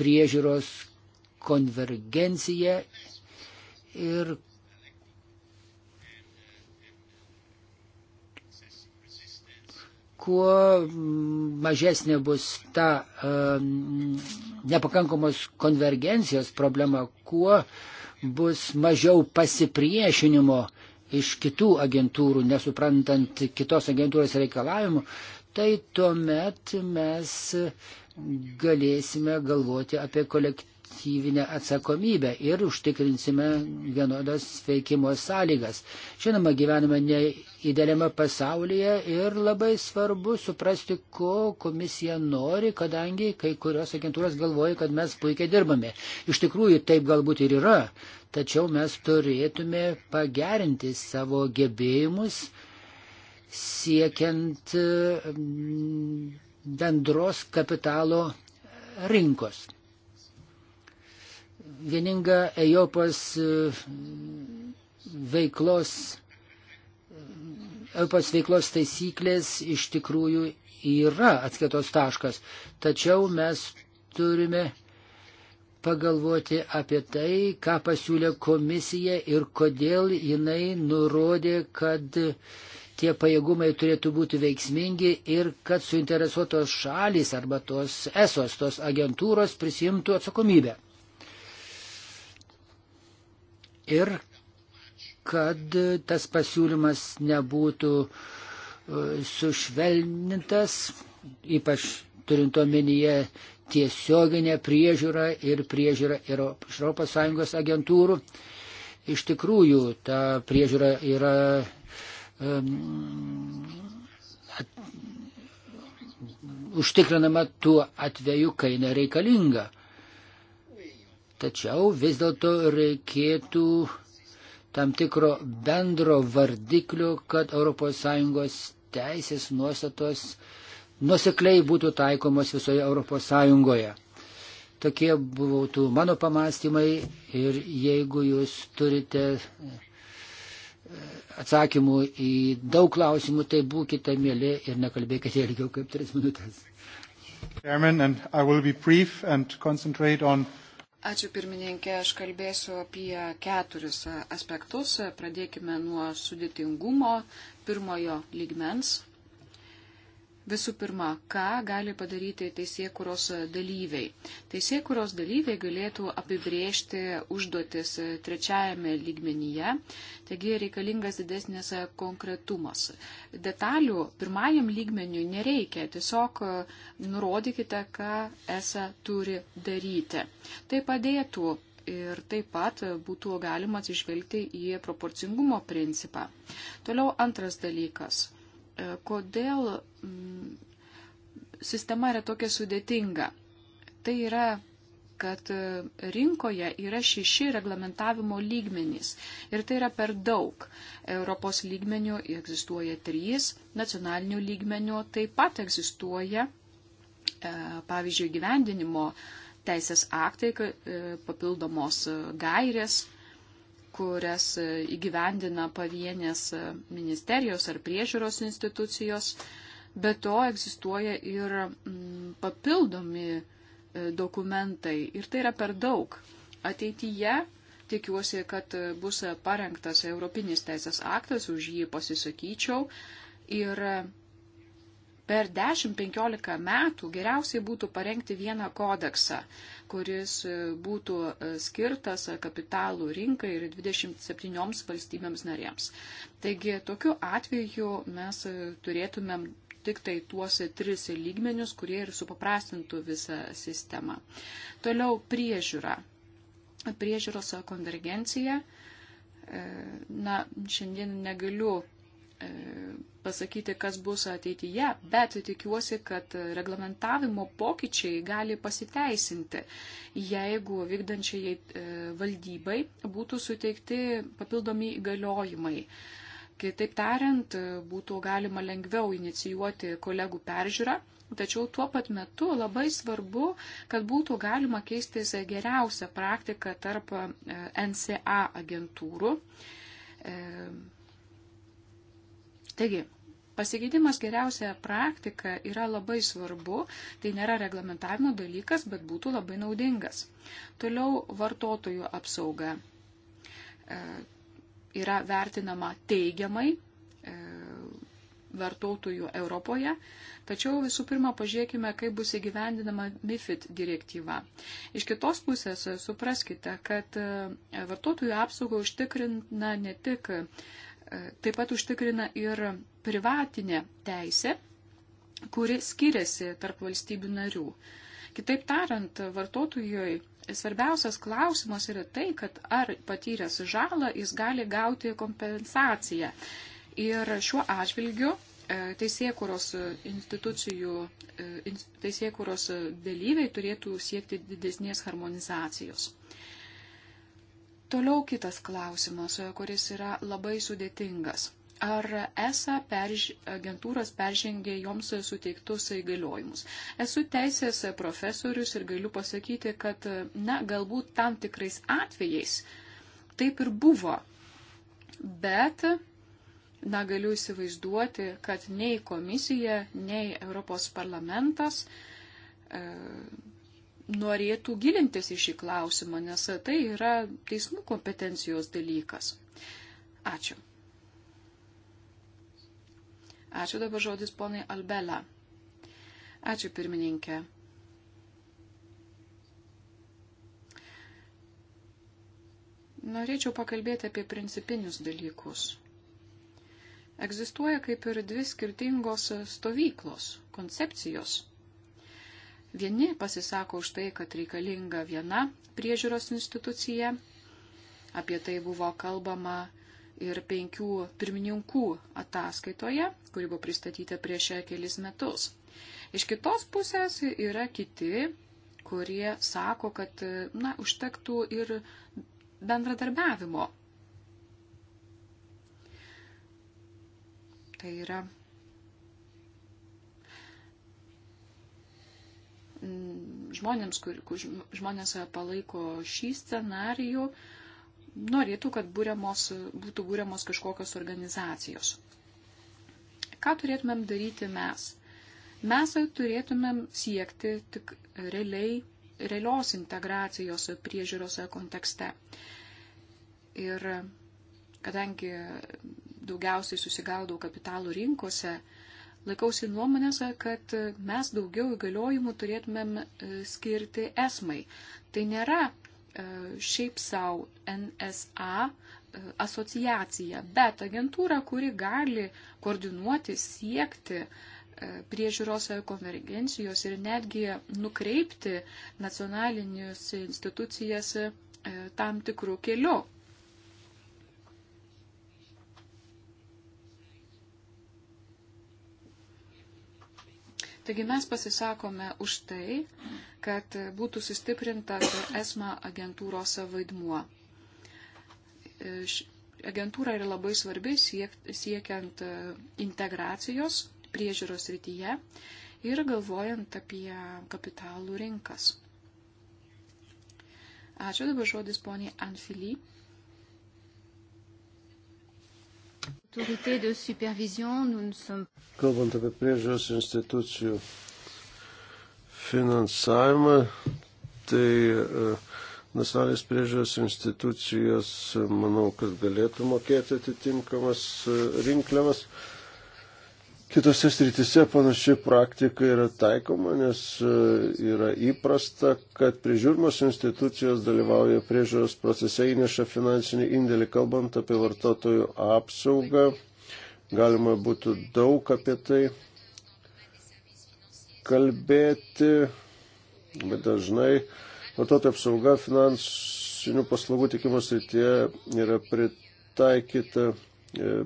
priežiūros konvergenciją ir kuo mm, mažesnė bus ta um, nepakankamos konvergencijos problema, kuo bus mažiau pasipriešinimo iš kitų agentūrų, nesuprantant kitos agentūros reikalavimų, tai tuomet mes galėsime galvoti apie kolektyvą kolektyvinę atsakomybę ir užtikrinsime vienodas veikimo sąlygas. Žinoma, gyvename neįdėliame pasaulyje ir labai svarbu suprasti, ko komisija nori, kadangi kai kurios agentūros galvoja, kad mes puikiai dirbame. Iš tikrųjų, taip galbūt ir yra, tačiau mes turėtume pagerinti savo gebėjimus siekiant mm, bendros kapitalo rinkos vieninga Ejopos e, veiklos, Ejopos veiklos taisyklės iš tikrųjų yra atskaitos taškas. Tačiau mes turime pagalvoti apie tai, ką pasiūlė komisija ir kodėl jinai nurodė, kad tie pajėgumai turėtų būti veiksmingi ir kad suinteresuotos šalys arba tos esos, tos agentūros prisimtų atsakomybę ir kad tas pasiūlymas nebūtų e, sušvelnintas, ypač turint omenyje tiesioginę priežiūrą ir priežiūrą ir iš ES agentūrų. Iš tikrųjų, ta priežiūra yra um, at, užtikrinama tuo atveju, kai nereikalinga. Tačiau vis dėlto reikėtų tam tikro bendro vardiklio, kad ES teisės nuostatos nusekliai būtų taikomos visoje ES. Tokie būtų mano pamastymai ir jeigu jūs turite e, atsakymų į daug klausimų, tai būkite mėly ir nekalbėkite ilgiau kaip tris minutės. Chairman, and I will be brief and concentrate on Ačiū pirmininkė, aš kalbėsiu apie keturis aspektus. Pradėkime nuo sudėtingumo pirmojo lygmens. Visų pirma, ką gali padaryti teisėkuros dalyviai. Teisėkuros dalyviai galėtų apibriežti užduotis trečiajame lygmenyje, taigi reikalingas didesnis konkretumas. Detalių pirmajam lygmeniu nereikia, tiesiog nurodykite, ką esą turi daryti. Tai padėtų ir taip pat būtų galima atsižvelgti į proporcingumo principą. Toliau antras dalykas kodėl mm, sistema yra tokia sudėtinga. Tai yra, kad e, rinkoje yra šeši reglamentavimo lygmenys ir tai yra per daug. Europos lygmenių egzistuoja trys, nacionalinių lygmenių taip pat egzistuoja, e, pavyzdžiui, gyvendinimo teisės aktai, e, papildomos gairės kurias e, įgyvendina pavienės e, ministerijos ar priežiūros institucijos. Be to egzistuoja ir mm, papildomi e, dokumentai ir tai yra per daug. Ateityje tikiuosi, kad bus parengtas Europinis teisės aktas, už jį pasisakyčiau ir per 10-15 metų geriausiai būtų parengti vieną kodeksą, kuris e, būtų e, skirtas e, kapitalų rinkai ir 27 valstybėms narėms. Taigi tokiu atveju mes turėtumėm tik tai tuos tris lygmenius, kurie ir supaprastintų visą sistemą. Toliau priežiūra. Priežiūros konvergencija. Na, šiandien negaliu E, pasakyti, kas bus ateityje, bet tikiuosi, kad reglamentavimo pokyčiai gali pasiteisinti, jeigu vykdančiai e, valdybai būtų suteikti papildomi įgaliojimai. Kitaip tariant, būtų galima lengviau inicijuoti kolegų peržiūrą, tačiau tuo pat metu labai svarbu, kad būtų galima keistis geriausią praktiką tarp e, NCA agentūrų Taigi, pasikeitimas geriausia praktika yra labai svarbu, tai nėra reglamentavimo dalykas, bet būtų labai naudingas. Toliau vartotojų apsauga e, yra vertinama teigiamai e, vartotojų Europoje, tačiau visų pirma pažiūrėkime, kaip bus įgyvendinama MIFID direktyva. Iš kitos pusės supraskite, kad e, vartotojų apsaugą užtikrina ne tik e, taip pat užtikrina ir privatinė teisė, kuri skiriasi tarp valstybių narių. Kitaip tariant, vartotojui svarbiausias klausimas yra tai, kad ar patyręs žalą jis gali gauti kompensaciją. Ir šiuo atžvilgiu e, teisėkuros institucijų, e, teisėkuros dalyviai turėtų siekti didesnės harmonizacijos. Toliau kitas klausimas, kuris yra labai sudėtingas. Ar ESA perž... agentūros peržengė joms suteiktus įgaliojimus? Esu teisės profesorius ir galiu pasakyti, kad, na, galbūt tam tikrais atvejais taip ir buvo. Bet na, galiu įsivaizduoti, kad nei komisija, nei Europos parlamentas e, norėtų gilintis į šį klausimą, nes tai yra teismų kompetencijos dalykas. Ačiū. Ačiū dabar žodis ponai Albela. Ačiū pirmininkė. Norėčiau pakalbėti apie principinius dalykus. Egzistuoja kaip ir dvi skirtingos stovyklos, koncepcijos Vieni pasisako už tai, kad reikalinga viena priežiūros institucija. Apie tai buvo kalbama ir penkių pirmininkų ataskaitoje, kuri buvo pristatyta prieš kelis metus. Iš kitos pusės yra kiti, kurie sako, kad na, užtektų ir bendradarbiavimo. Tai yra Mm, žmonėms, kur, kur žmonės e, palaiko šį scenarijų, norėtų, kad būriamos, būtų būriamos kažkokios organizacijos. Ką turėtumėm daryti mes? Mes turėtumėm siekti tik realiai, realios integracijos priežiūros e, kontekste. Ir kadangi daugiausiai susigaudau kapitalų rinkose, laikausi nuomonės, kad mes daugiau įgaliojimų turėtumėm e, skirti esmai. Tai nėra e, šiaip savo NSA e, asociacija, bet agentūra, kuri gali koordinuoti, siekti priežiūros konvergencijos ir netgi nukreipti nacionalinius institucijas tam tikrų kelių. Taigi mes pasisakome už tai, kad būtų sustiprintas ESMA agentūros vaidmuo. E, agentūra yra labai svarbi siekiant e, integracijos priežiūros rytyje ir galvojant apie kapitalų rinkas. Ačiū dabar žodis poniai Anfily. Kalbant apie priežiūros institucijų finansavimą, tai e, nacionalinės priežiūros institucijos, manau, kad galėtų mokėti atitinkamas e, rinkliavas. Uh, Kitose srityse panaši praktika yra taikoma, nes e, yra įprasta, kad prižiūrimos institucijos dalyvauja priežiūros procese įneša finansinį indėlį, kalbant apie vartotojų apsaugą. Galima būtų daug apie tai kalbėti, bet dažnai vartotojų apsauga finansinių paslaugų tikimo srityje yra pritaikyta e,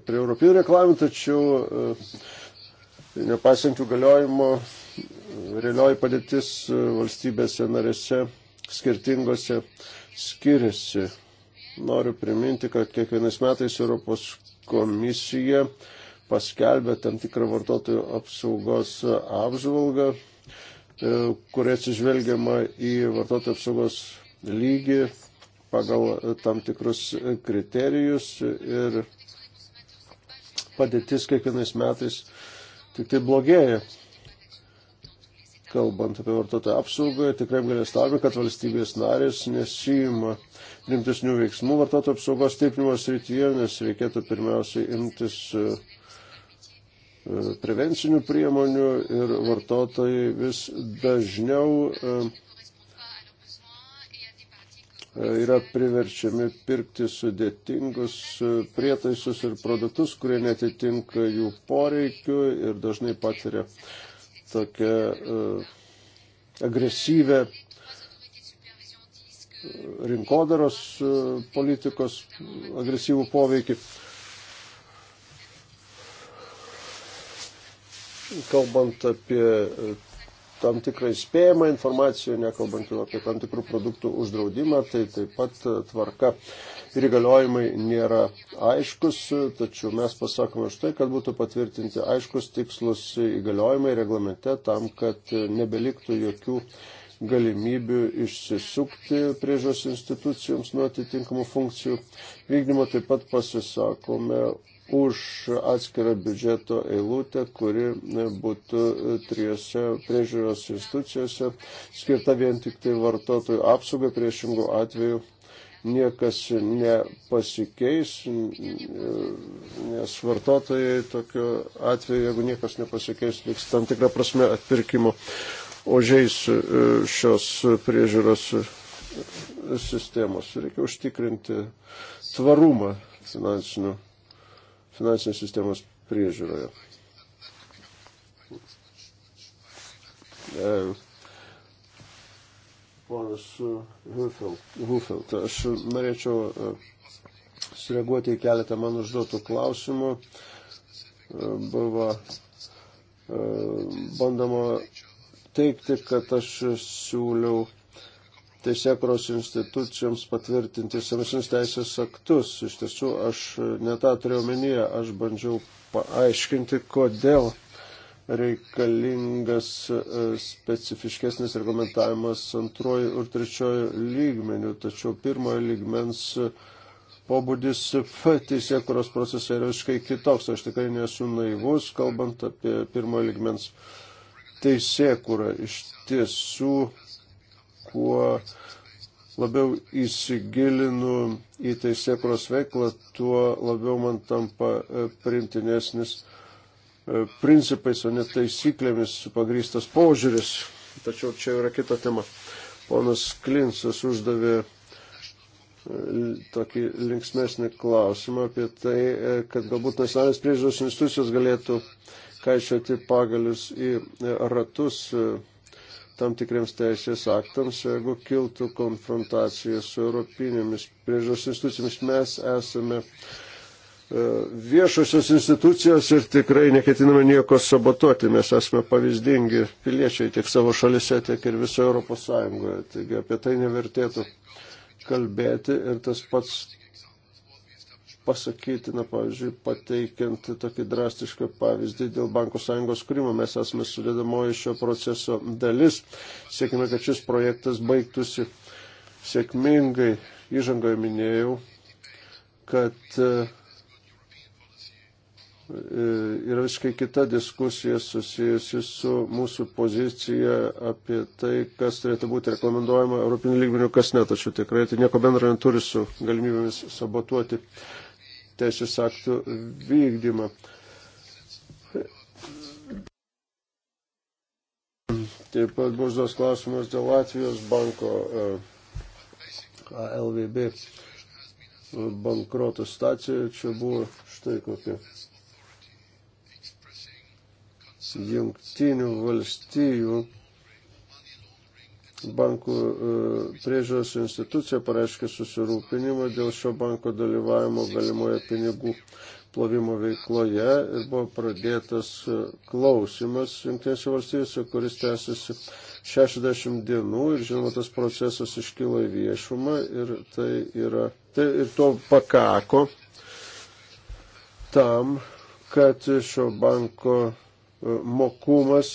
prie europinių reklamų, tačiau uh, Nepaisant jų galiojimo, realioji padėtis e, valstybėse narėse skirtingose skiriasi. Noriu priminti, kad kiekvienais metais Europos komisija paskelbė tam tikrą vartotojų apsaugos apžvalgą, e, kurie atsižvelgiama į vartotojų apsaugos lygį pagal tam tikrus kriterijus ir padėtis kiekvienais metais tik tai blogėja. Kalbant apie vartotoją apsaugą, tikrai galėstami, kad valstybės narės nesijima rimtesnių veiksmų vartotojo apsaugos stiprinimo srityje, nes reikėtų pirmiausiai imtis e, e, prevencinių priemonių ir vartotojai vis dažniau e, E, yra priverčiami pirkti sudėtingus e, prietaisus ir produktus, kurie netitinka jų poreikių ir dažnai patiria tokią uh, agresyvę rinkodaros uh, politikos agresyvų poveikį. Kalbant apie tam tikrą įspėjimą informaciją, nekalbant jau apie tam tikrų produktų uždraudimą, tai taip pat e, tvarka ir įgaliojimai nėra aiškus, tačiau mes pasakome už tai, kad būtų patvirtinti aiškus tikslus įgaliojimai reglamente tam, kad e, nebeliktų jokių galimybių išsisukti priežos institucijoms nuo atitinkamų funkcijų vykdymo. Taip pat pasisakome už atskirą biudžeto eilutę, kuri būtų trijose priežiūros institucijose skirta vien tik tai vartotojų apsaugai priešingų atveju. Niekas nepasikeis, nes vartotojai tokiu atveju, jeigu niekas nepasikeis, liks tam tikrą prasme atpirkimo ožiais šios priežiūros sistemos. Reikia užtikrinti tvarumą finansinių finansinės sistemos priežiūroje. E, ponas Hufeld, tai aš norėčiau e, sureaguoti į keletą man užduotų klausimų. E, buvo bandoma teikti, kad aš siūliau teisėkros institucijoms patvirtinti senesnius teisės aktus. Iš tiesų, aš netą turėjau menyje, aš bandžiau paaiškinti, kodėl reikalingas e, specifiškesnis reglamentavimas antroji ir trečioji lygmenių, tačiau pirmojo lygmens pobūdis teisėkuros procese yra visiškai kitoks. Aš tikrai nesu naivus, kalbant apie pirmojo lygmens teisėkurą. Iš tiesų kuo labiau įsigilinu į teisėkros veiklą, tuo labiau man tampa e, primtinesnis e, principais, o ne taisyklėmis pagrystas požiūris. Tačiau čia yra kita tema. Ponas Klinsas uždavė e, tokį linksmesnį klausimą apie tai, kad galbūt nacionalinės priežiūros institucijos galėtų kaišioti pagalius į ratus tam tikriems teisės aktams, jeigu kiltų konfrontacija su europinėmis priežos institucijomis. Mes esame e, viešosios institucijos ir tikrai neketiname nieko sabotuoti. Mes esame pavyzdingi piliečiai tiek savo šalise, tiek ir viso Europos Sąjungoje. Taigi apie tai nevertėtų kalbėti ir tas pats pasakyti, na, pavyzdžiui, pateikiant tokį drastišką pavyzdį dėl Bankų sąjungos kūrimo. Mes esame sudėdamoji šio proceso dalis. Siekime, kad šis projektas baigtųsi sėkmingai. Įžangoje minėjau, kad e, e, yra visiškai kita diskusija susijusi su mūsų pozicija apie tai, kas turėtų būti rekomenduojama Europinių lygmenių, kas ne, tačiau tikrai tai nieko bendro neturi su galimybėmis sabotuoti teisės aktų vykdymą. Taip pat bus dos klausimas dėl Latvijos banko e, LVB bankroto stacijoje. Čia buvo štai kokia jungtinių valstijų bankų e, priežiūros institucija pareiškė susirūpinimą dėl šio banko dalyvavimo galimoje pinigų plovimo veikloje ir buvo pradėtas e, klausimas Junktinėse valstybėse, kuris tęsiasi 60 dienų ir žinoma tas procesas iškilo į viešumą ir tai yra, tai ir to pakako tam, kad šio banko e, mokumas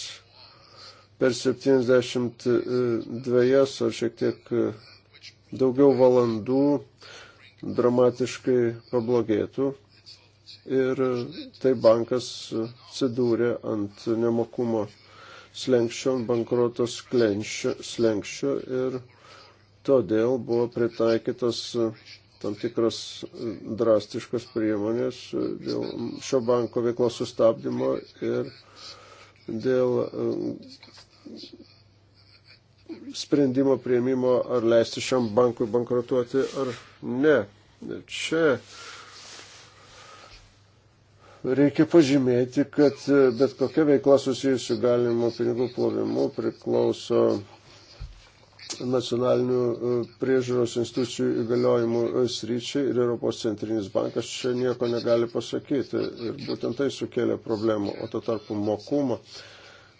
per 72 ar šiek tiek e, daugiau valandų dramatiškai pablogėtų ir e, tai bankas atsidūrė ant nemokumo slengščio, ant bankruoto slengščio ir todėl buvo pritaikytos e, tam tikros drastiškos priemonės dėl šio banko veiklos sustabdymo ir dėl sprendimo prieimimo, ar leisti šiam bankui bankrutuoti ar ne. Čia reikia pažymėti, kad bet kokia veikla susijusi galimo pinigų plovimu priklauso nacionalinių e, priežiūros institucijų įgaliojimų e, sryčiai ir Europos centrinis bankas čia nieko negali pasakyti. Ir būtent tai sukėlė problemų. O to tarpu mokumo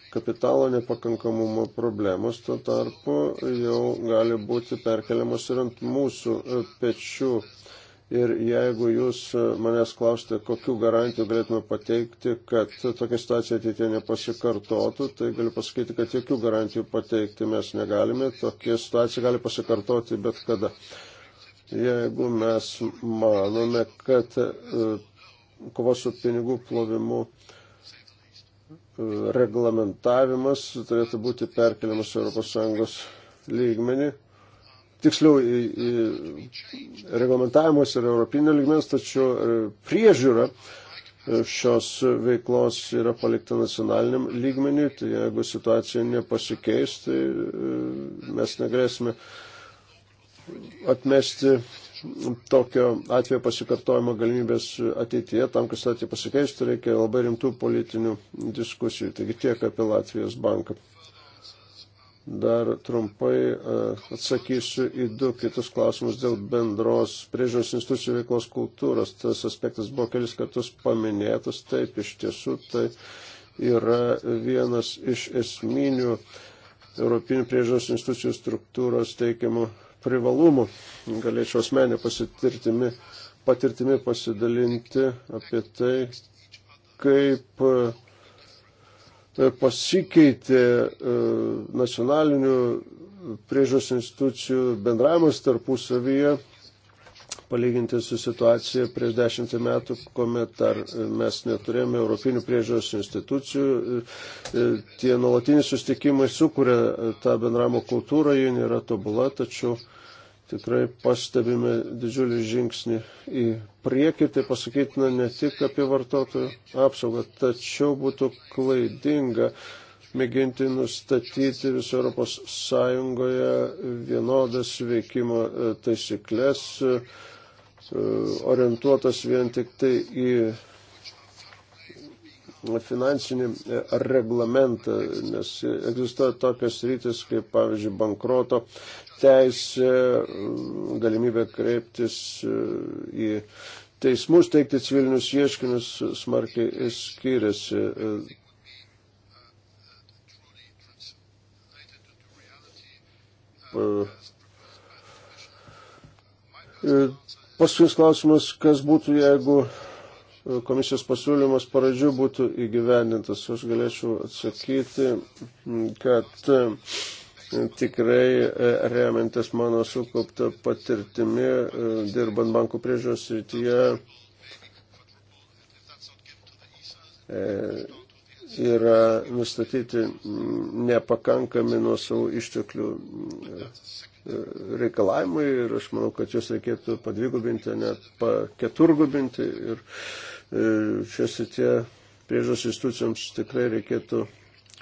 kapitalo nepakankamumo problemos, tuo tarpu jau gali būti perkeliamos ir ant mūsų e, pečių. Ir jeigu jūs e, manęs klausite, kokiu garantiju galėtume pateikti, kad tokia situacija ateitie nepasikartotų, tai galiu pasakyti, kad jokių garantijų pateikti mes negalime. Tokia situacija gali pasikartoti bet kada. Jeigu mes manome, kad e, kova su pinigų plovimu uh, reglamentavimas turėtų būti perkeliamas ES lygmenį. Tiksliau, į, į reglamentavimas yra europinio lygmens, tačiau e, priežiūra e, šios veiklos yra palikta nacionaliniam lygmeniui, tai jeigu situacija nepasikeis, tai e, mes negalėsime atmesti tokio atveju pasikartojimo galimybės ateityje, tam, kas atveju pasikeistų, reikia labai rimtų politinių diskusijų. Taigi tiek apie Latvijos banką. Dar trumpai e, atsakysiu į du kitus klausimus dėl bendros priežiūros institucijų veiklos kultūros. Tas aspektas buvo kelis kartus paminėtas, taip iš tiesų tai yra vienas iš esminių Europinių priežiūros institucijų struktūros teikiamų privalumų. Galėčiau asmenį pasitirtimi, patirtimi pasidalinti apie tai, kaip e, pasikeitė e, nacionalinių priežos institucijų bendravimas tarpusavyje palyginti su situacija prieš dešimtį metų, kuomet dar mes neturėjome Europinių priežiūros institucijų. E, tie nuolatiniai sustikimai sukuria tą bendravimo kultūrą, ji nėra tobula, tačiau tikrai pastebime didžiulį žingsnį į priekį, tai pasakytina ne tik apie vartotojų apsaugą, tačiau būtų klaidinga mėginti nustatyti viso Europos Sąjungoje vienodas veikimo e, taisyklės, E, orientuotas vien tik tai į finansinį e, reglamentą, nes egzistuoja tokios rytis, kaip pavyzdžiui, bankroto teisė, galimybė kreiptis e, į teismus, teikti civilinius ieškinius smarkiai skiriasi. Paskutinis klausimas, kas būtų, jeigu e, komisijos pasiūlymas paradžių būtų įgyvendintas. Aš galėčiau atsakyti, kad e, tikrai e, remiantis mano sukauptą patirtimi, dirbant bankų priežiūros rytyje, yra nustatyti nepakankami nuo savo išteklių reikalavimai ir aš manau, kad juos reikėtų padvigubinti, net paketurgubinti ir e, šios tie priežas institucijoms tikrai reikėtų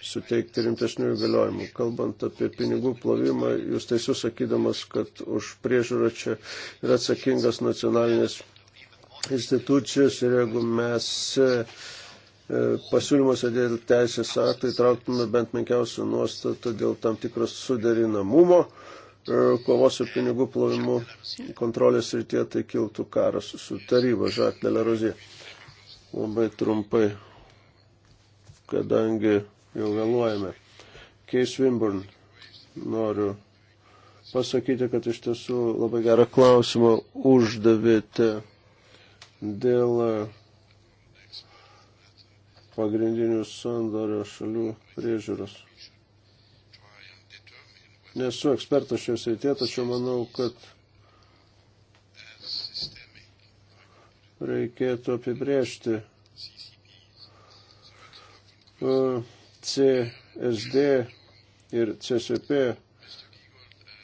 suteikti rimtesnių įgaliojimų. Kalbant apie pinigų plovimą, jūs teisus sakydamas, kad už priežiūrą čia yra atsakingas nacionalinės institucijos ir jeigu mes e, e, pasiūlymuose dėl teisės aktų įtrauktume bent menkiausių nuostatų dėl tam tikros suderinamumo, E, kovos su pinigų plovimu kontrolės rytie, tai kiltų karas su taryba Žaklė Lerozė. Labai trumpai, kadangi jau vėluojame. Keis Wimburn, noriu pasakyti, kad iš tiesų labai gerą klausimą uždavėte dėl e, pagrindinių sandorio šalių priežiūros nesu ekspertas šios rytė, tačiau manau, kad reikėtų apibrėžti uh, CSD ir CCP,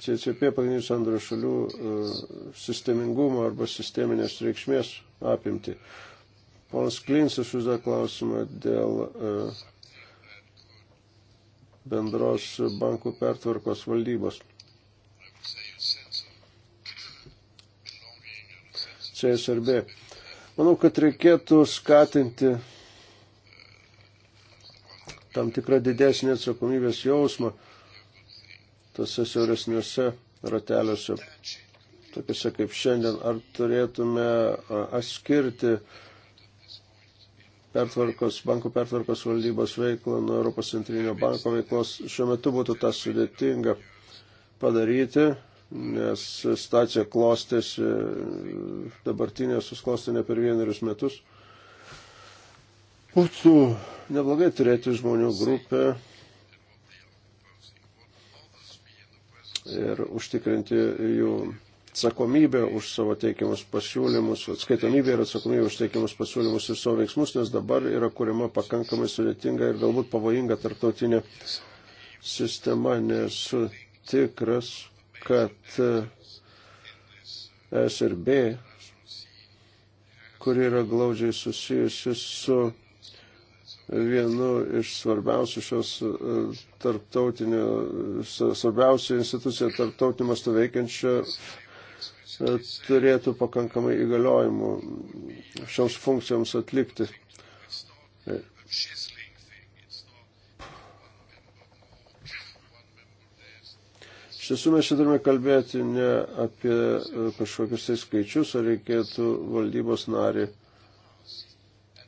CCP pagrindinių sandro šalių uh, sistemingumo arba sisteminės reikšmės apimti. Ponas Klins, aš jūs dar klausimą dėl uh, bendros bankų pertvarkos valdybos. CSRB. Manau, kad reikėtų skatinti tam tikrą didesnį atsakomybės jausmą tose siauresniuose rateliuose, tokiuose kaip šiandien, ar turėtume atskirti uh, pertvarkos, bankų pertvarkos valdybos veiklą nuo Europos centrinio banko veiklos. Šiuo metu būtų tas sudėtinga padaryti, nes stacija klostėsi, dabartinė susklostė ne per vienerius metus. Būtų neblogai turėti žmonių grupę ir užtikrinti jų atsakomybę už savo teikiamus pasiūlymus, atskaitomybę ir atsakomybę už teikiamus pasiūlymus ir savo veiksmus, nes dabar yra kuriama pakankamai sudėtinga ir galbūt pavojinga tarptautinė sistema, nesu tikras, kad e, S ir B, kuri yra glaudžiai susijusi su vienu iš svarbiausių šios e, tarptautinio, svarbiausių institucijų tarptautinio mastu veikiančio turėtų pakankamai įgaliojimų šioms funkcijoms atlikti. Iš tiesų mes čia turime kalbėti ne apie kažkokius tai skaičius, ar reikėtų valdybos narį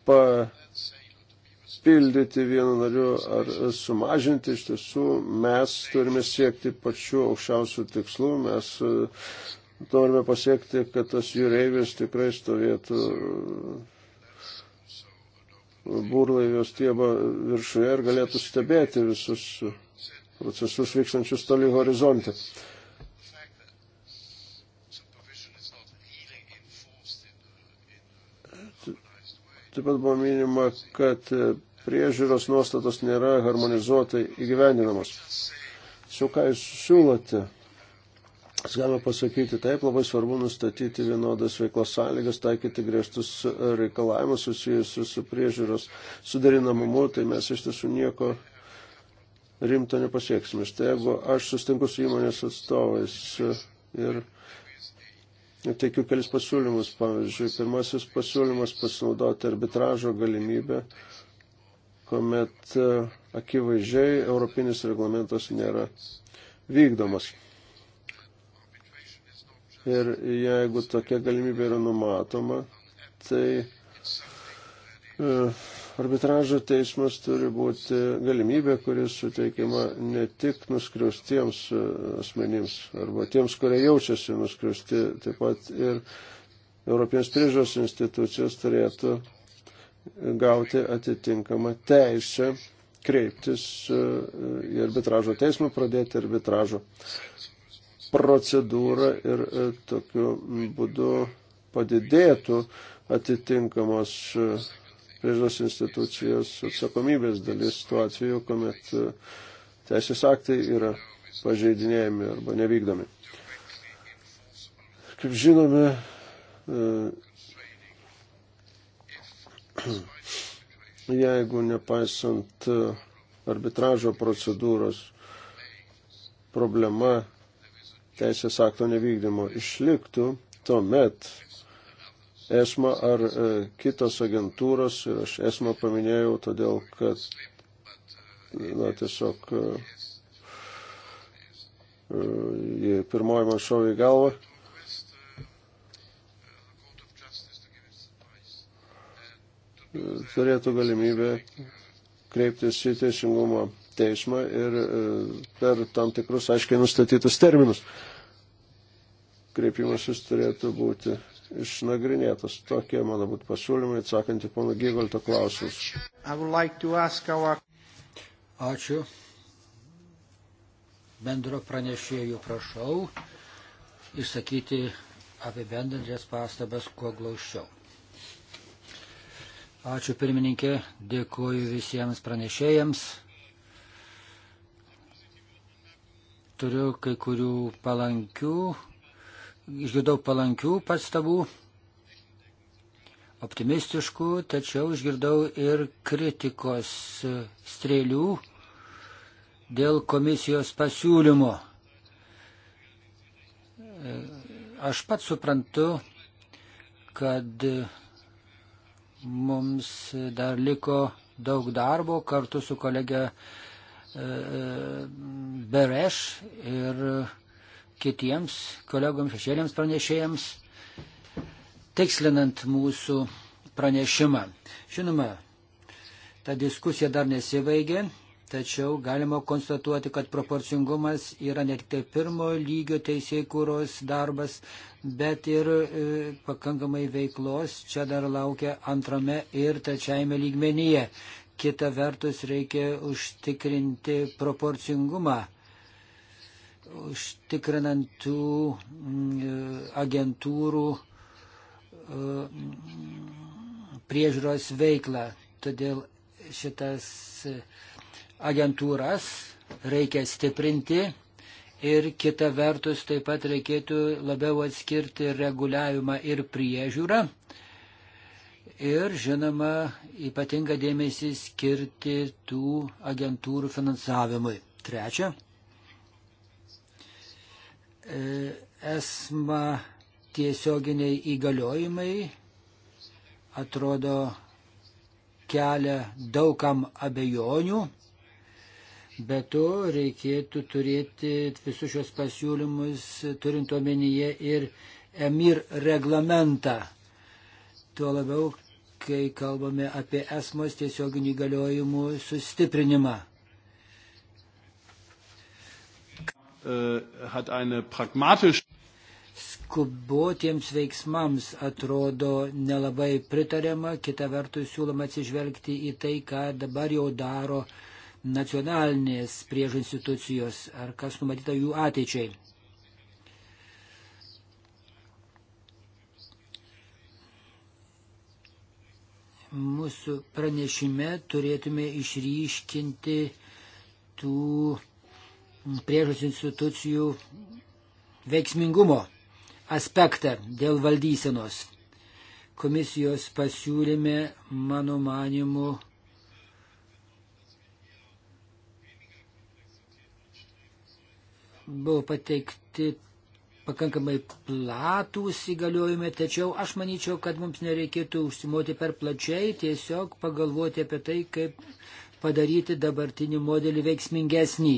papildyti vienu nariu ar sumažinti. Iš tiesų mes turime siekti pačių aukščiausių tikslų, mes norime pasiekti, kad tas jūreivis tikrai stovėtų būrlaivio stiebo viršuje ir galėtų stebėti visus procesus vykstančius toli horizontė. Taip pat buvo minima, kad priežiūros nuostatos nėra harmonizuotai įgyvendinamos. Su ką jūs siūlote? Galime pasakyti taip, labai svarbu nustatyti vienodas veiklos sąlygas, taikyti griežtus reikalavimus susijusius su priežiūros sudarinamumu, tai mes iš tiesų nieko rimto nepasieksime. Štai jeigu aš sustinku su įmonės atstovais ir teikiu kelis pasiūlymus, pavyzdžiui, pirmasis pasiūlymas pasinaudoti arbitražo galimybę, kuomet akivaizdžiai Europinis reglamentas nėra vykdomas. Ir jeigu tokia galimybė yra numatoma, tai e, arbitražo teismas turi būti galimybė, kuris suteikiama ne tik nuskriaustiems e, asmenims arba tiems, kurie jaučiasi nuskriausti, taip pat ir Europės priežos institucijos turėtų gauti atitinkamą teisę kreiptis e, į arbitražo teismą, pradėti arbitražo procedūrą ir e, tokiu būdu padidėtų atitinkamos e, priežos institucijos atsakomybės dalis tuo atveju, kuomet e, teisės aktai yra pažeidinėjami arba nevykdomi. Kaip žinome, jeigu nepaisant arbitražo procedūros problema teisės akto nevykdymo išliktų, tuomet ESMA ar e, kitos agentūros, ir aš ESMA paminėjau, todėl kad na, tiesiog e, e, pirmoji man šovė į galvą. turėtų galimybę kreiptis į teisingumo teismą ir e, per tam tikrus aiškiai nustatytus terminus kreipimasis turėtų būti išnagrinėtas. Tokie mano būtų pasiūlymai, atsakant į pono Gygolto klausimus. Like our... Ačiū. Bendro pranešėjų prašau išsakyti apibendrintas pastabas kuo glaušiau. Ačiū pirmininkė, dėkuoju visiems pranešėjams. turiu kai kurių palankių, išgirdau palankių pastabų, optimistiškų, tačiau išgirdau ir kritikos strėlių dėl komisijos pasiūlymo. Aš pat suprantu, kad mums dar liko daug darbo kartu su kolegė Bereš ir kitiems kolegoms šešėliams pranešėjams, tikslinant mūsų pranešimą. Žinoma, ta diskusija dar nesivaigė, tačiau galima konstatuoti, kad proporcingumas yra ne tik tai pirmo lygio teisėjų kūros darbas, bet ir e, pakankamai veiklos čia dar laukia antrame ir trečiajame lygmenyje kita vertus reikia užtikrinti proporcingumą, užtikrinant tų mm, agentūrų mm, priežiūros veiklą. Todėl šitas agentūras reikia stiprinti ir kita vertus taip pat reikėtų labiau atskirti reguliavimą ir priežiūrą ir, žinoma, ypatinga dėmesį skirti tų agentūrų finansavimui. Trečia, e, esma tiesioginiai įgaliojimai atrodo kelia daugam abejonių, bet to reikėtų turėti visus šios pasiūlymus, turint omenyje ir emir reglamentą. Tuo labiau, kai kalbame apie esmos tiesioginį galiojimų sustiprinimą. Äh, Skubotiems veiksmams atrodo nelabai pritariama, kita vertus siūloma atsižvelgti į tai, ką dabar jau daro nacionalinės priež institucijos ar kas numatyta jų ateičiai. mūsų pranešime turėtume išryškinti tų priežas institucijų veiksmingumo aspektą dėl valdysenos. Komisijos pasiūlyme, mano manimu, buvo pateikti pakankamai platūs įgaliojimai, tačiau aš manyčiau, kad mums nereikėtų užsimoti per plačiai, tiesiog pagalvoti apie tai, kaip padaryti dabartinį modelį veiksmingesnį.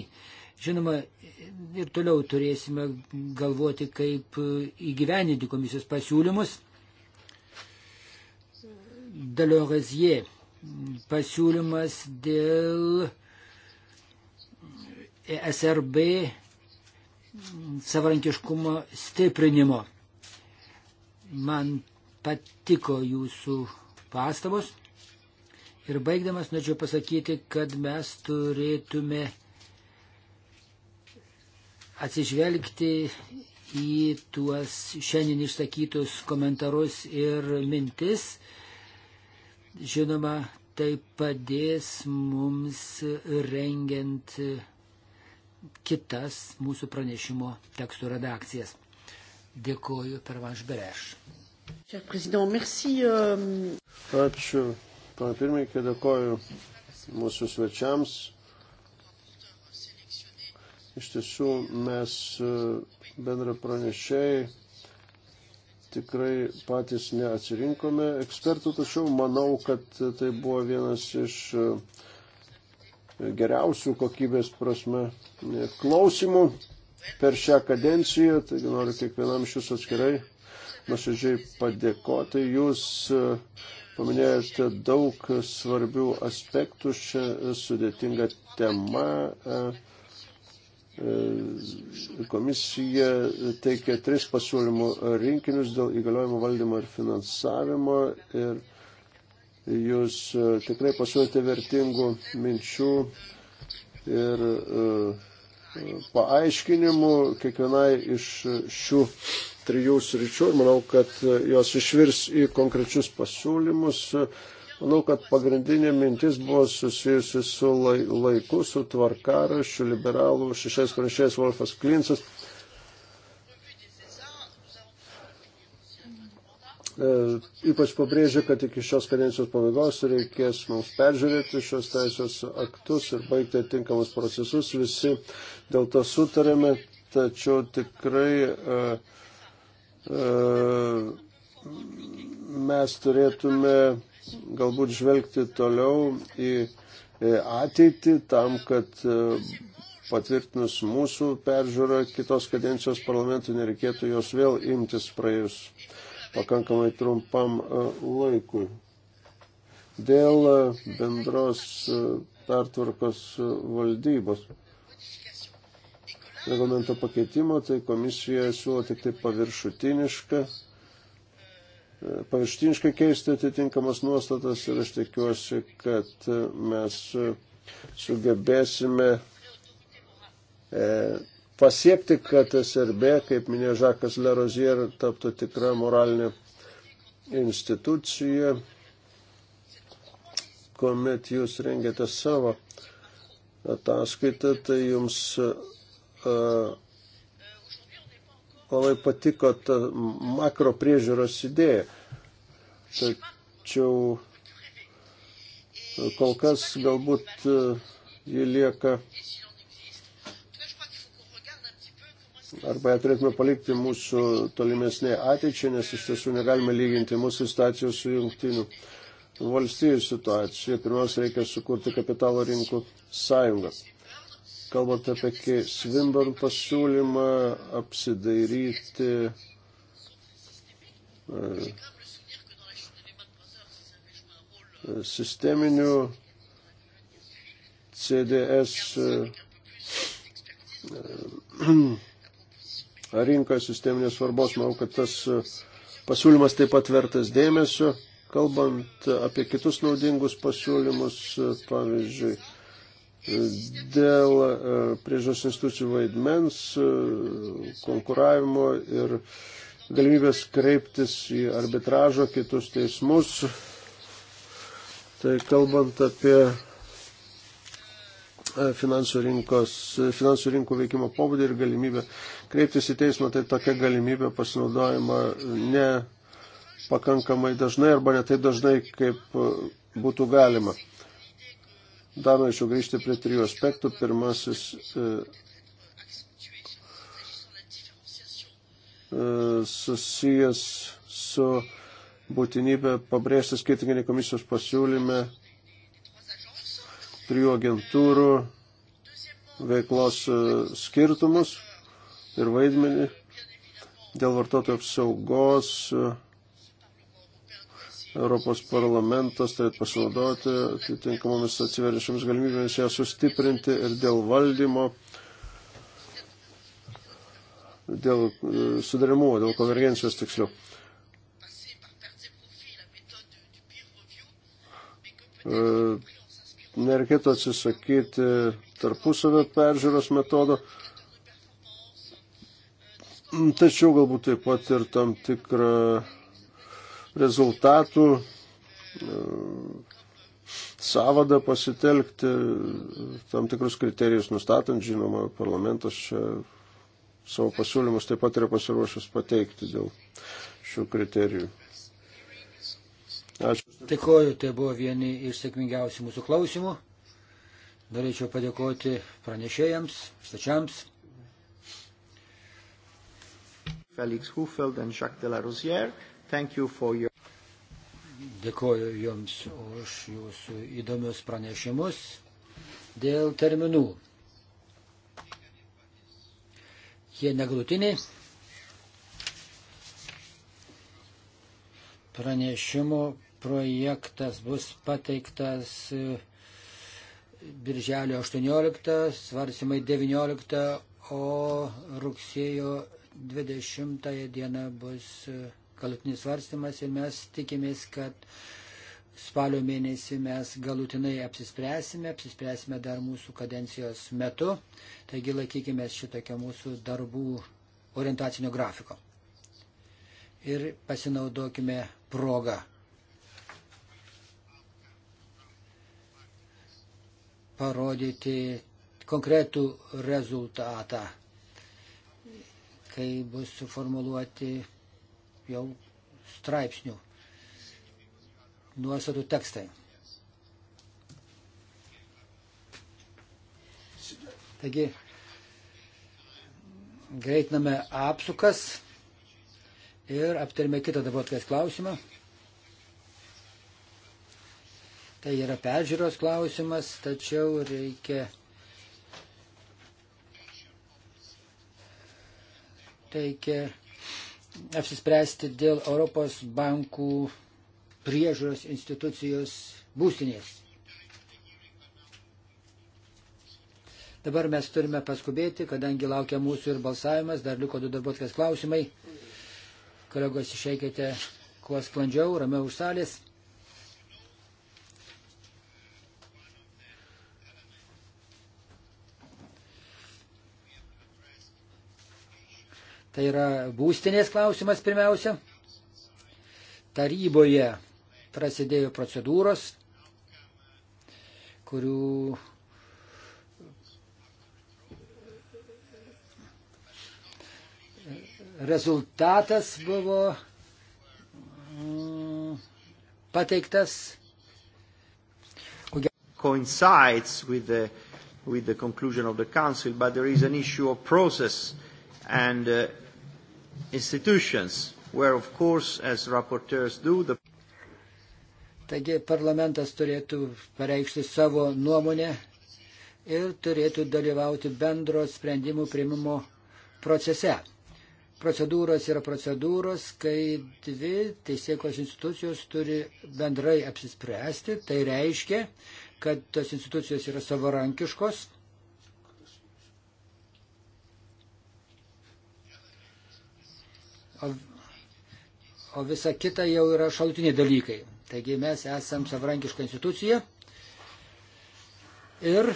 Žinoma, ir toliau turėsime galvoti, kaip įgyveninti komisijos pasiūlymus. Daliorazie pasiūlymas dėl ESRB savarankiškumo stiprinimo. Man patiko jūsų pastabos. Ir baigdamas norėčiau pasakyti, kad mes turėtume atsižvelgti į tuos šiandien išsakytus komentarus ir mintis. Žinoma, tai padės mums rengiant kitas mūsų pranešimo tekstų redakcijas. Dėkoju per Vanšbereš. Euh, Ačiū, pana pirmininkė, dėkoju mūsų svečiams. Iš tiesų mes e, bendra pranešėjai tikrai patys neatsirinkome ekspertų, tačiau manau, kad tai buvo vienas iš uh, geriausių kokybės prasme e, klausimų per šią kadenciją, taigi noriu kiekvienam iš jūsų atskirai nuoširdžiai padėkoti. Jūs e, paminėjote daug svarbių aspektų šią sudėtingą temą. E, komisija teikia tris pasiūlymų rinkinius dėl įgaliojimo valdymo ir finansavimo. Ir Jūs e, tikrai pasiūlėte vertingų minčių ir e, paaiškinimų kiekvienai iš šių trijų sričių ir manau, kad jos išvirs į konkrečius pasiūlymus. Manau, kad pagrindinė mintis buvo susijusi su laiku, su tvarkarašiu, liberalų šešiais pranešėjais Wolfas Klinsas E, ypač pabrėžia, kad iki šios kadencijos pabaigos reikės mums peržiūrėti šios teisės aktus ir baigti atinkamus procesus. Visi dėl to sutarėme, tačiau tikrai uh, uh, mes turėtume galbūt žvelgti toliau į, į ateitį tam, kad uh, patvirtinus mūsų peržiūrą kitos kadencijos parlamentų nereikėtų jos vėl imtis praėjus pakankamai trumpam e, laikui. Dėl e, bendros e, pertvarkos valdybos reglamento pakeitimo, tai komisija siūlo tik tai paviršutinišką, paviršutiniškai keisti atitinkamas nuostatas ir aš tikiuosi, kad mes sugebėsime e, pasiekti, kad SRB, kaip minėjo Žakas Lerozier, taptų tikra moralinė institucija, kuomet jūs rengiate savo ataskaitą, tai jums uh, labai patiko ta makro priežiūros idėja. Tačiau kol kas galbūt ji lieka arba ją turėtume palikti mūsų tolimesnėje ateičiai, nes iš tiesų negalime lyginti mūsų situacijos su jungtiniu valstybių situacija. Pirmiausia, reikia sukurti kapitalo rinkų sąjungą. Kalbant apie Svimbarn pasiūlymą, apsidairyti. E, sisteminių CDS e, e, rinkoje sisteminės svarbos. Manau, kad tas e, pasiūlymas taip pat vertas dėmesio, kalbant apie kitus naudingus pasiūlymus, e, pavyzdžiui, e, dėl priežos institucijų vaidmens, konkuravimo ir galimybės kreiptis į arbitražo kitus teismus. Tai kalbant apie E, finansų, rinkos, e, finansų rinkų veikimo pobūdį ir galimybę kreiptis į teismą, tai tokia galimybė pasinaudojama ne pakankamai dažnai arba netai dažnai, kaip e, būtų galima. Dar norėčiau grįžti prie trijų aspektų. Pirmasis e, susijęs su būtinybė pabrėžti skirtingai komisijos pasiūlyme trijų agentūrų veiklos e, skirtumus ir vaidmenį dėl vartotojų apsaugos. E, Europos parlamentas turėtų tai pasinaudoti atitinkamomis atsiveriančiamis galimybėmis ją sustiprinti ir dėl valdymo, dėl e, sudarimumo, dėl konvergencijos tiksliau. E, nereikėtų atsisakyti tarpusavio peržiūros metodo, tačiau galbūt taip pat ir tam tikrą rezultatų e, savadą pasitelkti, tam tikrus kriterijus nustatant, žinoma, parlamentas čia savo pasiūlymus taip pat yra pasiruošęs pateikti dėl šių kriterijų. Dėkoju, tai buvo vieni iš sėkmingiausių mūsų klausimų. Norėčiau padėkoti pranešėjams, stačiams. Felix Hufeld and Jacques de la Rosière. Thank you for your... Dėkoju Jums už Jūsų įdomius pranešimus dėl terminų. Jie neglutiniai. Pranešimo projektas bus pateiktas e, birželio 18, svarsimai 19, o rugsėjo 20 diena bus e, galutinis svarstymas ir mes tikimės, kad spalio mėnesį mes galutinai apsispręsime, apsispręsime dar mūsų kadencijos metu, taigi laikykime šitokio mūsų darbų orientacinio grafiko. Ir pasinaudokime progą parodyti konkretų rezultatą, kai bus suformuluoti jau straipsnių nuostatų tekstai. Taigi, greitiname apsukas ir aptarime kitą dabar klausimą. Tai yra peržiūros klausimas, tačiau reikia. Reikia apsispręsti dėl Europos bankų priežos institucijos būstinės. Dabar mes turime paskubėti, kadangi laukia mūsų ir balsavimas, dar liko du darbuotojas klausimai. Kolegos išeikite kuo sklandžiau, ramiau už salės. Tai yra būstinės klausimas pirmiausia. Taryboje prasidėjo procedūros, kurių rezultatas buvo mm, pateiktas. Coincides with the, with the conclusion of the Council, but there is an issue of process and uh, institutions, where of course, as rapporteurs do, the Taigi parlamentas turėtų pareikšti savo nuomonę ir turėtų dalyvauti bendro sprendimų priimimo procese. Procedūros yra procedūros, kai dvi teisėkos institucijos turi bendrai apsispręsti. Tai reiškia, kad tos institucijos yra savarankiškos o, o visa kita jau yra šalutiniai dalykai. Taigi mes esam savarankiška institucija ir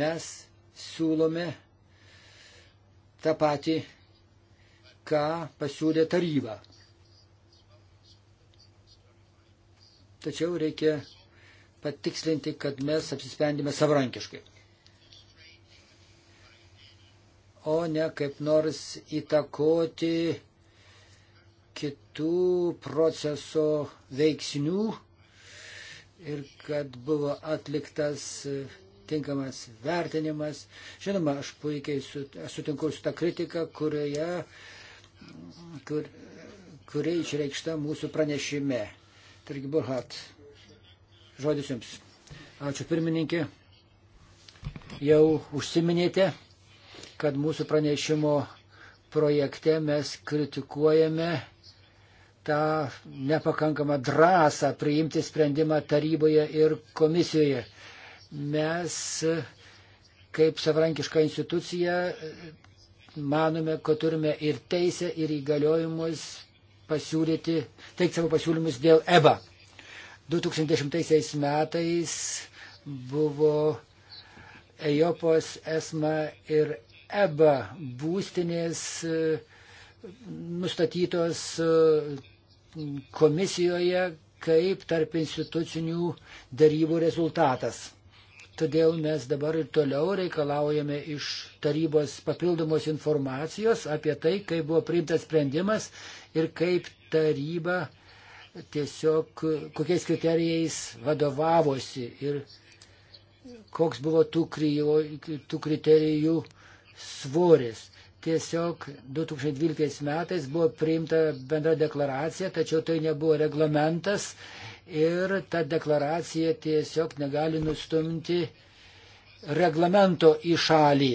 mes siūlome tą patį, ką pasiūlė taryba. Tačiau reikia patikslinti, kad mes apsisprendėme savarankiškai o ne kaip nors įtakoti kitų proceso veiksnių ir kad buvo atliktas tinkamas vertinimas. Žinoma, aš puikiai su, aš sutinku su tą kritiką, kurioje, kur, kurie išreikšta mūsų pranešime. Targi, Burhat, žodis jums. Ačiū pirmininkė. Jau užsiminėte kad mūsų pranešimo projekte mes kritikuojame tą nepakankamą drąsą priimti sprendimą taryboje ir komisijoje. Mes kaip savrankiška institucija manome, kad turime ir teisę, ir įgaliojimus pasiūlyti, teikti savo pasiūlymus dėl EBA. 2010 metais buvo Ejopos, ESMA ir EBA būstinės e, nustatytos e, komisijoje kaip tarp institucinių darybų rezultatas. Todėl mes dabar ir toliau reikalaujame iš tarybos papildomos informacijos apie tai, kaip buvo priimtas sprendimas ir kaip taryba tiesiog kokiais kriterijais vadovavosi ir koks buvo tų, krijo, tų kriterijų svoris. Tiesiog 2012 metais buvo priimta bendra deklaracija, tačiau tai nebuvo reglamentas ir ta deklaracija tiesiog negali nustumti reglamento į šalį.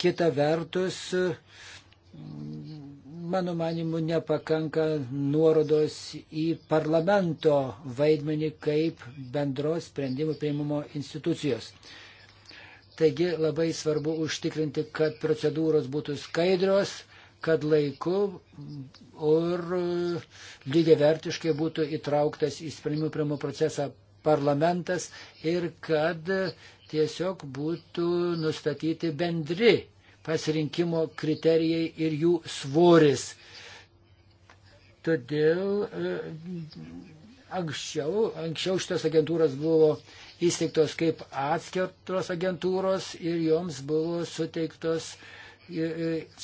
Kita vertus, mano manimu, nepakanka nuorodos į parlamento vaidmenį kaip bendros sprendimų prieimimo institucijos. Taigi labai svarbu užtikrinti, kad procedūros būtų skaidrios, kad laiku ir lygiavertiškai būtų įtrauktas į sprendimų priimimo procesą parlamentas ir kad tiesiog būtų nustatyti bendri pasirinkimo kriterijai ir jų svoris. Todėl e, anksčiau, anksčiau šitas agentūras buvo įsteigtos kaip atskirtos agentūros ir joms buvo suteiktos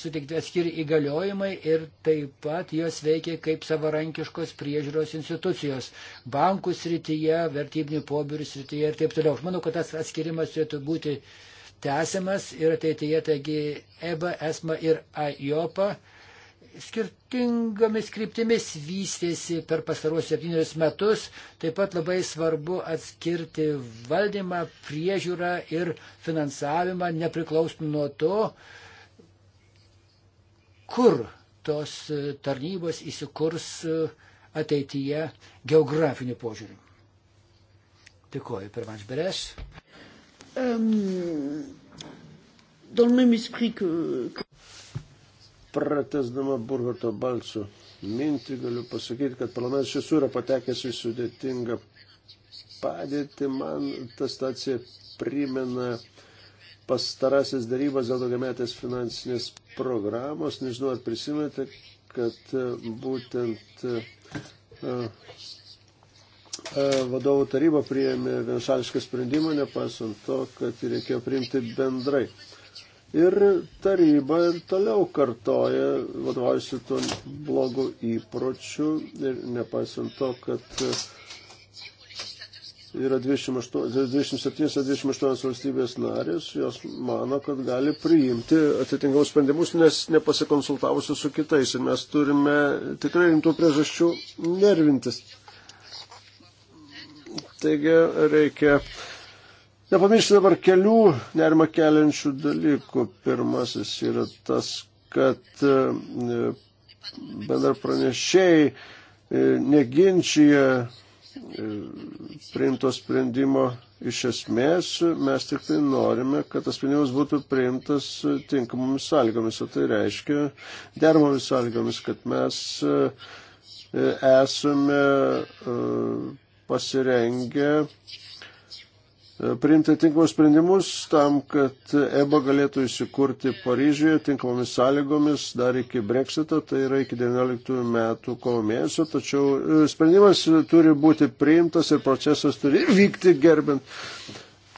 suteikti atskiri įgaliojimai ir taip pat jos veikia kaip savarankiškos priežiūros institucijos bankų srityje, vertybinių pobirių srityje ir taip toliau. Aš manau, kad tas atskirimas turėtų būti tęsiamas ir ateityje, taigi EBA, e ESMA ir AIOPA skirtingomis kryptimis vystėsi per pastaruosius septynerius metus. Taip pat labai svarbu atskirti valdymą, priežiūrą ir finansavimą, nepriklausomai nuo to, kur tos e, tarnybos įsikurs e, ateityje geografiniu požiūriu. Dėkuoju, pirmas Beres. Um, dans le même esprit que, que Pratesdama Burgarto balsų mintį galiu pasakyti, kad parlamentas šis yra patekęs į sudėtingą padėtį. Man ta stacija primena pastarasis darybas dėl daugiametės finansinės programos. Nežinau, ar prisimenate, kad e, būtent uh, vadovų taryba priėmė vienšališką sprendimą, nepaisant to, kad reikėjo priimti bendrai. Uh, Ir taryba ir toliau kartoja, vadovaujasi tuo blogu įpročiu ir nepaisant to, kad yra 27-28 valstybės narės, jos mano, kad gali priimti atitinkamus sprendimus, nes nepasikonsultavusi su kitais. Ir mes turime tikrai rimtų priežasčių nervintis. Taigi reikia Nepamiršti dabar kelių nerima keliančių dalykų. Pirmasis yra tas, kad e, bendra pranešėjai e, neginčia e, priimto sprendimo iš esmės, mes tik tai norime, kad tas sprendimas būtų priimtas tinkamomis sąlygomis, o tai reiškia dermomis sąlygomis, kad mes esame pasirengę E, priimti tinkamus sprendimus tam, kad EBA galėtų įsikurti Paryžiuje tinkamomis sąlygomis dar iki breksito, tai yra iki 19 metų kovo mėnesio, tačiau e, sprendimas turi būti priimtas ir procesas turi vykti gerbint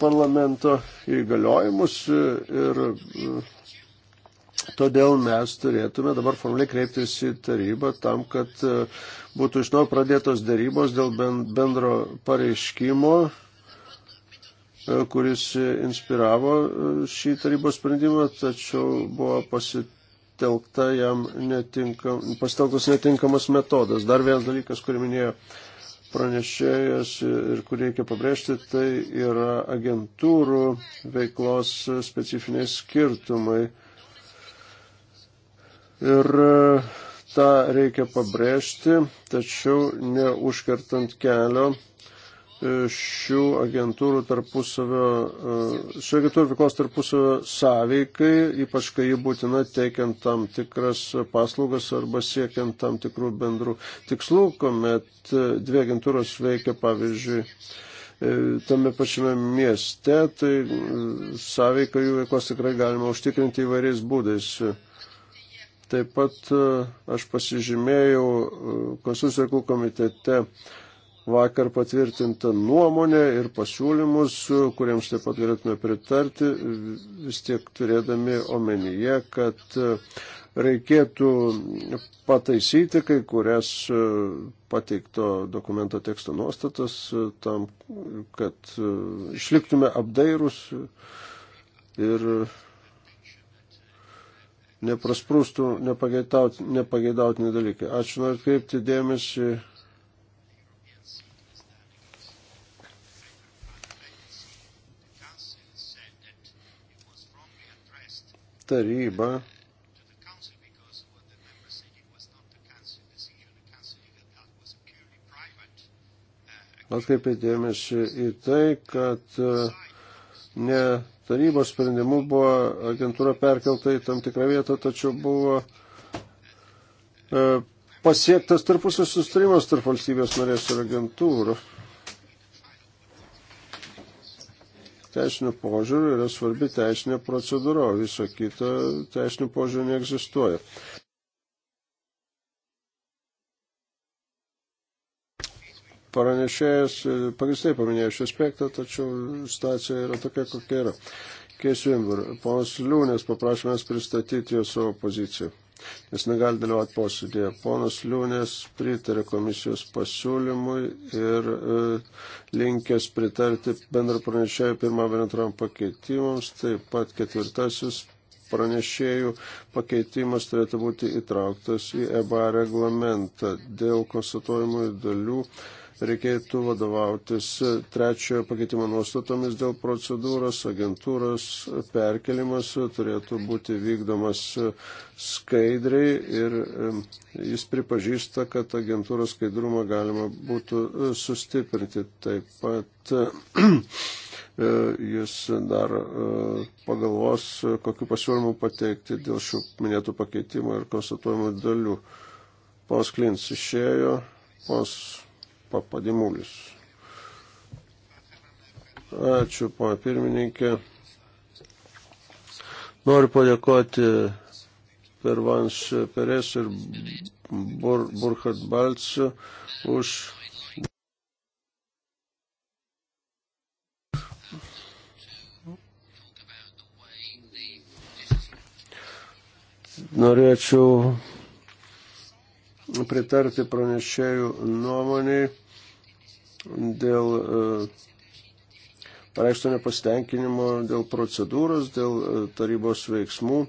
parlamento įgaliojimus e, ir Todėl mes turėtume dabar formaliai kreiptis į tarybą tam, kad būtų iš naujo pradėtos dėrybos dėl bendro pareiškimo kuris inspiravo e, šį tarybos sprendimą, tačiau buvo pasitelkta jam netinkam, pasitelktas netinkamas metodas. Dar vienas dalykas, kurį minėjo pranešėjas ir kur reikia pabrėžti, tai yra agentūrų veiklos specifiniai skirtumai. Ir e, tą reikia pabrėžti, tačiau neužkertant kelio E, šių agentūrų tarpusavio, e, šių agentūrų veiklos tarpusavio sąveikai, ypač kai jį būtina teikiant tam tikras paslaugas arba siekiant tam tikrų bendrų tikslų, kuomet e, dvi agentūros veikia, pavyzdžiui, tame pačiame mieste, tai sąveiką jų veiklos tikrai galima užtikrinti įvairiais būdais. Taip pat aš pasižymėjau Konstitucijų reikalų komitete vakar patvirtintą nuomonę ir pasiūlymus, kuriems taip pat galėtume pritarti, vis tiek turėdami omenyje, kad reikėtų pataisyti kai kurias pateikto dokumento teksto nuostatas tam, kad išliktume apdairūs ir neprasprūstų nepageidautini dalykai. Ačiū, noriu atkreipti dėmesį taryba atkreipė dėmesį į tai, kad e, ne tarybos sprendimu buvo agentūra perkelta į tam tikrą vietą, tačiau buvo e, pasiektas tarpusio sustarimas tarp valstybės narės ir agentūros. teisinių požiūrių yra svarbi teisinė procedūra, o viso kito teisinių požiūrių neegzistuoja. Paranešėjas pagristai paminėjo šį aspektą, tačiau situacija yra tokia, kokia yra. Keisimbur, ponas Liūnės paprašymės pristatyti jo savo poziciją nes negali dalyvauti posėdėje. Ponas Liūnės pritarė komisijos pasiūlymui ir e, linkęs pritarti bendro pranešėjo pirmam ir antram pakeitimams, taip pat ketvirtasis pranešėjų pakeitimas turėtų būti įtrauktas į EBA reglamentą dėl konstatuojamųjų dalių reikėtų vadovautis trečiojo pakeitimo nuostatomis dėl procedūros, agentūros perkelimas turėtų būti vykdomas skaidriai ir jis pripažįsta, kad agentūros skaidrumą galima būtų sustiprinti. Taip pat e, jis dar e, pagalvos, kokiu pasiūlymu pateikti dėl šių minėtų pakeitimų ir konstatuojamų dalių. Pos Klins išėjo, pos Papadimulis. Ačiū, pana pirmininkė. Noriu padėkoti Pervans Peres ir Bur Burkhard Balc už norėčiau pritarti pranešėjų nuomoniai dėl e, pareikšto nepastenkinimo, dėl procedūros, dėl e, tarybos veiksmų.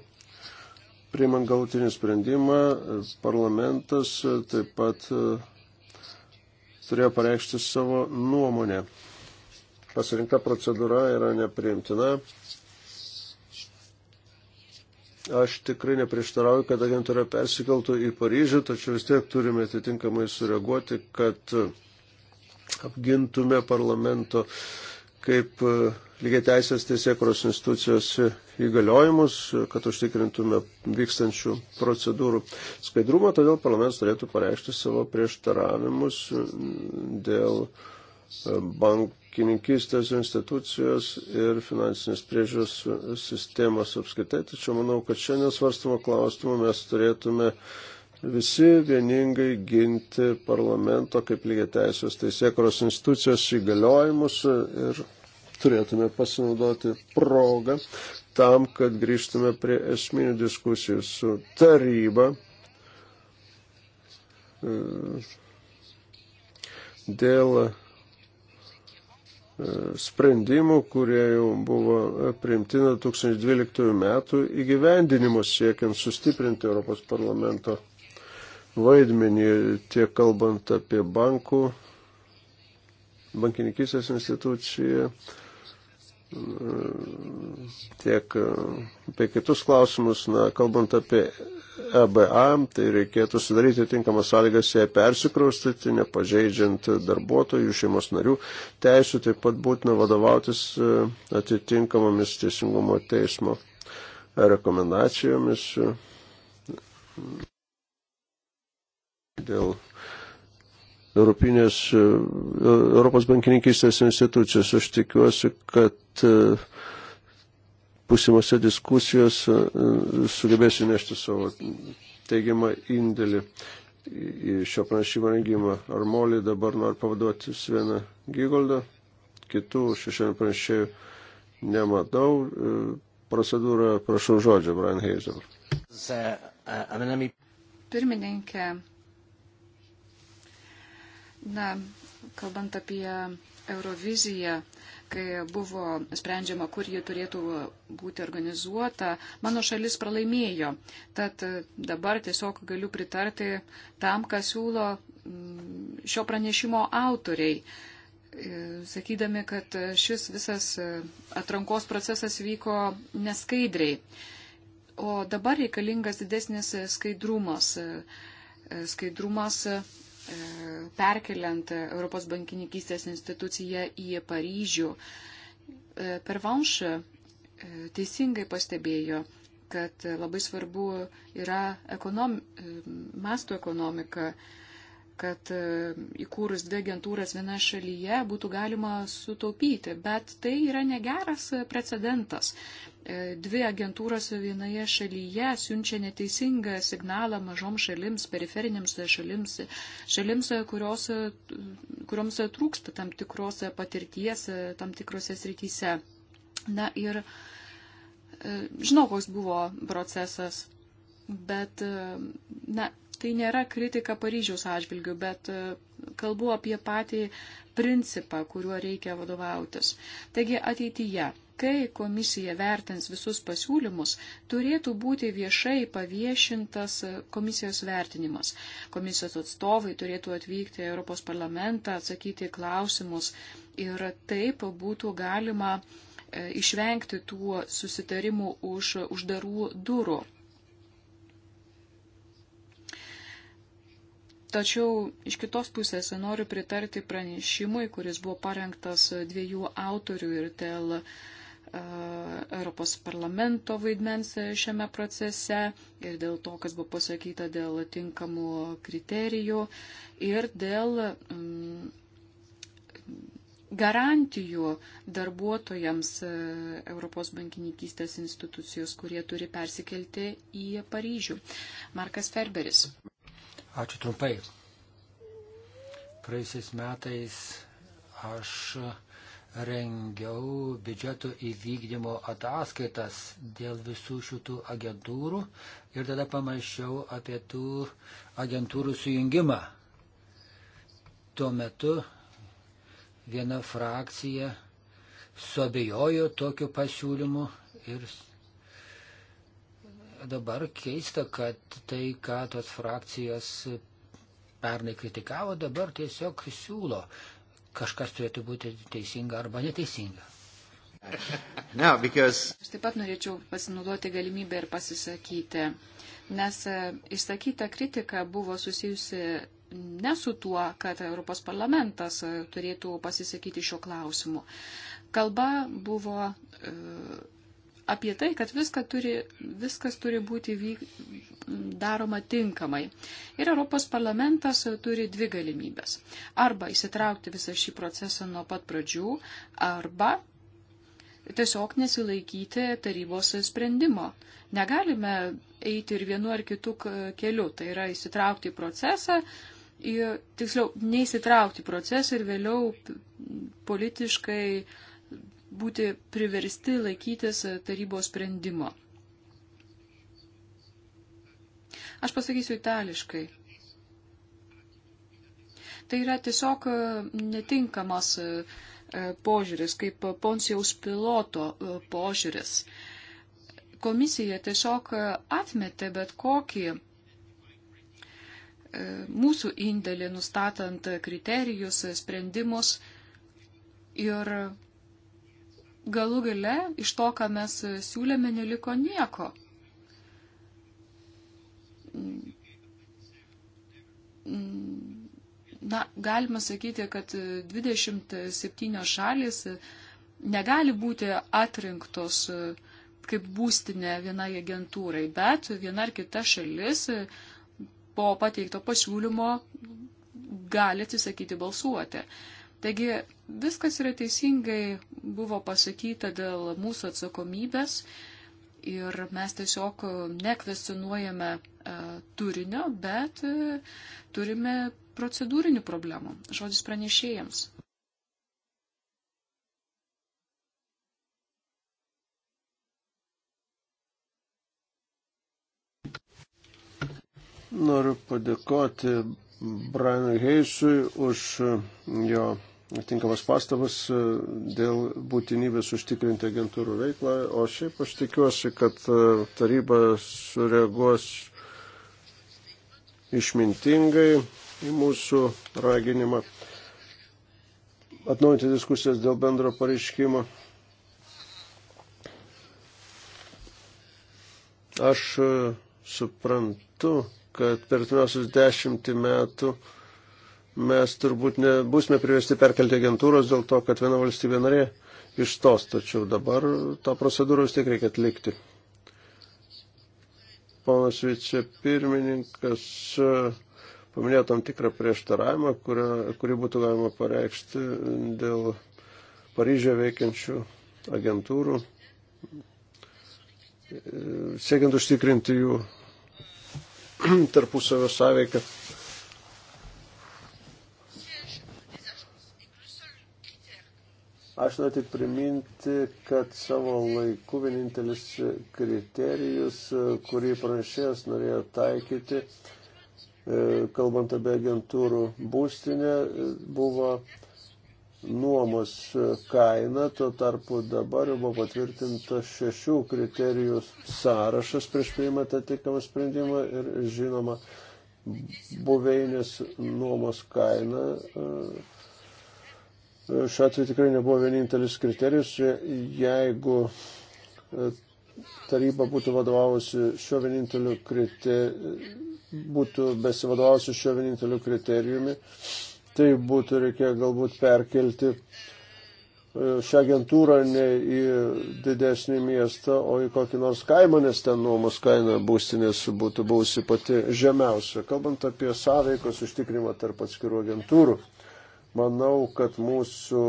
Priimant galutinį sprendimą, e, parlamentas taip pat turėjo pareikšti savo nuomonę. Pasirinkta procedūra yra nepriimtina Aš tikrai neprieštarauju, kad agentūra persikeltų į Paryžių, tačiau vis tiek turime atitinkamai sureaguoti, kad e, apgintume parlamento kaip e, lygiai teisės teisėkros institucijos įgaliojimus, kad užtikrintume vykstančių procedūrų skaidrumą, todėl parlamentas turėtų pareikšti savo prieštaravimus dėl uh, bankininkistės institucijos ir finansinės priežiūros sistemos apskaitai. Tačiau manau, kad šiandien svarstamo klausimo mes turėtume visi vieningai ginti parlamento kaip lygiai teisės teisėkros institucijos įgaliojimus ir turėtume pasinaudoti progą tam, kad grįžtume prie esminių diskusijų su taryba e, dėl sprendimų, kurie jau buvo priimti nuo 2012 metų įgyvendinimus siekiant sustiprinti Europos parlamento vaidmenį tiek kalbant apie bankų, bankininkysės instituciją, tiek e, apie kitus klausimus, na, kalbant apie EBA, tai reikėtų sudaryti tinkamas sąlygas ją persikraustyti, nepažeidžiant darbuotojų, šeimos narių teisų, taip pat būtina vadovautis e, atitinkamomis teisingumo teismo rekomendacijomis e, dėl Europinės, e, e, Europos bankininkystės institucijos. Aš tikiuosi, kad e, pusimose diskusijos sugebėsiu nešti savo teigiamą indėlį į šio pranešimo rengimą. Ar Molį dabar nori pavaduoti Sveną Gygoldą, kitų šešių pranešėjų nematau. Procedūrą prašau žodžio, Brian Heizel. Pirmininkė, Na, kalbant apie Euroviziją, kai buvo sprendžiama, kur ji turėtų būti organizuota, mano šalis pralaimėjo. Tad e, dabar tiesiog galiu pritarti tam, ką siūlo mm, šio pranešimo autoriai, e, sakydami, kad šis visas e, atrankos procesas vyko neskaidriai. O dabar reikalingas didesnis skaidrumas. Skaidrumas E, perkeliant Europos bankininkystės instituciją į Paryžių. E, Pervanš e, teisingai pastebėjo, kad labai svarbu yra ekonom, masto ekonomika, ekonomika kad e, įkūrus dvi agentūras viena šalyje būtų galima sutaupyti, bet tai yra negeras precedentas. E, dvi agentūros vienoje šalyje siunčia neteisingą signalą mažom šalims, periferiniams šalims, šalims, kurios, kurioms trūksta tam tikros patirties, tam tikrose srityse. Na ir e, žinau, koks buvo procesas bet, e, na, tai nėra kritika Paryžiaus atžvilgių, bet e, kalbu apie patį principą, kuriuo reikia vadovautis. Taigi ateityje, kai komisija vertins visus pasiūlymus, turėtų būti viešai paviešintas e, komisijos vertinimas. Komisijos atstovai turėtų atvykti į Europos parlamentą, atsakyti klausimus ir taip būtų galima išvengti tų susitarimų už uždarų durų. Tačiau iš kitos pusės noriu pritarti pranešimui, kuris buvo parengtas dviejų autorių ir dėl uh, Europos parlamento vaidmens šiame procese ir dėl to, kas buvo pasakyta dėl tinkamų kriterijų ir dėl um, garantijų darbuotojams e, Europos bankininkystės institucijos, kurie turi persikelti į Paryžių. Markas Ferberis. Ačiū trumpai. Praėjusiais metais aš rengiau biudžeto įvykdymo ataskaitas dėl visų šitų agentūrų ir tada pamačiau apie tų agentūrų sujungimą. Tuo metu viena frakcija suabejojo tokiu pasiūlymu ir dabar keista, kad tai, ką tos frakcijos pernai kritikavo, dabar tiesiog siūlo. Kažkas turėtų būti teisinga arba neteisinga. No, because... Aš taip pat norėčiau pasinaudoti galimybę ir pasisakyti, nes e, išsakyta kritika buvo susijusi ne su tuo, kad Europos parlamentas e, turėtų pasisakyti šiuo klausimu. Kalba buvo. Uh, apie tai, kad viską turi, viskas turi būti vyk, daroma tinkamai. Ir Europos parlamentas turi dvi galimybės. Arba įsitraukti visą šį procesą nuo pat pradžių, arba tiesiog nesilaikyti tarybos sprendimo. Negalime eiti ir vienu ar kitu keliu, tai yra įsitraukti į procesą, į, tiksliau, neįsitraukti į procesą ir vėliau politiškai uh, būti priversti laikytis tarybos sprendimo. Aš pasakysiu itališkai. Tai yra tiesiog e, netinkamas e, e, požiūris, kaip Poncijaus piloto požiūris. Komisija tiesiog atmetė bet kokį mūsų indėlį, nustatant kriterijus, sprendimus ir galų gale iš to, ką mes siūlėme, neliko nieko. Na, galima sakyti, kad 27 šalis negali būti atrinktos kaip būstinė vienai agentūrai, bet viena ar kita šalis po pateikto pasiūlymo gali atsisakyti balsuoti. Uh, Taigi viskas yra teisingai buvo pasakyta dėl mūsų atsakomybės ir mes tiesiog e, nekvestionuojame e, turinio, bet e, turime procedūrinių problemų. Žodis pranešėjams. Noriu padėkoti Brianui Heisui už jo tinkamas pastabas e, dėl būtinybės užtikrinti agentūrų veiklą, o šiaip aš tikiuosi, kad e, taryba sureaguos išmintingai į mūsų raginimą atnaujinti diskusijas dėl bendro pareiškimo. Aš e, suprantu, kad per pirmiausius dešimtį metų uh, mes turbūt nebūsime privesti perkelti agentūros dėl to, kad viena valstybė narė iš tos, tačiau dabar tą procedūrą vis tiek reikia atlikti. Ponas vicepirmininkas e, paminėjo tam tikrą prieštaravimą, kurio, kurį būtų galima pareikšti dėl Paryžioje veikiančių agentūrų, e, siekiant užtikrinti jų tarpusavio sąveiką. Aš noriu tik priminti, kad savo laiku vienintelis kriterijus, kurį pranešėjas norėjo taikyti, e, kalbant apie agentūrų būstinę, e, buvo nuomos kaina, tuo tarpu dabar jau buvo patvirtintas šešių kriterijų sąrašas prieš priimant atitinkamą sprendimą ir žinoma buveinės nuomos kaina. Uh, šiuo atveju tikrai nebuvo vienintelis kriterijus. Jeigu e, taryba būtų vadovavusi šiuo vieninteliu kriterijumi, būtų besivadovavusi šiuo vieninteliu kriterijumi, tai būtų reikėję galbūt perkelti e, šią agentūrą ne į didesnį miestą, o į kokį nors kaimą, nes ten nuomos kaina būstinės būtų buvusi pati žemiausia. Kalbant apie sąveikos užtikrimą tarp atskirų agentūrų. Manau, kad mūsų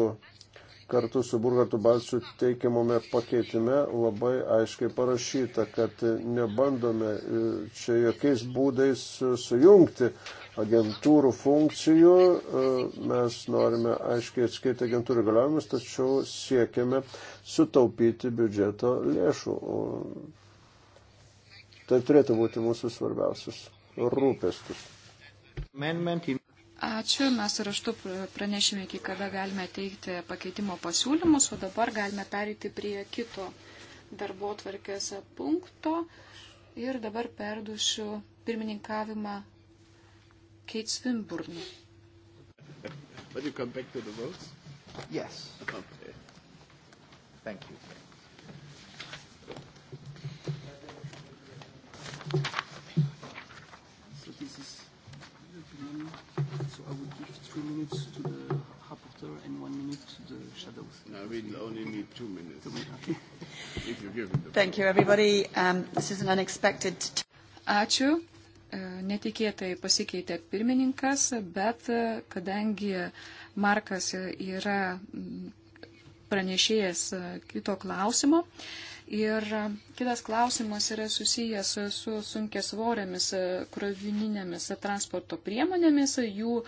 kartu su Burgartu Balčiu teikiamame pakeitime labai aiškiai parašyta, kad nebandome e, čia jokiais būdais sujungti agentūrų funkcijų. E, mes norime aiškiai atskirti agentūrų galiojimus, tačiau siekiame sutaupyti biudžeto lėšų. Tai turėtų būti mūsų svarbiausias rūpestis. Ačiū, mes raštu pranešime, iki kada galime teikti pakeitimo pasiūlymus, o dabar galime pereiti prie kito darbo tvarkės punkto. Ir dabar perdušiu pirmininkavimą Kate Swimburnui. Will you come back to the votes? Yes. Okay. Thank you. I would give three minutes to the rapporteur and one minute to the shadows. No, we'll only need two minutes. Two minutes. Okay. if you give me the Thank you, everybody. Um, this is an unexpected... Ačiū. E, netikėtai pasikeitė pirmininkas, bet e, kadangi Markas yra pranešėjas e, kito klausimo, uh, Ir e, kitas klausimas yra susijęs su sunkesvorėmis e, krovininėmis transporto priemonėmis, jų e,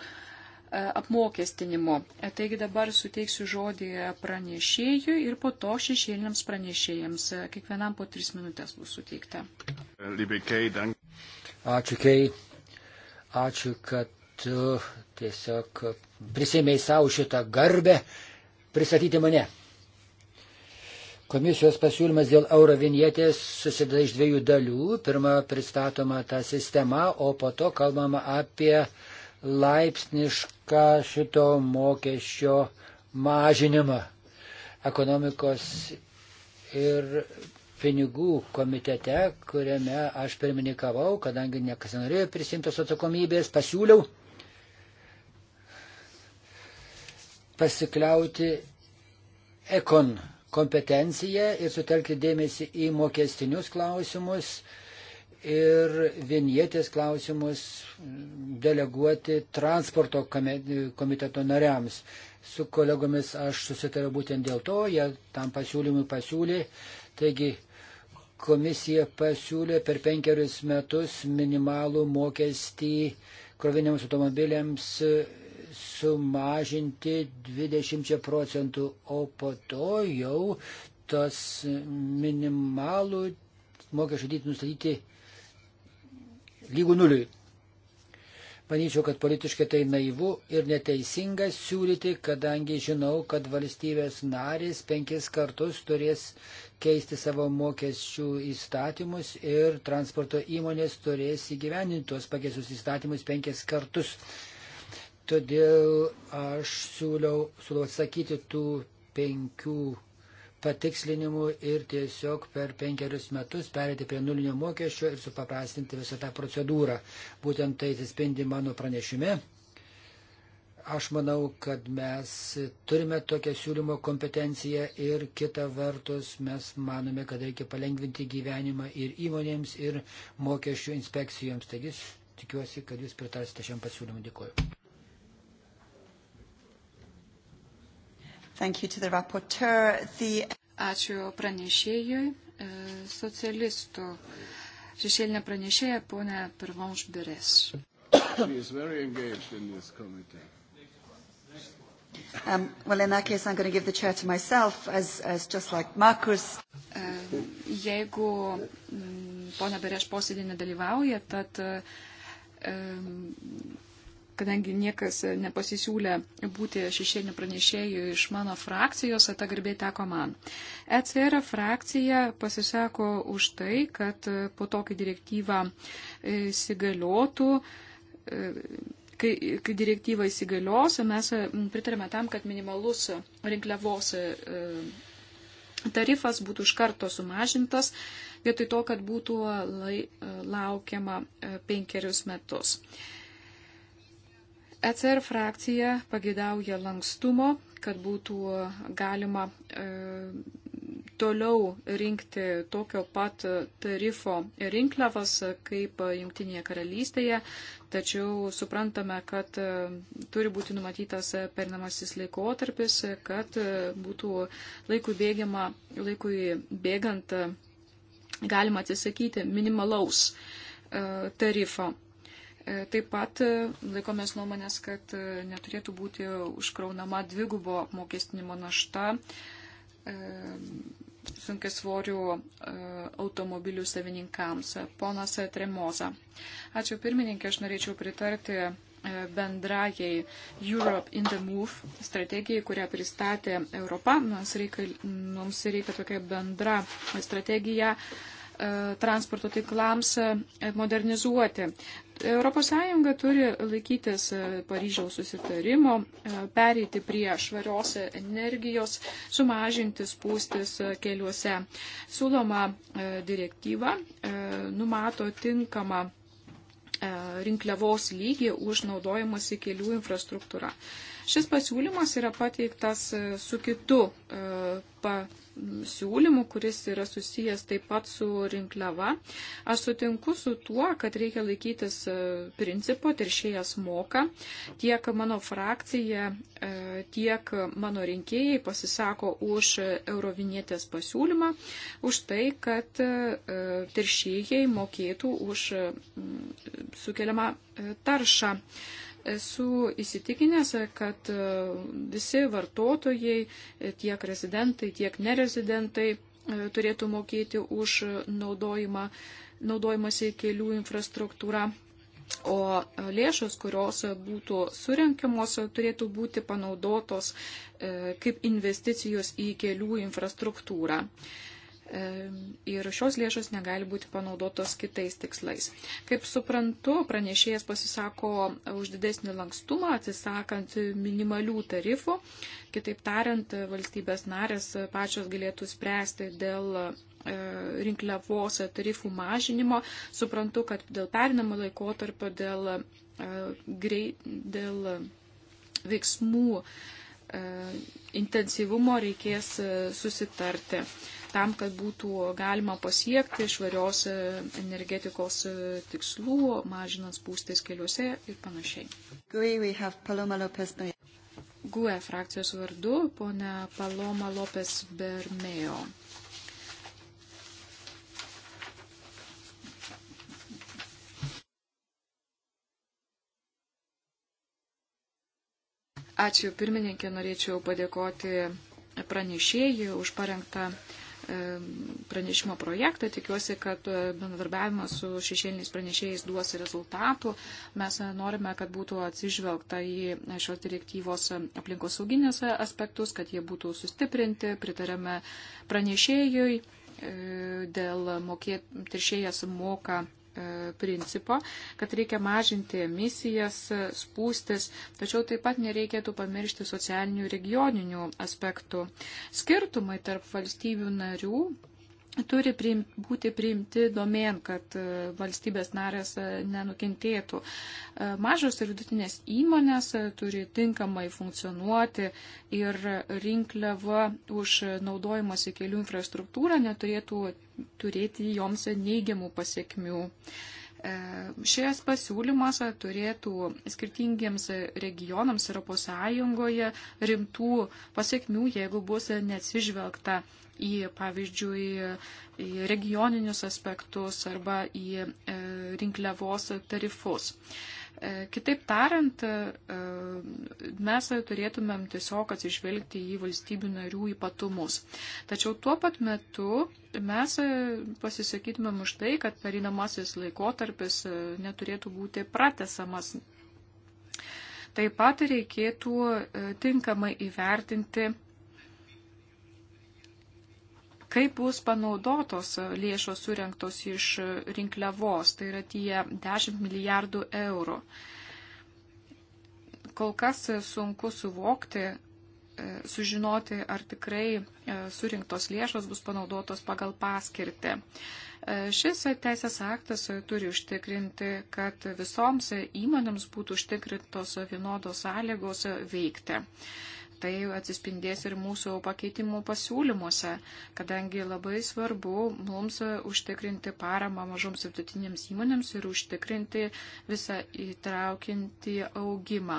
apmokestinimo. Taigi dabar suteiksiu žodį pranešėjui ir po to šešėliniams pranešėjams. Kiekvienam po tris minutės bus suteikta. Ačiū, Kei. Ačiū, kad tu tiesiog prisėmėjai savo šitą garbę pristatyti mane. Komisijos pasiūlymas dėl euro vinietės susideda iš dviejų dalių. Pirma pristatoma ta sistema, o po to kalbama apie laipsnišką šito mokesčio mažinimą. Ekonomikos ir pinigų komitete, kuriame aš pirmininkavau, kadangi niekas nenorėjo prisimtos atsakomybės, pasiūliau pasikliauti ekon kompetenciją ir sutelkti dėmesį į mokestinius klausimus ir vienietės klausimus deleguoti transporto komiteto nariams. Su kolegomis aš susitariau būtent dėl to, jie tam pasiūlymui pasiūlė. Taigi komisija pasiūlė per penkerius metus minimalų mokestį kroviniams automobiliams sumažinti 20 procentų, o po to jau tas minimalų mokesčio dydį nustatyti lygų nuliui. Manyčiau, kad politiškai tai naivu ir neteisinga siūlyti, kadangi žinau, kad valstybės narės penkis kartus turės keisti savo mokesčių įstatymus ir transporto įmonės turės įgyveninti tuos pakeistus įstatymus penkis kartus. Todėl aš siūliau, siūlau atsakyti tų penkių patikslinimų ir tiesiog per penkerius metus perėti prie nulinio mokesčio ir supaprastinti visą tą procedūrą. Būtent tai atsispindi mano pranešime. Aš manau, kad mes turime tokią siūlymo kompetenciją ir kita vertus mes manome, kad reikia palengvinti gyvenimą ir įmonėms, ir mokesčių inspekcijoms. Taigi tikiuosi, kad jūs pritarsite šiam pasiūlymui. Dėkuoju. The... Ačiū pranešėjui, e, socialistų šešėlinė pranešėja ponė Pirmonš Beres. Um, well, in that case, I'm going to give the chair to myself, as, as just like Marcus. E, jeigu mm, ponia Bereš posėdį nedalyvauja, tad um, kadangi niekas e, nepasisiūlė būti šešėlinių pranešėjų iš mano frakcijos, ta garbė teko man. ECR frakcija pasisako už tai, kad e, po tokį direktyvą e, įsigaliotų. Kai, kai direktyva įsigalios, mes pritarėme tam, kad minimalus rinkliavos tarifas būtų iš karto sumažintas, vietoj to, kad būtų lai, laukiama penkerius metus. E, ECR frakcija pagidauja lankstumo, kad būtų galima e, toliau rinkti tokio pat tarifo rinkliavas kaip Junktinėje karalystėje, tačiau suprantame, kad e, turi būti numatytas pernamasis laikotarpis, kad e, būtų laikui, bėgiama, laikui bėgant e, galima atsisakyti minimalaus e, tarifo. Taip pat e, laikomės nuomonės, kad e, neturėtų būti užkraunama dvigubo apmokestinimo našta e, sunkesvorių automobilių savininkams. Ponas Tremoza. Ačiū pirmininkė, aš norėčiau pritarti bendrajai Europe in the Move strategijai, kurią pristatė Europa. Mums reikia, mums reikia tokia bendra strategija E, transporto tinklams e, modernizuoti. ES turi laikytis e, Paryžiaus susitarimo, pereiti prie švarios energijos, sumažinti spūstis keliuose. Sūloma direktyva numato tinkamą rinkliavos lygį už naudojimąsi kelių infrastruktūrą. Šis pasiūlymas yra pateiktas su kitu pa, siūlymų, kuris yra susijęs taip pat su rinkliava. Aš sutinku su tuo, kad reikia laikytis e, principo teršėjas moka. Tiek mano frakcija, e, tiek mano rinkėjai pasisako už eurovinietės pasiūlymą, už tai, kad e, teršėjai mokėtų už sukeliamą taršą. Esu įsitikinęs, kad e, visi vartotojai, e, tiek rezidentai, tiek nerezidentai e, turėtų mokėti už naudojimą, naudojimąsi kelių infrastruktūrą. O lėšos, kurios būtų surenkiamos, turėtų būti panaudotos kaip investicijos į kelių infrastruktūrą. E, ir šios lėšos negali būti panaudotos kitais tikslais. Kaip suprantu, pranešėjas pasisako už didesnį lankstumą, atsisakant minimalių tarifų. Kitaip tariant, valstybės narės pačios galėtų spręsti dėl e, rinkliavos tarifų mažinimo. Suprantu, kad dėl perinamo laikotarpio, dėl, e, greit, dėl veiksmų e, intensyvumo reikės susitarti tam, kad būtų galima pasiekti švarios e, energetikos e, tikslų, mažinant spūstis keliuose ir panašiai. GUE frakcijos vardu ponia Paloma Lopes Bermejo. Ačiū pirmininkė, norėčiau padėkoti pranešėjai už parengtą E, pranešimo projektą. Tikiuosi, kad e, bendradarbiavimas su šešėliniais pranešėjais duos rezultatų. Mes e, norime, kad būtų atsižvelgta į šios direktyvos aplinkos sauginės aspektus, kad jie būtų sustiprinti. Pritarėme pranešėjui dėl mokėt, teršėjas moka E, principo, kad reikia mažinti emisijas, e, spūstis, tačiau taip pat nereikėtų pamiršti socialinių regioninių aspektų. Skirtumai tarp valstybių narių turi priim, būti priimti domen, kad e, valstybės narės e, nenukentėtų. E, mažos ir vidutinės įmonės turi tinkamai funkcionuoti ir rinkliava už naudojimąsi kelių infrastruktūrą neturėtų turėti joms neigiamų pasiekmių. Šis pasiūlymas turėtų skirtingiems regionams ES rimtų pasiekmių, jeigu bus neatsižvelgta į, pavyzdžiui, į regioninius aspektus arba į e, rinkliavos tarifus. E, kitaip tariant, e, mes turėtumėm tiesiog atsižvelgti į valstybių narių ypatumus. Tačiau tuo pat metu mes pasisakytumėm už tai, kad perinamasis laikotarpis neturėtų būti pratesamas. Taip pat reikėtų tinkamai įvertinti kaip bus panaudotos lėšos surinktos iš rinkliavos, tai yra tie 10 milijardų eurų. Kol kas sunku suvokti, e, sužinoti, ar tikrai e, surinktos lėšos bus panaudotos pagal paskirtį. E, šis teisės aktas turi užtikrinti, kad visoms įmonėms būtų užtikrintos vienodos sąlygos veikti. Tai atsispindės ir mūsų pakeitimų pasiūlymuose, kadangi labai svarbu mums užtikrinti paramą mažoms ir tutinėms įmonėms ir užtikrinti visą įtraukinti augimą.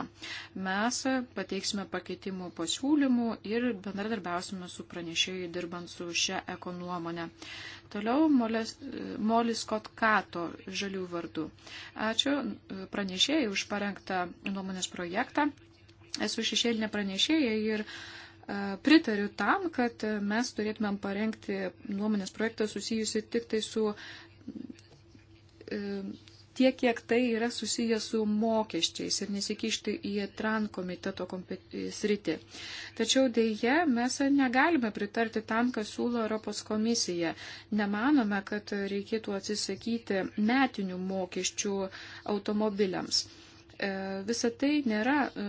Mes pateiksime pakeitimų pasiūlymų ir bendradarbiausime su pranešėjai dirbant su šia ekonuomonė. Toliau Molis Kotkato žalių vardų. Ačiū pranešėjai už parengtą nuomonės projektą esu šešėlinė pranešėja ir e, pritariu tam, kad mes turėtumėm parengti nuomonės projektą susijusi tik tai su e, tiek, kiek tai yra susijęs su mokesčiais ir nesikišti į TRAN komiteto sritį. Tačiau dėje mes negalime pritarti tam, kas siūlo Europos komisija. Nemanome, kad reikėtų atsisakyti metinių mokesčių automobiliams. E, visa tai nėra e,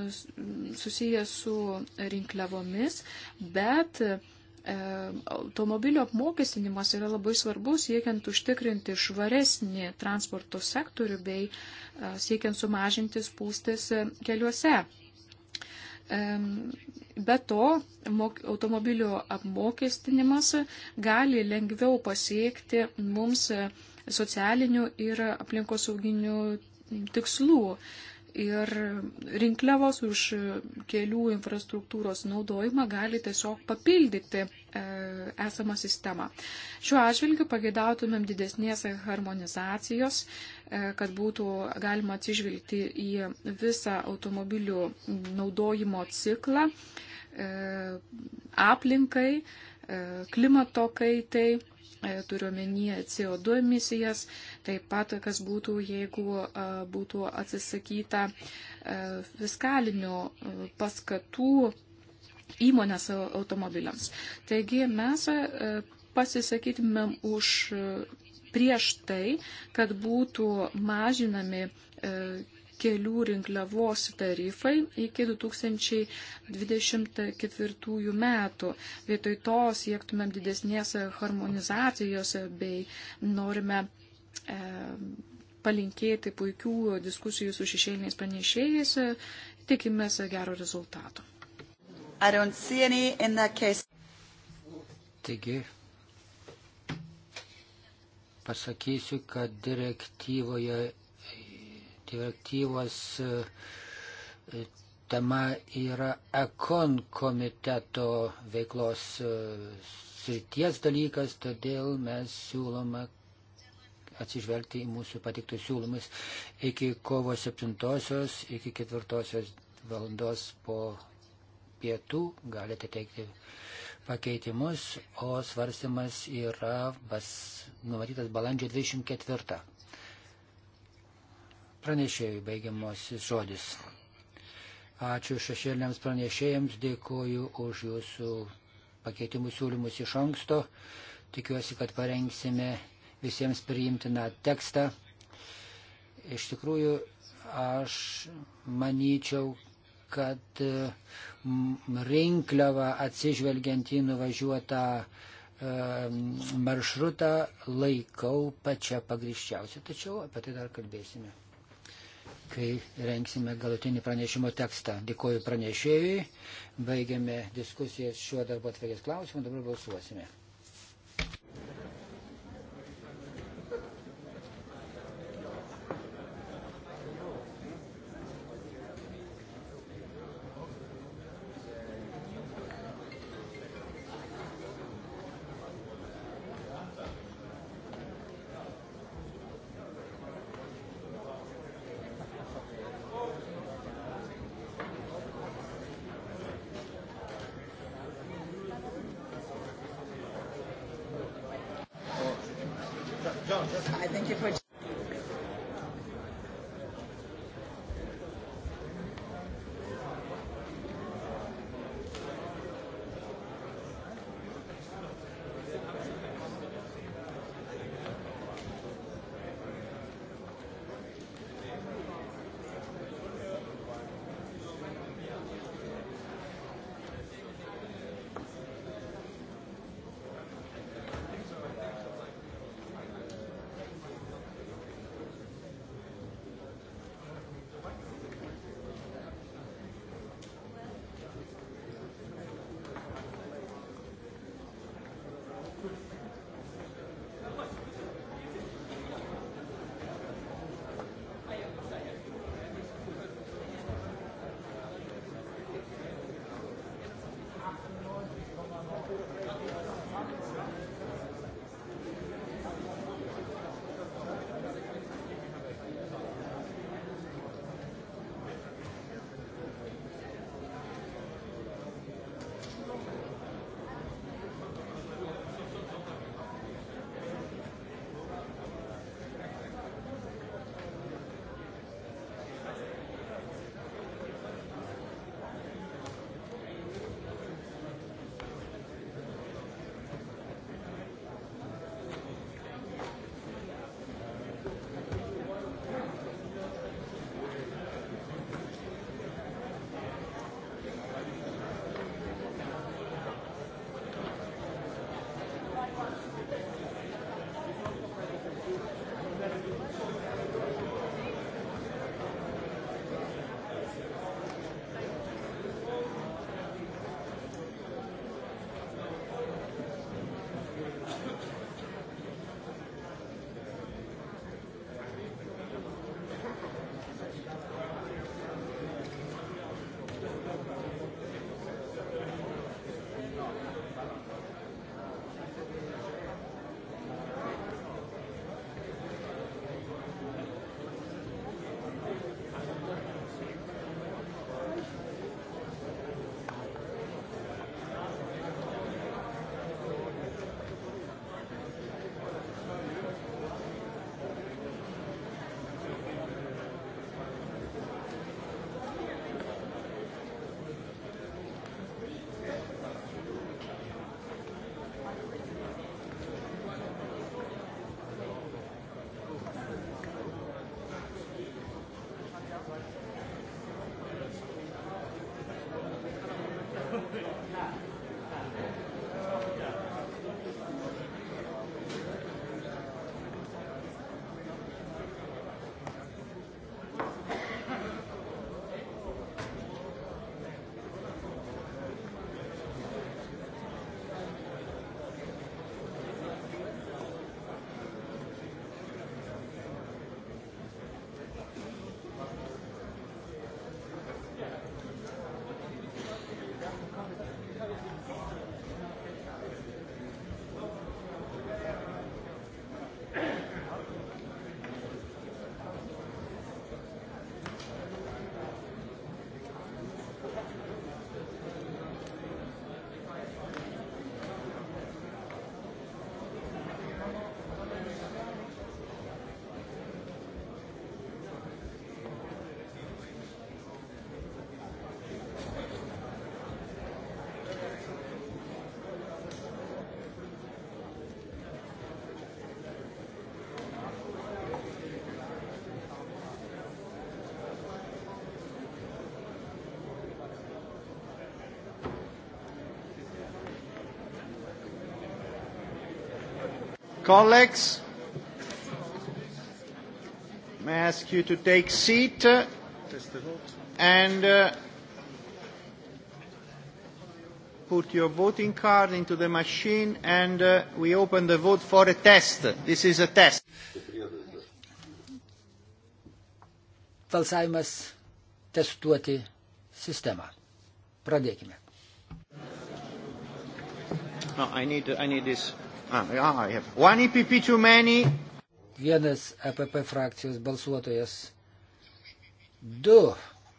susijęs su rinkliavomis, bet e, automobilio apmokestinimas yra labai svarbus siekiant užtikrinti švaresnį transporto sektorių bei siekiant sumažinti spūstis keliuose. Be to, automobilio apmokestinimas gali lengviau pasiekti mums socialinių ir aplinkosauginių tikslų ir rinkliavos už kelių infrastruktūros naudojimą gali tiesiog papildyti e, esamą sistemą. Šiuo atžvilgiu pageidautumėm didesnės harmonizacijos, e, kad būtų galima atsižvelgti į visą automobilių naudojimo ciklą e, aplinkai, klimato kaitai E, turiuomenyje CO2 emisijas, taip pat kas būtų, jeigu e, būtų atsisakyta e, fiskalinių paskatų įmonės automobiliams. Taigi mes pasisakytumėm už prieš tai, kad būtų mažinami kelių rinkliavos tarifai iki 2024 metų. Vietoj to siektumėm didesnės harmonizacijos bei norime e, palinkėti puikių diskusijų su šešėliniais pranešėjais. Tikimės gero rezultato. Taigi, pasakysiu, kad direktyvoje direktyvos e, tema yra ekon komiteto veiklos e, srities dalykas, todėl mes siūloma atsižvelgti į mūsų patiktus siūlymus iki kovo 7-osios, iki 4-osios valandos po pietų galite teikti pakeitimus, o svarstymas yra bas, numatytas balandžio 24 pranešėjų baigiamosis žodis. Ačiū šešėliams pranešėjams, dėkoju už jūsų pakeitimų siūlymus iš anksto. Tikiuosi, kad parengsime visiems priimtiną tekstą. Iš tikrųjų, aš manyčiau, kad mm, rinkliava atsižvelgiant į nuvažiuotą maršrutą laikau pačią pagriščiausią. Tačiau apie tai dar kalbėsime kai renksime galutinį pranešimo tekstą. Dėkuoju pranešėjui, baigiame diskusijas šiuo darbo atveju klausimu, dabar balsuosime. Colleagues, may I ask you to take seat and uh, put your voting card into the machine and uh, we open the vote for a test. This is a test. Balsavimas testuoti sistemą. Pradėkime. No, I need, I need this. Ah, ah e Vienas EPP frakcijos balsuotojas. Du.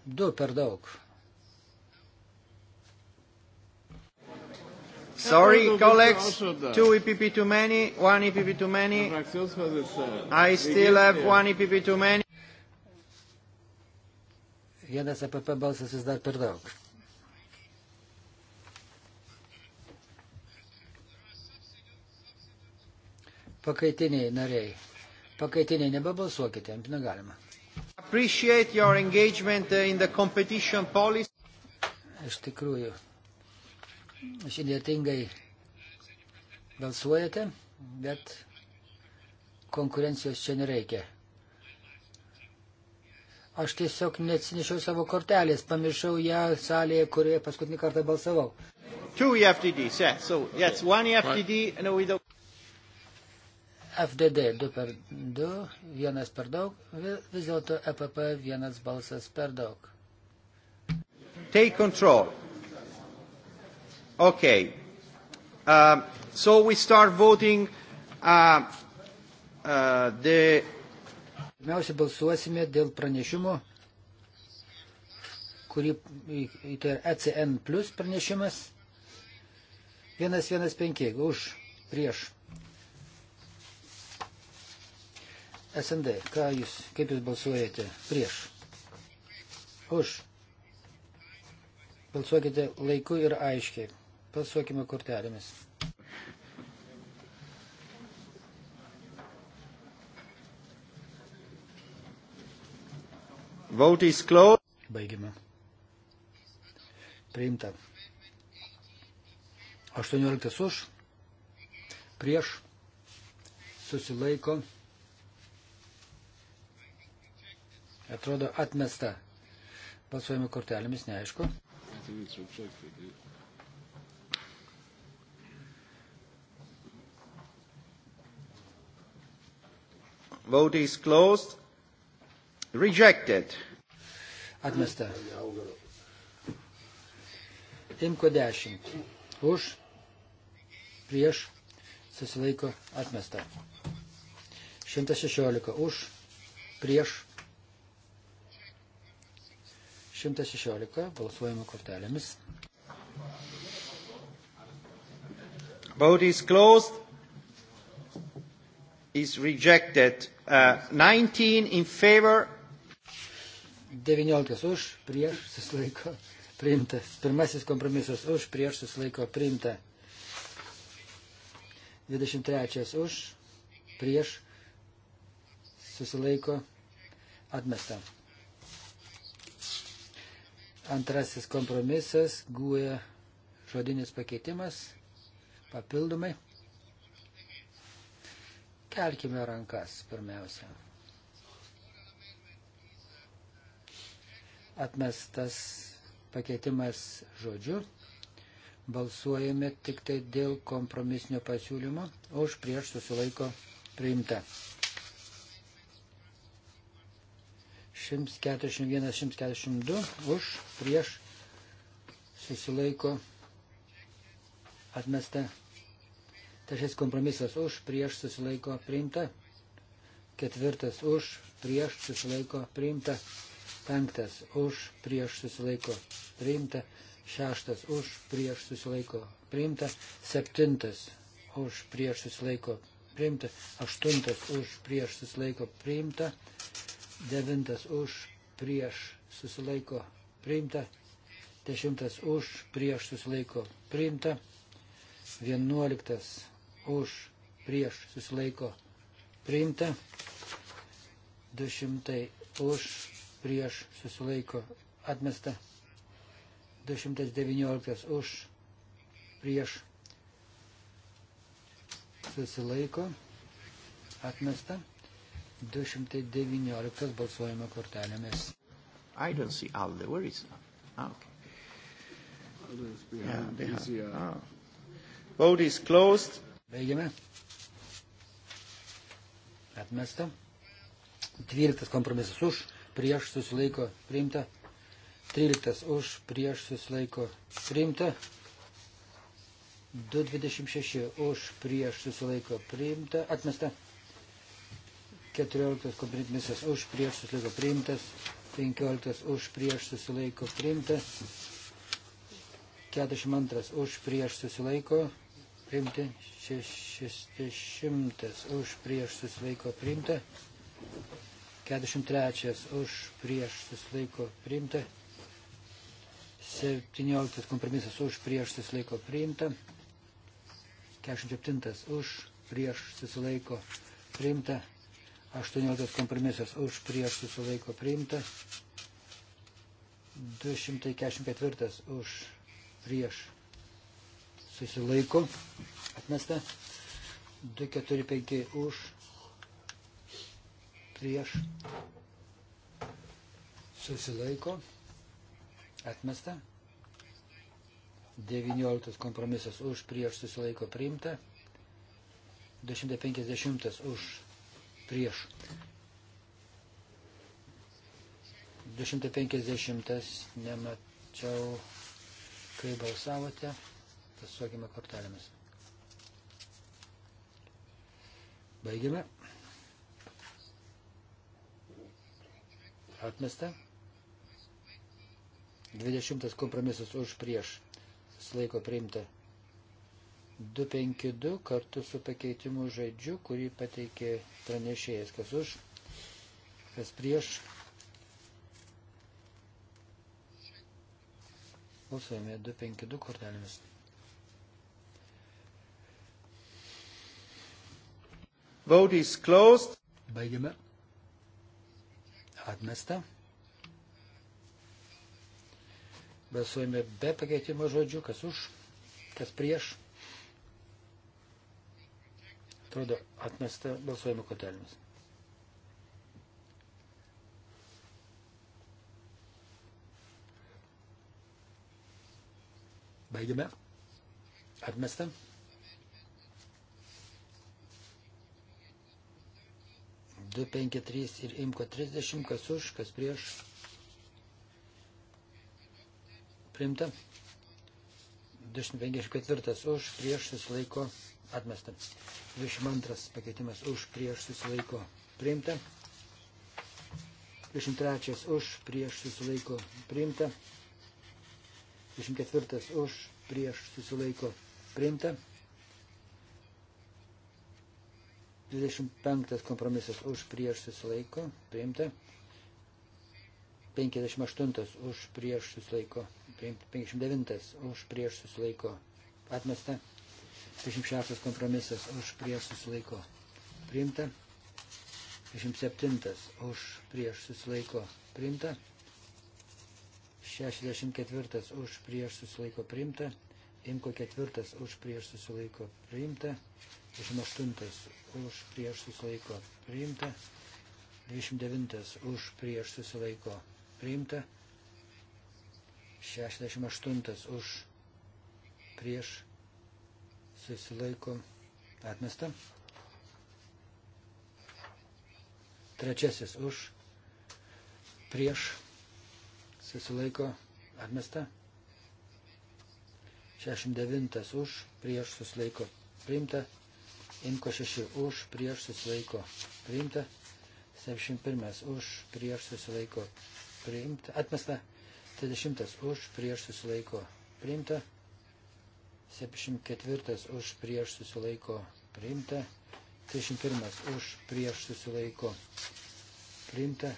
Du per daug. Sorry, colleagues, two EPP too many, one EPP too many. Uh, I still have one EPP too many. Vienas EPP balsas vis dar per daug. Pakaitiniai nariai. Pakaitiniai nebebalsuokite, jiems negalima. Uh, Iš tikrųjų, šiandietingai balsuojate, bet konkurencijos čia nereikia. Aš tiesiog neatsinešiau savo kortelės, pamiršau ją salėje, kurioje paskutinį kartą balsavau. Two EFTDs, yeah. So, yes, one EFTD and we don't... FDD 2 per 2, vienas per daug, vis dėlto EPP vienas balsas per daug. Take control. Okay. Uh, so we start voting uh, uh, the... Pirmiausia, balsuosime dėl pranešimo, kurį tai yra ECN plus pranešimas. 115 už prieš SND, ką jūs, kaip jūs balsuojate prieš? Už. Balsuokite laiku ir aiškiai. Balsuokime kortelėmis. Vote is closed. Baigime. Priimta. 18 už. Prieš. Susilaiko. Atrodo atmesta. Balsuojame kortelėmis, neaišku. Vote is closed. Rejected. Atmesta. Imko 10. Už, prieš, susilaiko, atmesta. 116. Už, prieš, 116 balsuojame kortelėmis. Vote is closed. Is rejected. Uh, 19 in favor. 19 už, prieš susilaiko priimta. Pirmasis kompromisas už, prieš susilaiko priimta. 23 už, prieš susilaiko atmesta. Antrasis kompromisas guoja žodinis pakeitimas papildomai. Kelkime rankas pirmiausia. Atmestas pakeitimas žodžiu. Balsuojame tik tai dėl kompromisinio pasiūlymo, o už prieš susilaiko priimta. 141, 142 už, prieš, susilaiko, atmesta. Trečias kompromisas už, prieš, susilaiko, priimta. Ketvirtas už, prieš, susilaiko, priimta. Penktas už, prieš, susilaiko, priimta. Šeštas už, prieš, susilaiko, priimta. Septintas už, prieš, susilaiko, priimta priimta, aštuntas už prieš susilaiko priimta, devintas už, prieš susilaiko priimta, dešimtas už, prieš susilaiko priimta, vienuoliktas už, prieš susilaiko priimta, du šimtai už, prieš susilaiko atmesta, du šimtas devynioliktas už, prieš susilaiko atmesta. 219 balsuojame kortelėmis. I don't see Alde. Where is ah, okay. Alde is behind. Yeah, behind. Is, ah. Vote is closed. Baigiame. Atmesta. 12 kompromisas už, prieš susilaiko priimta. 13 už, prieš susilaiko priimta. 226 už, prieš susilaiko priimta. Atmesta. 14 kompromisas už prieš susilaiko priimtas, 15 už prieš susilaiko priimtas, 42 už prieš susilaiko priimti, 600 už prieš susilaiko priimta, 43 už prieš susilaiko priimta, 17 kompromisas už prieš susilaiko priimta, 47 už prieš susilaiko priimta. 18 kompromisas už prieš susilaiko priimta. 244 už prieš susilaiko atmesta. 245 už prieš susilaiko atmesta. 19 kompromisas už prieš susilaiko priimta. 250 už prieš. 250 nemačiau, kai balsavote, pasuokime kortelėmis. Baigiame. Atmesta. 20 kompromisas už prieš. Slaiko priimta. 252 kartu su pakeitimu žaidžiu, kurį pateikė pranešėjas, kas už, kas prieš. Balsuojame 252 kortelėmis. Vote is closed. Baigiame. Atmesta. Balsuojame be pakeitimo žodžių, kas už, kas prieš atrodo atmesta balsuojimo kortelėmis. Baigiame. Atmesta. Du, penki, trys ir imko trisdešimt, kas už, kas prieš. Primta. 254 už, prieš susilaiko atmesta atmesta. 22 pakeitimas už prieš susilaiko priimta. 23 už prieš susilaiko priimta. 24 už prieš susilaiko priimta. 25 kompromisas už prieš susilaiko priimta. 58 už prieš susilaiko priimta. 59 už prieš susilaiko atmesta. 26 kompromisas už prieš susilaiko priimta. 27 už prieš susilaiko priimta. 64 už prieš susilaiko priimta. Imko 4 už prieš susilaiko priimta. 28 už prieš susilaiko priimta. 29 už prieš susilaiko priimta. 68 už prieš susilaiko atmesta. Trečiasis už, prieš, susilaiko atmesta. 69 už, prieš, susilaiko priimta. Imko 6 už, prieš, susilaiko priimta. 71 už, prieš, susilaiko priimta. Atmesta. 30 už, prieš, susilaiko priimta. 74 už prieš susilaiko priimta, 31 už prieš susilaiko priimta,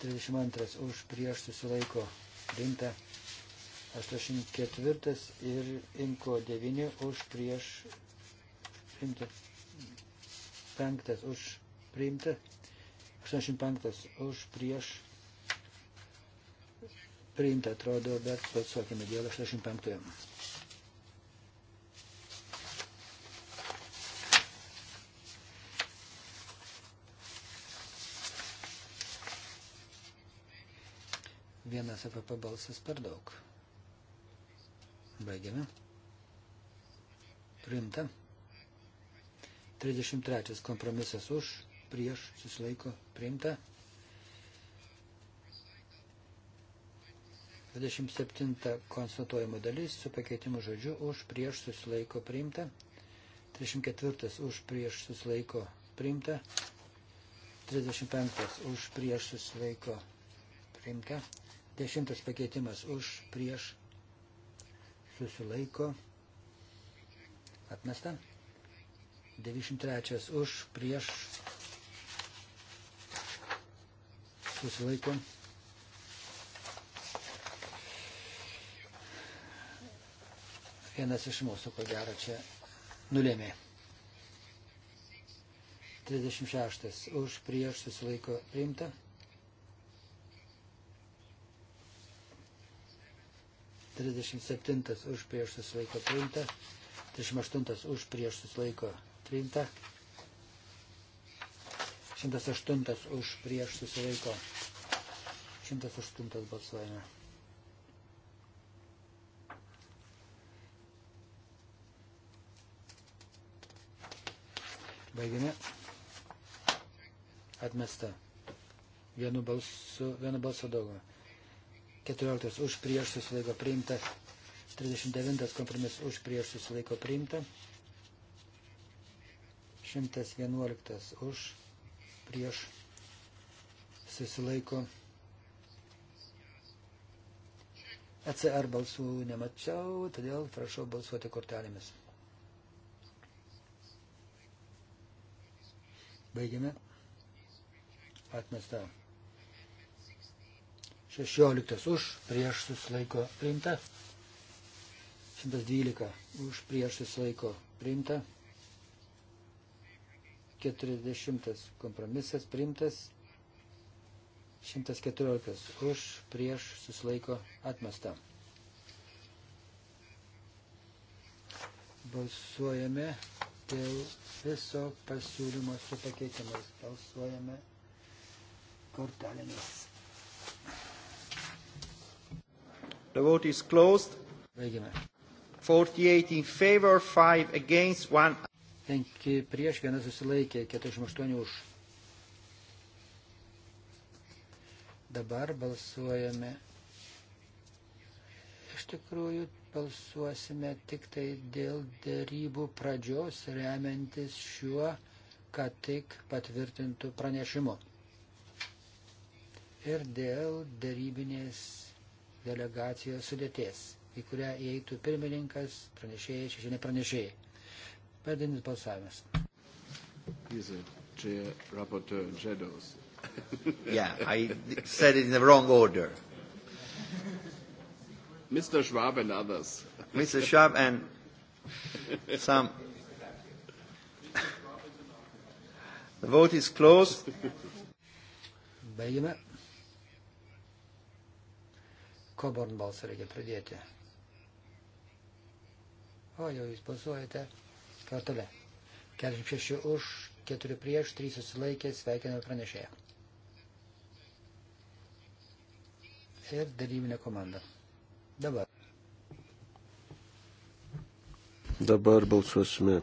32 už prieš susilaiko priimta, 84 ir imko 9 už prieš priimta, 5 už priimta, 85 už prieš priimta, atrodo, bet balsuokime dėl 85. Vienas APP balsas per daug. Baigiame. Priimta. 33 kompromisas už, prieš, susilaiko, priimta. 27 konstatuojimo dalis su pakeitimu žodžiu už, prieš, susilaiko, priimta. 34 už, prieš, susilaiko, priimta. 35 už, prieš, susilaiko, priimta. Dešimtas pakeitimas už prieš susilaiko atmesta. 93 už prieš susilaiko. Vienas iš mūsų, ko gero, čia nulėmė. 36 už prieš susilaiko priimta. 37 už prieš susilaiko priimta, 38 už prieš susilaiko priimta, 108 už prieš susilaiko, 108 balsuojame. Baigime. Atmesta. Vienu balsu, vienu balsu daugumą. 14 už prieš susilaiko priimta, 39 kompromis už prieš susilaiko priimta, 111 už prieš susilaiko. ECR balsų nemačiau, todėl prašau balsuoti kortelėmis. Baigiame. Atmesta. 16 už prieš susilaiko priimta. 112 už prieš susilaiko priimta. 40 kompromisas priimtas. 114 už prieš susilaiko atmesta. Balsuojame dėl viso pasiūlymo su pakeitimais. Balsuojame kortelėmis. The vote is closed. Baigime. 48 in favor, 5 against, 1. 5 prieš, 1 susilaikė, 48 už. Dabar balsuojame. Iš tikrųjų, balsuosime tik tai dėl dėrybų pradžios remiantis šiuo, kad tik patvirtintų pranešimu. Ir dėl dėrybinės delegacijos sudėties, į kurią įeitų pirmininkas, pranešėjai, šešėlė pranešėjai. Padinis balsavimas. yeah, I said it in the wrong order. Mr. Schwab and others. Mr. Schwab and some. the vote is closed. Baigime. Koborn balsą reikia pridėti. O, jau jūs balsuojate kartule. 46 už, 4 prieš, 3 susilaikė, sveikiname pranešėją. Ir darybinė komanda. Dabar. Dabar balsuosime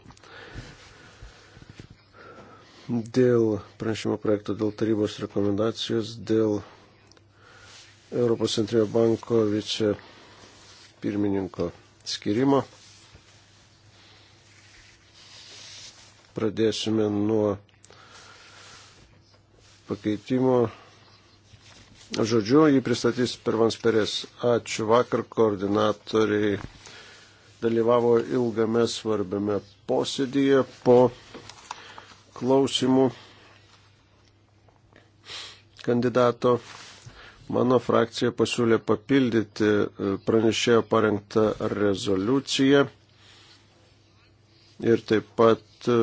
dėl pranešimo projekto, dėl tarybos rekomendacijos, dėl Europos centrinio banko vice pirmininko skirimo. Pradėsime nuo pakeitimo žodžiu, jį pristatys Pervans Perės. Ačiū vakar, koordinatoriai dalyvavo ilgame svarbiame posėdyje po klausimų kandidato Mano frakcija pasiūlė papildyti e, pranešėjo parengtą rezoliuciją ir taip pat e,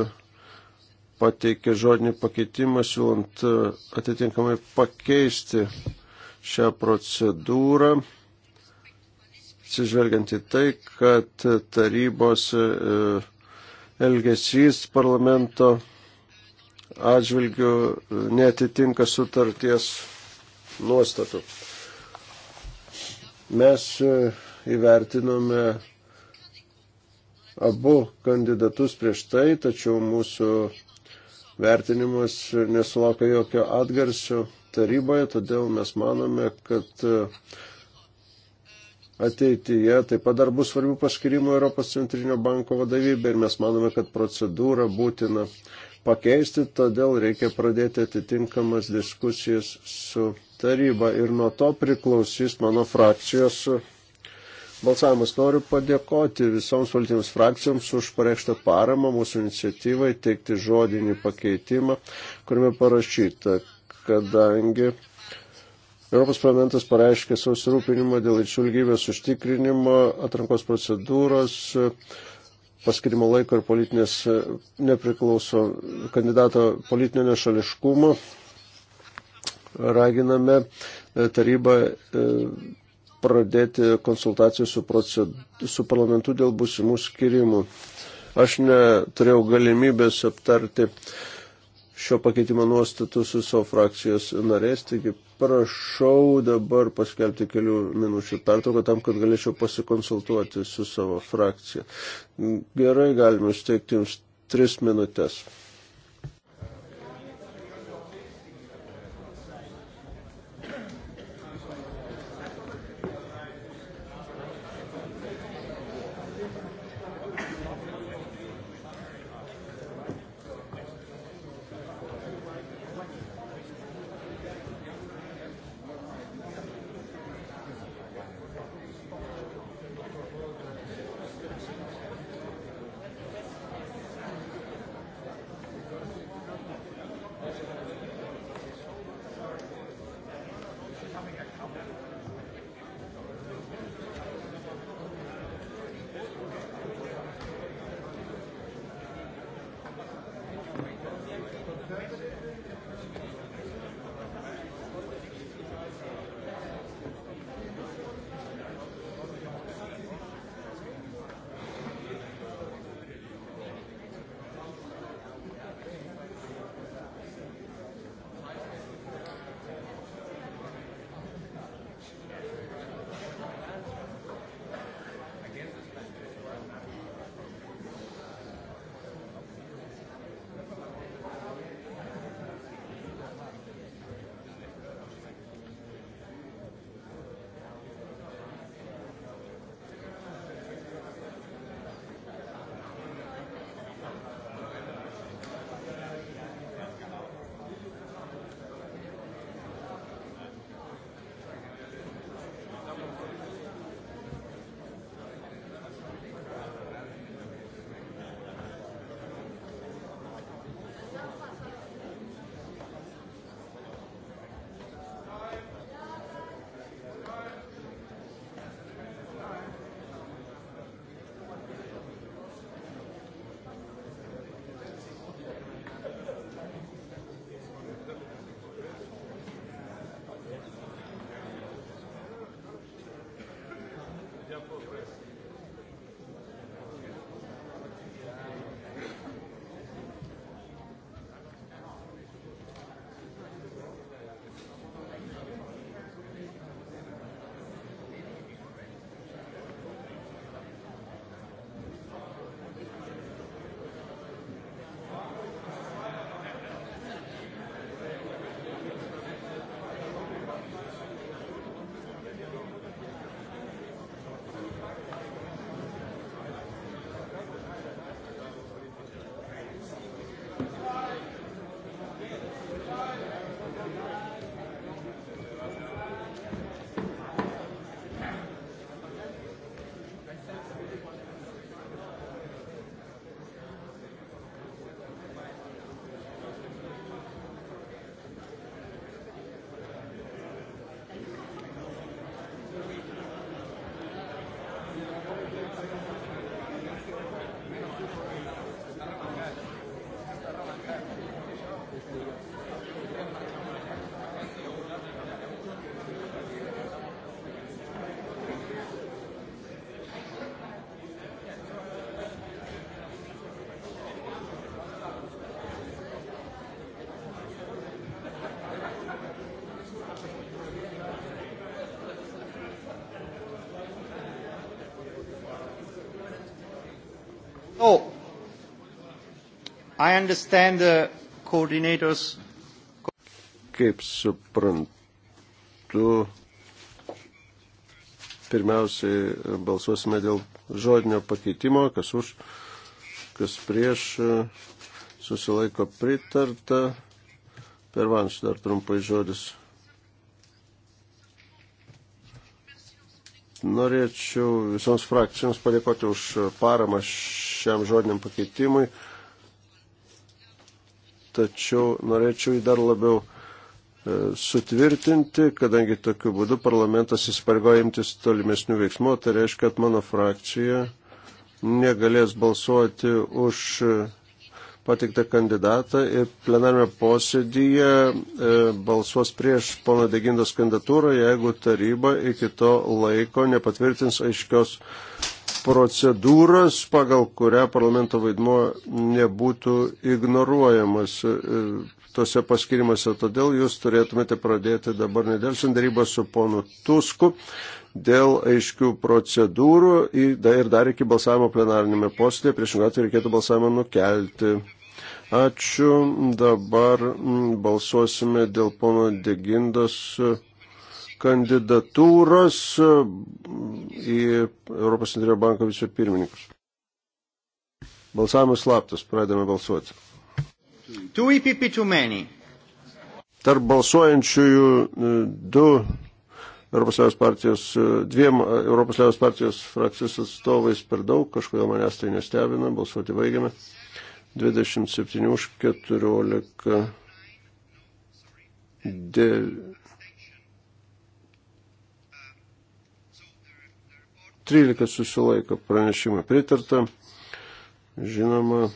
pateikė žodinį pakeitimą, siūlant e, atitinkamai pakeisti šią procedūrą, atsižvelgiant į tai, kad tarybos elgesys parlamento atžvilgių netitinka sutarties nuostatų. Mes e, įvertinome abu kandidatus prieš tai, tačiau mūsų vertinimas nesulaukia jokio atgarsio taryboje, todėl mes manome, kad e, ateityje taip pat dar bus svarbių paskirimų Europos centrinio banko vadovybė ir mes manome, kad procedūrą būtina pakeisti, todėl reikia pradėti atitinkamas diskusijas su taryba ir nuo to priklausys mano frakcijos balsavimas. Noriu padėkoti visoms politinėms frakcijoms už pareikštą paramą mūsų iniciatyvai teikti žodinį pakeitimą, kuriame parašyta, kadangi Europos parlamentas pareiškė susirūpinimą dėl lyčių lygybės užtikrinimo, atrankos procedūros, paskirimo laiko ir politinės nepriklauso kandidato politinio nešališkumo raginame e, tarybą e, pradėti konsultacijų su, su parlamentu dėl būsimų skirimų. Aš neturėjau galimybės aptarti šio pakeitimo nuostatų su savo frakcijos narės, taigi prašau dabar paskelbti kelių minučių pertrauką tam, kad galėčiau pasikonsultuoti su savo frakcija. Gerai, galime steigti jums tris minutės. Oh, I understand the coordinators. Kaip suprantu, pirmiausiai balsuosime dėl žodinio pakeitimo, kas už, kas prieš, susilaiko pritarta. Per vanš dar trumpai žodis. Norėčiau visoms frakcijoms padėkoti už paramą. Š šiam žodiniam pakeitimui, tačiau norėčiau jį dar labiau e, sutvirtinti, kadangi tokiu būdu parlamentas įsipareigoja imtis tolimesnių veiksmų, tai reiškia, kad mano frakcija negalės balsuoti už e, pateiktą kandidatą ir plenarme posėdyje e, balsuos prieš pono Degindos kandidatūrą, jeigu taryba iki to laiko nepatvirtins aiškios procedūros, pagal kurią parlamento vaidmuo nebūtų ignoruojamas e, tose paskirimuose. Todėl jūs turėtumėte pradėti dabar nedėlsint darybą su ponu Tusku dėl aiškių procedūrų ir dar iki balsavimo plenarinėme posėdėje, priešingą atveju reikėtų balsavimą nukelti. Ačiū. Dabar balsuosime dėl pono Degindos kandidatūros į Europos centrinio banko vicepirmininkus. Balsavimas slaptas, pradėme balsuoti. Two EPP too many. Tarp balsuojančiųjų e, du Europos Liaudės partijos, e, dviem e, Europos Liaudės partijos frakcijos atstovais per daug, kažkodėl manęs tai nestebina, balsuoti baigiame. 27 už 14. De, 13 susilaiko pranešimą pritarta. Žinoma,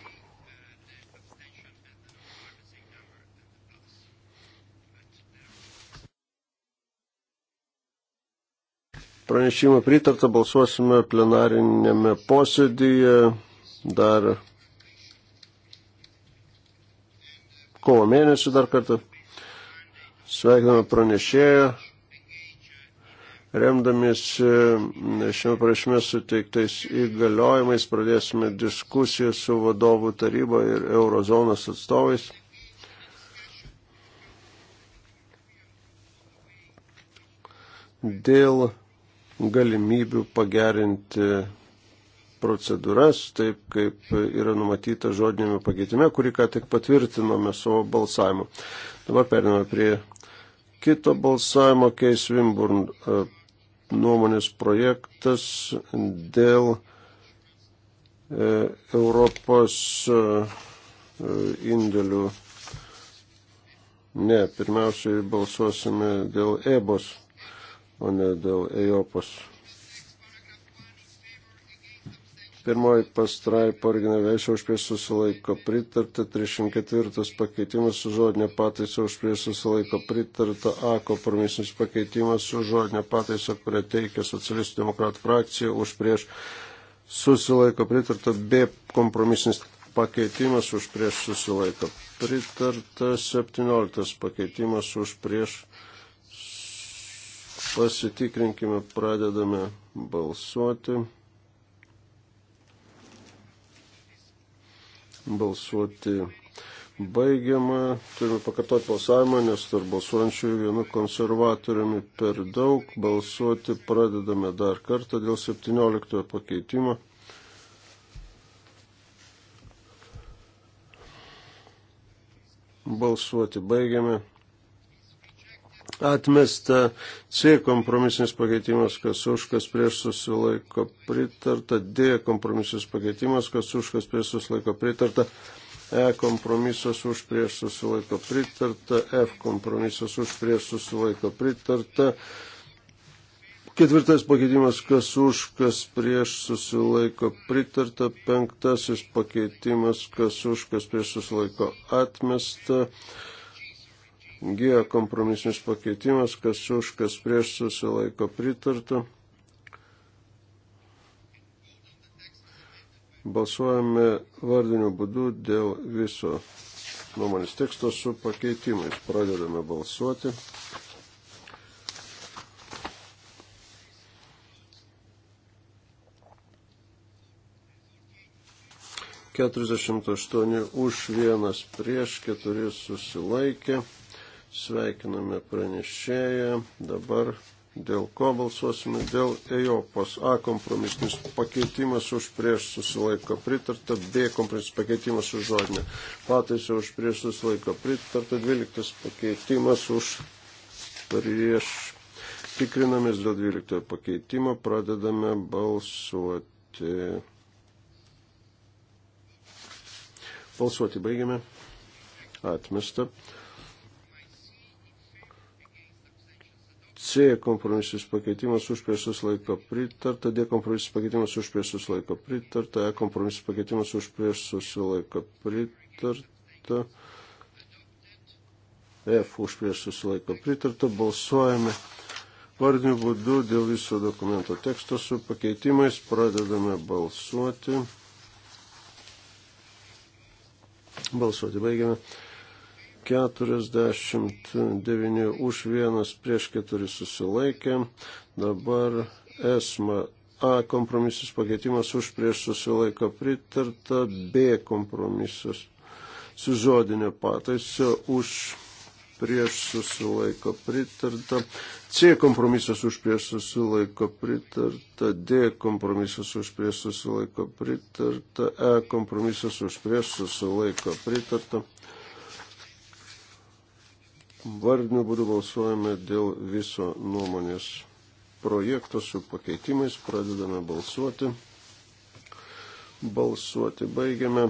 pranešimą pritarta, balsuosime plenarinėme posėdyje dar kovo mėnesį dar kartą. Sveikiname pranešėją remdamiesi e, šiame prašyme suteiktais įgaliojimais pradėsime diskusiją su vadovų taryba ir eurozonos atstovais. Dėl galimybių pagerinti procedūras, taip kaip yra numatyta žodinėme pakeitime, kurį ką tik patvirtinome savo balsavimu. Dabar periname prie kito balsavimo Keis Wimburn e, nuomonės projektas dėl e, Europos e, indėlių. Ne, pirmiausiai balsuosime dėl EBOS, o ne dėl EJOPOS. Pirmoji pastraipa originaliaisio už prieš susilaiko pritarta, 34 pakeitimas su žodinė pataisa už prieš susilaiko pritarta, A kompromisinis pakeitimas su žodinė pataisa, kurią teikia socialistų demokratų frakcija už prieš susilaiko pritarta, B kompromisinis pakeitimas už prieš susilaiko pritarta, 17 pakeitimas už prieš pasitikrinkime, pradedame balsuoti. Balsuoti baigiama. Turime pakartoti balsavimą, nes tarp balsuojančių vienu konservatoriumi per daug. Balsuoti pradedame dar kartą dėl 17 pakeitimo. Balsuoti baigiame atmesta C kompromisinis pakeitimas, kas už, kas prieš susilaiko pritarta, D kompromisinis pakeitimas, kas už, kas prieš susilaiko pritarta, E kompromisas už prieš susilaiko pritarta, F kompromisas už prieš susilaiko pritarta. Ketvirtas pakeitimas, kas už, kas prieš susilaiko pritarta. Penktasis pakeitimas, kas už, kas prieš susilaiko atmesta. G kompromisinis pakeitimas, kas už, kas prieš susilaiko pritarta. Balsuojame vardiniu būdu dėl viso nuomonės teksto su pakeitimais. Pradedame balsuoti. Keturiasdešimt aštuoni už vienas prieš keturi susilaikė. Sveikiname pranešėją. Dabar dėl ko balsuosime? Dėl EJOPOS. A kompromisinis pakeitimas už prieš susilaiko pritarta. B kompromisinis pakeitimas už žodinę. Pataisa už prieš susilaiko pritarta. 12 pakeitimas už prieš. Tikrinamės dėl 12 pakeitimo. Pradedame balsuoti. Balsuoti baigiame. Atmesta. C kompromisis pakeitimas už prieš susilaiko pritarta, D kompromisis pakeitimas už prieš susilaiko pritarta, E kompromisis pakeitimas už prieš susilaiko pritarta, F už prieš susilaiko pritarta, balsuojame vardiniu būdu dėl viso dokumento teksto su pakeitimais, pradedame balsuoti. Balsuoti baigiame. 49 už vienas prieš keturi susilaikė. Dabar esma A kompromisas pakeitimas už prieš susilaiko pritarta, B kompromisas su žodinė pataisa už prieš susilaiko pritarta, C kompromisas už prieš susilaiko pritarta, D kompromisas už prieš susilaiko pritarta, E kompromisas už prieš susilaiko pritarta. Vardiniu būdu balsuojame dėl viso nuomonės projekto su pakeitimais. Pradedame balsuoti. Balsuoti baigiame.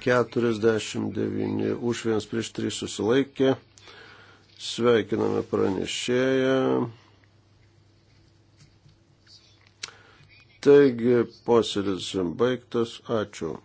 49 už vienas prieš 3 susilaikė. Sveikiname pranešėją. Taigi posėdis baigtas. Ačiū.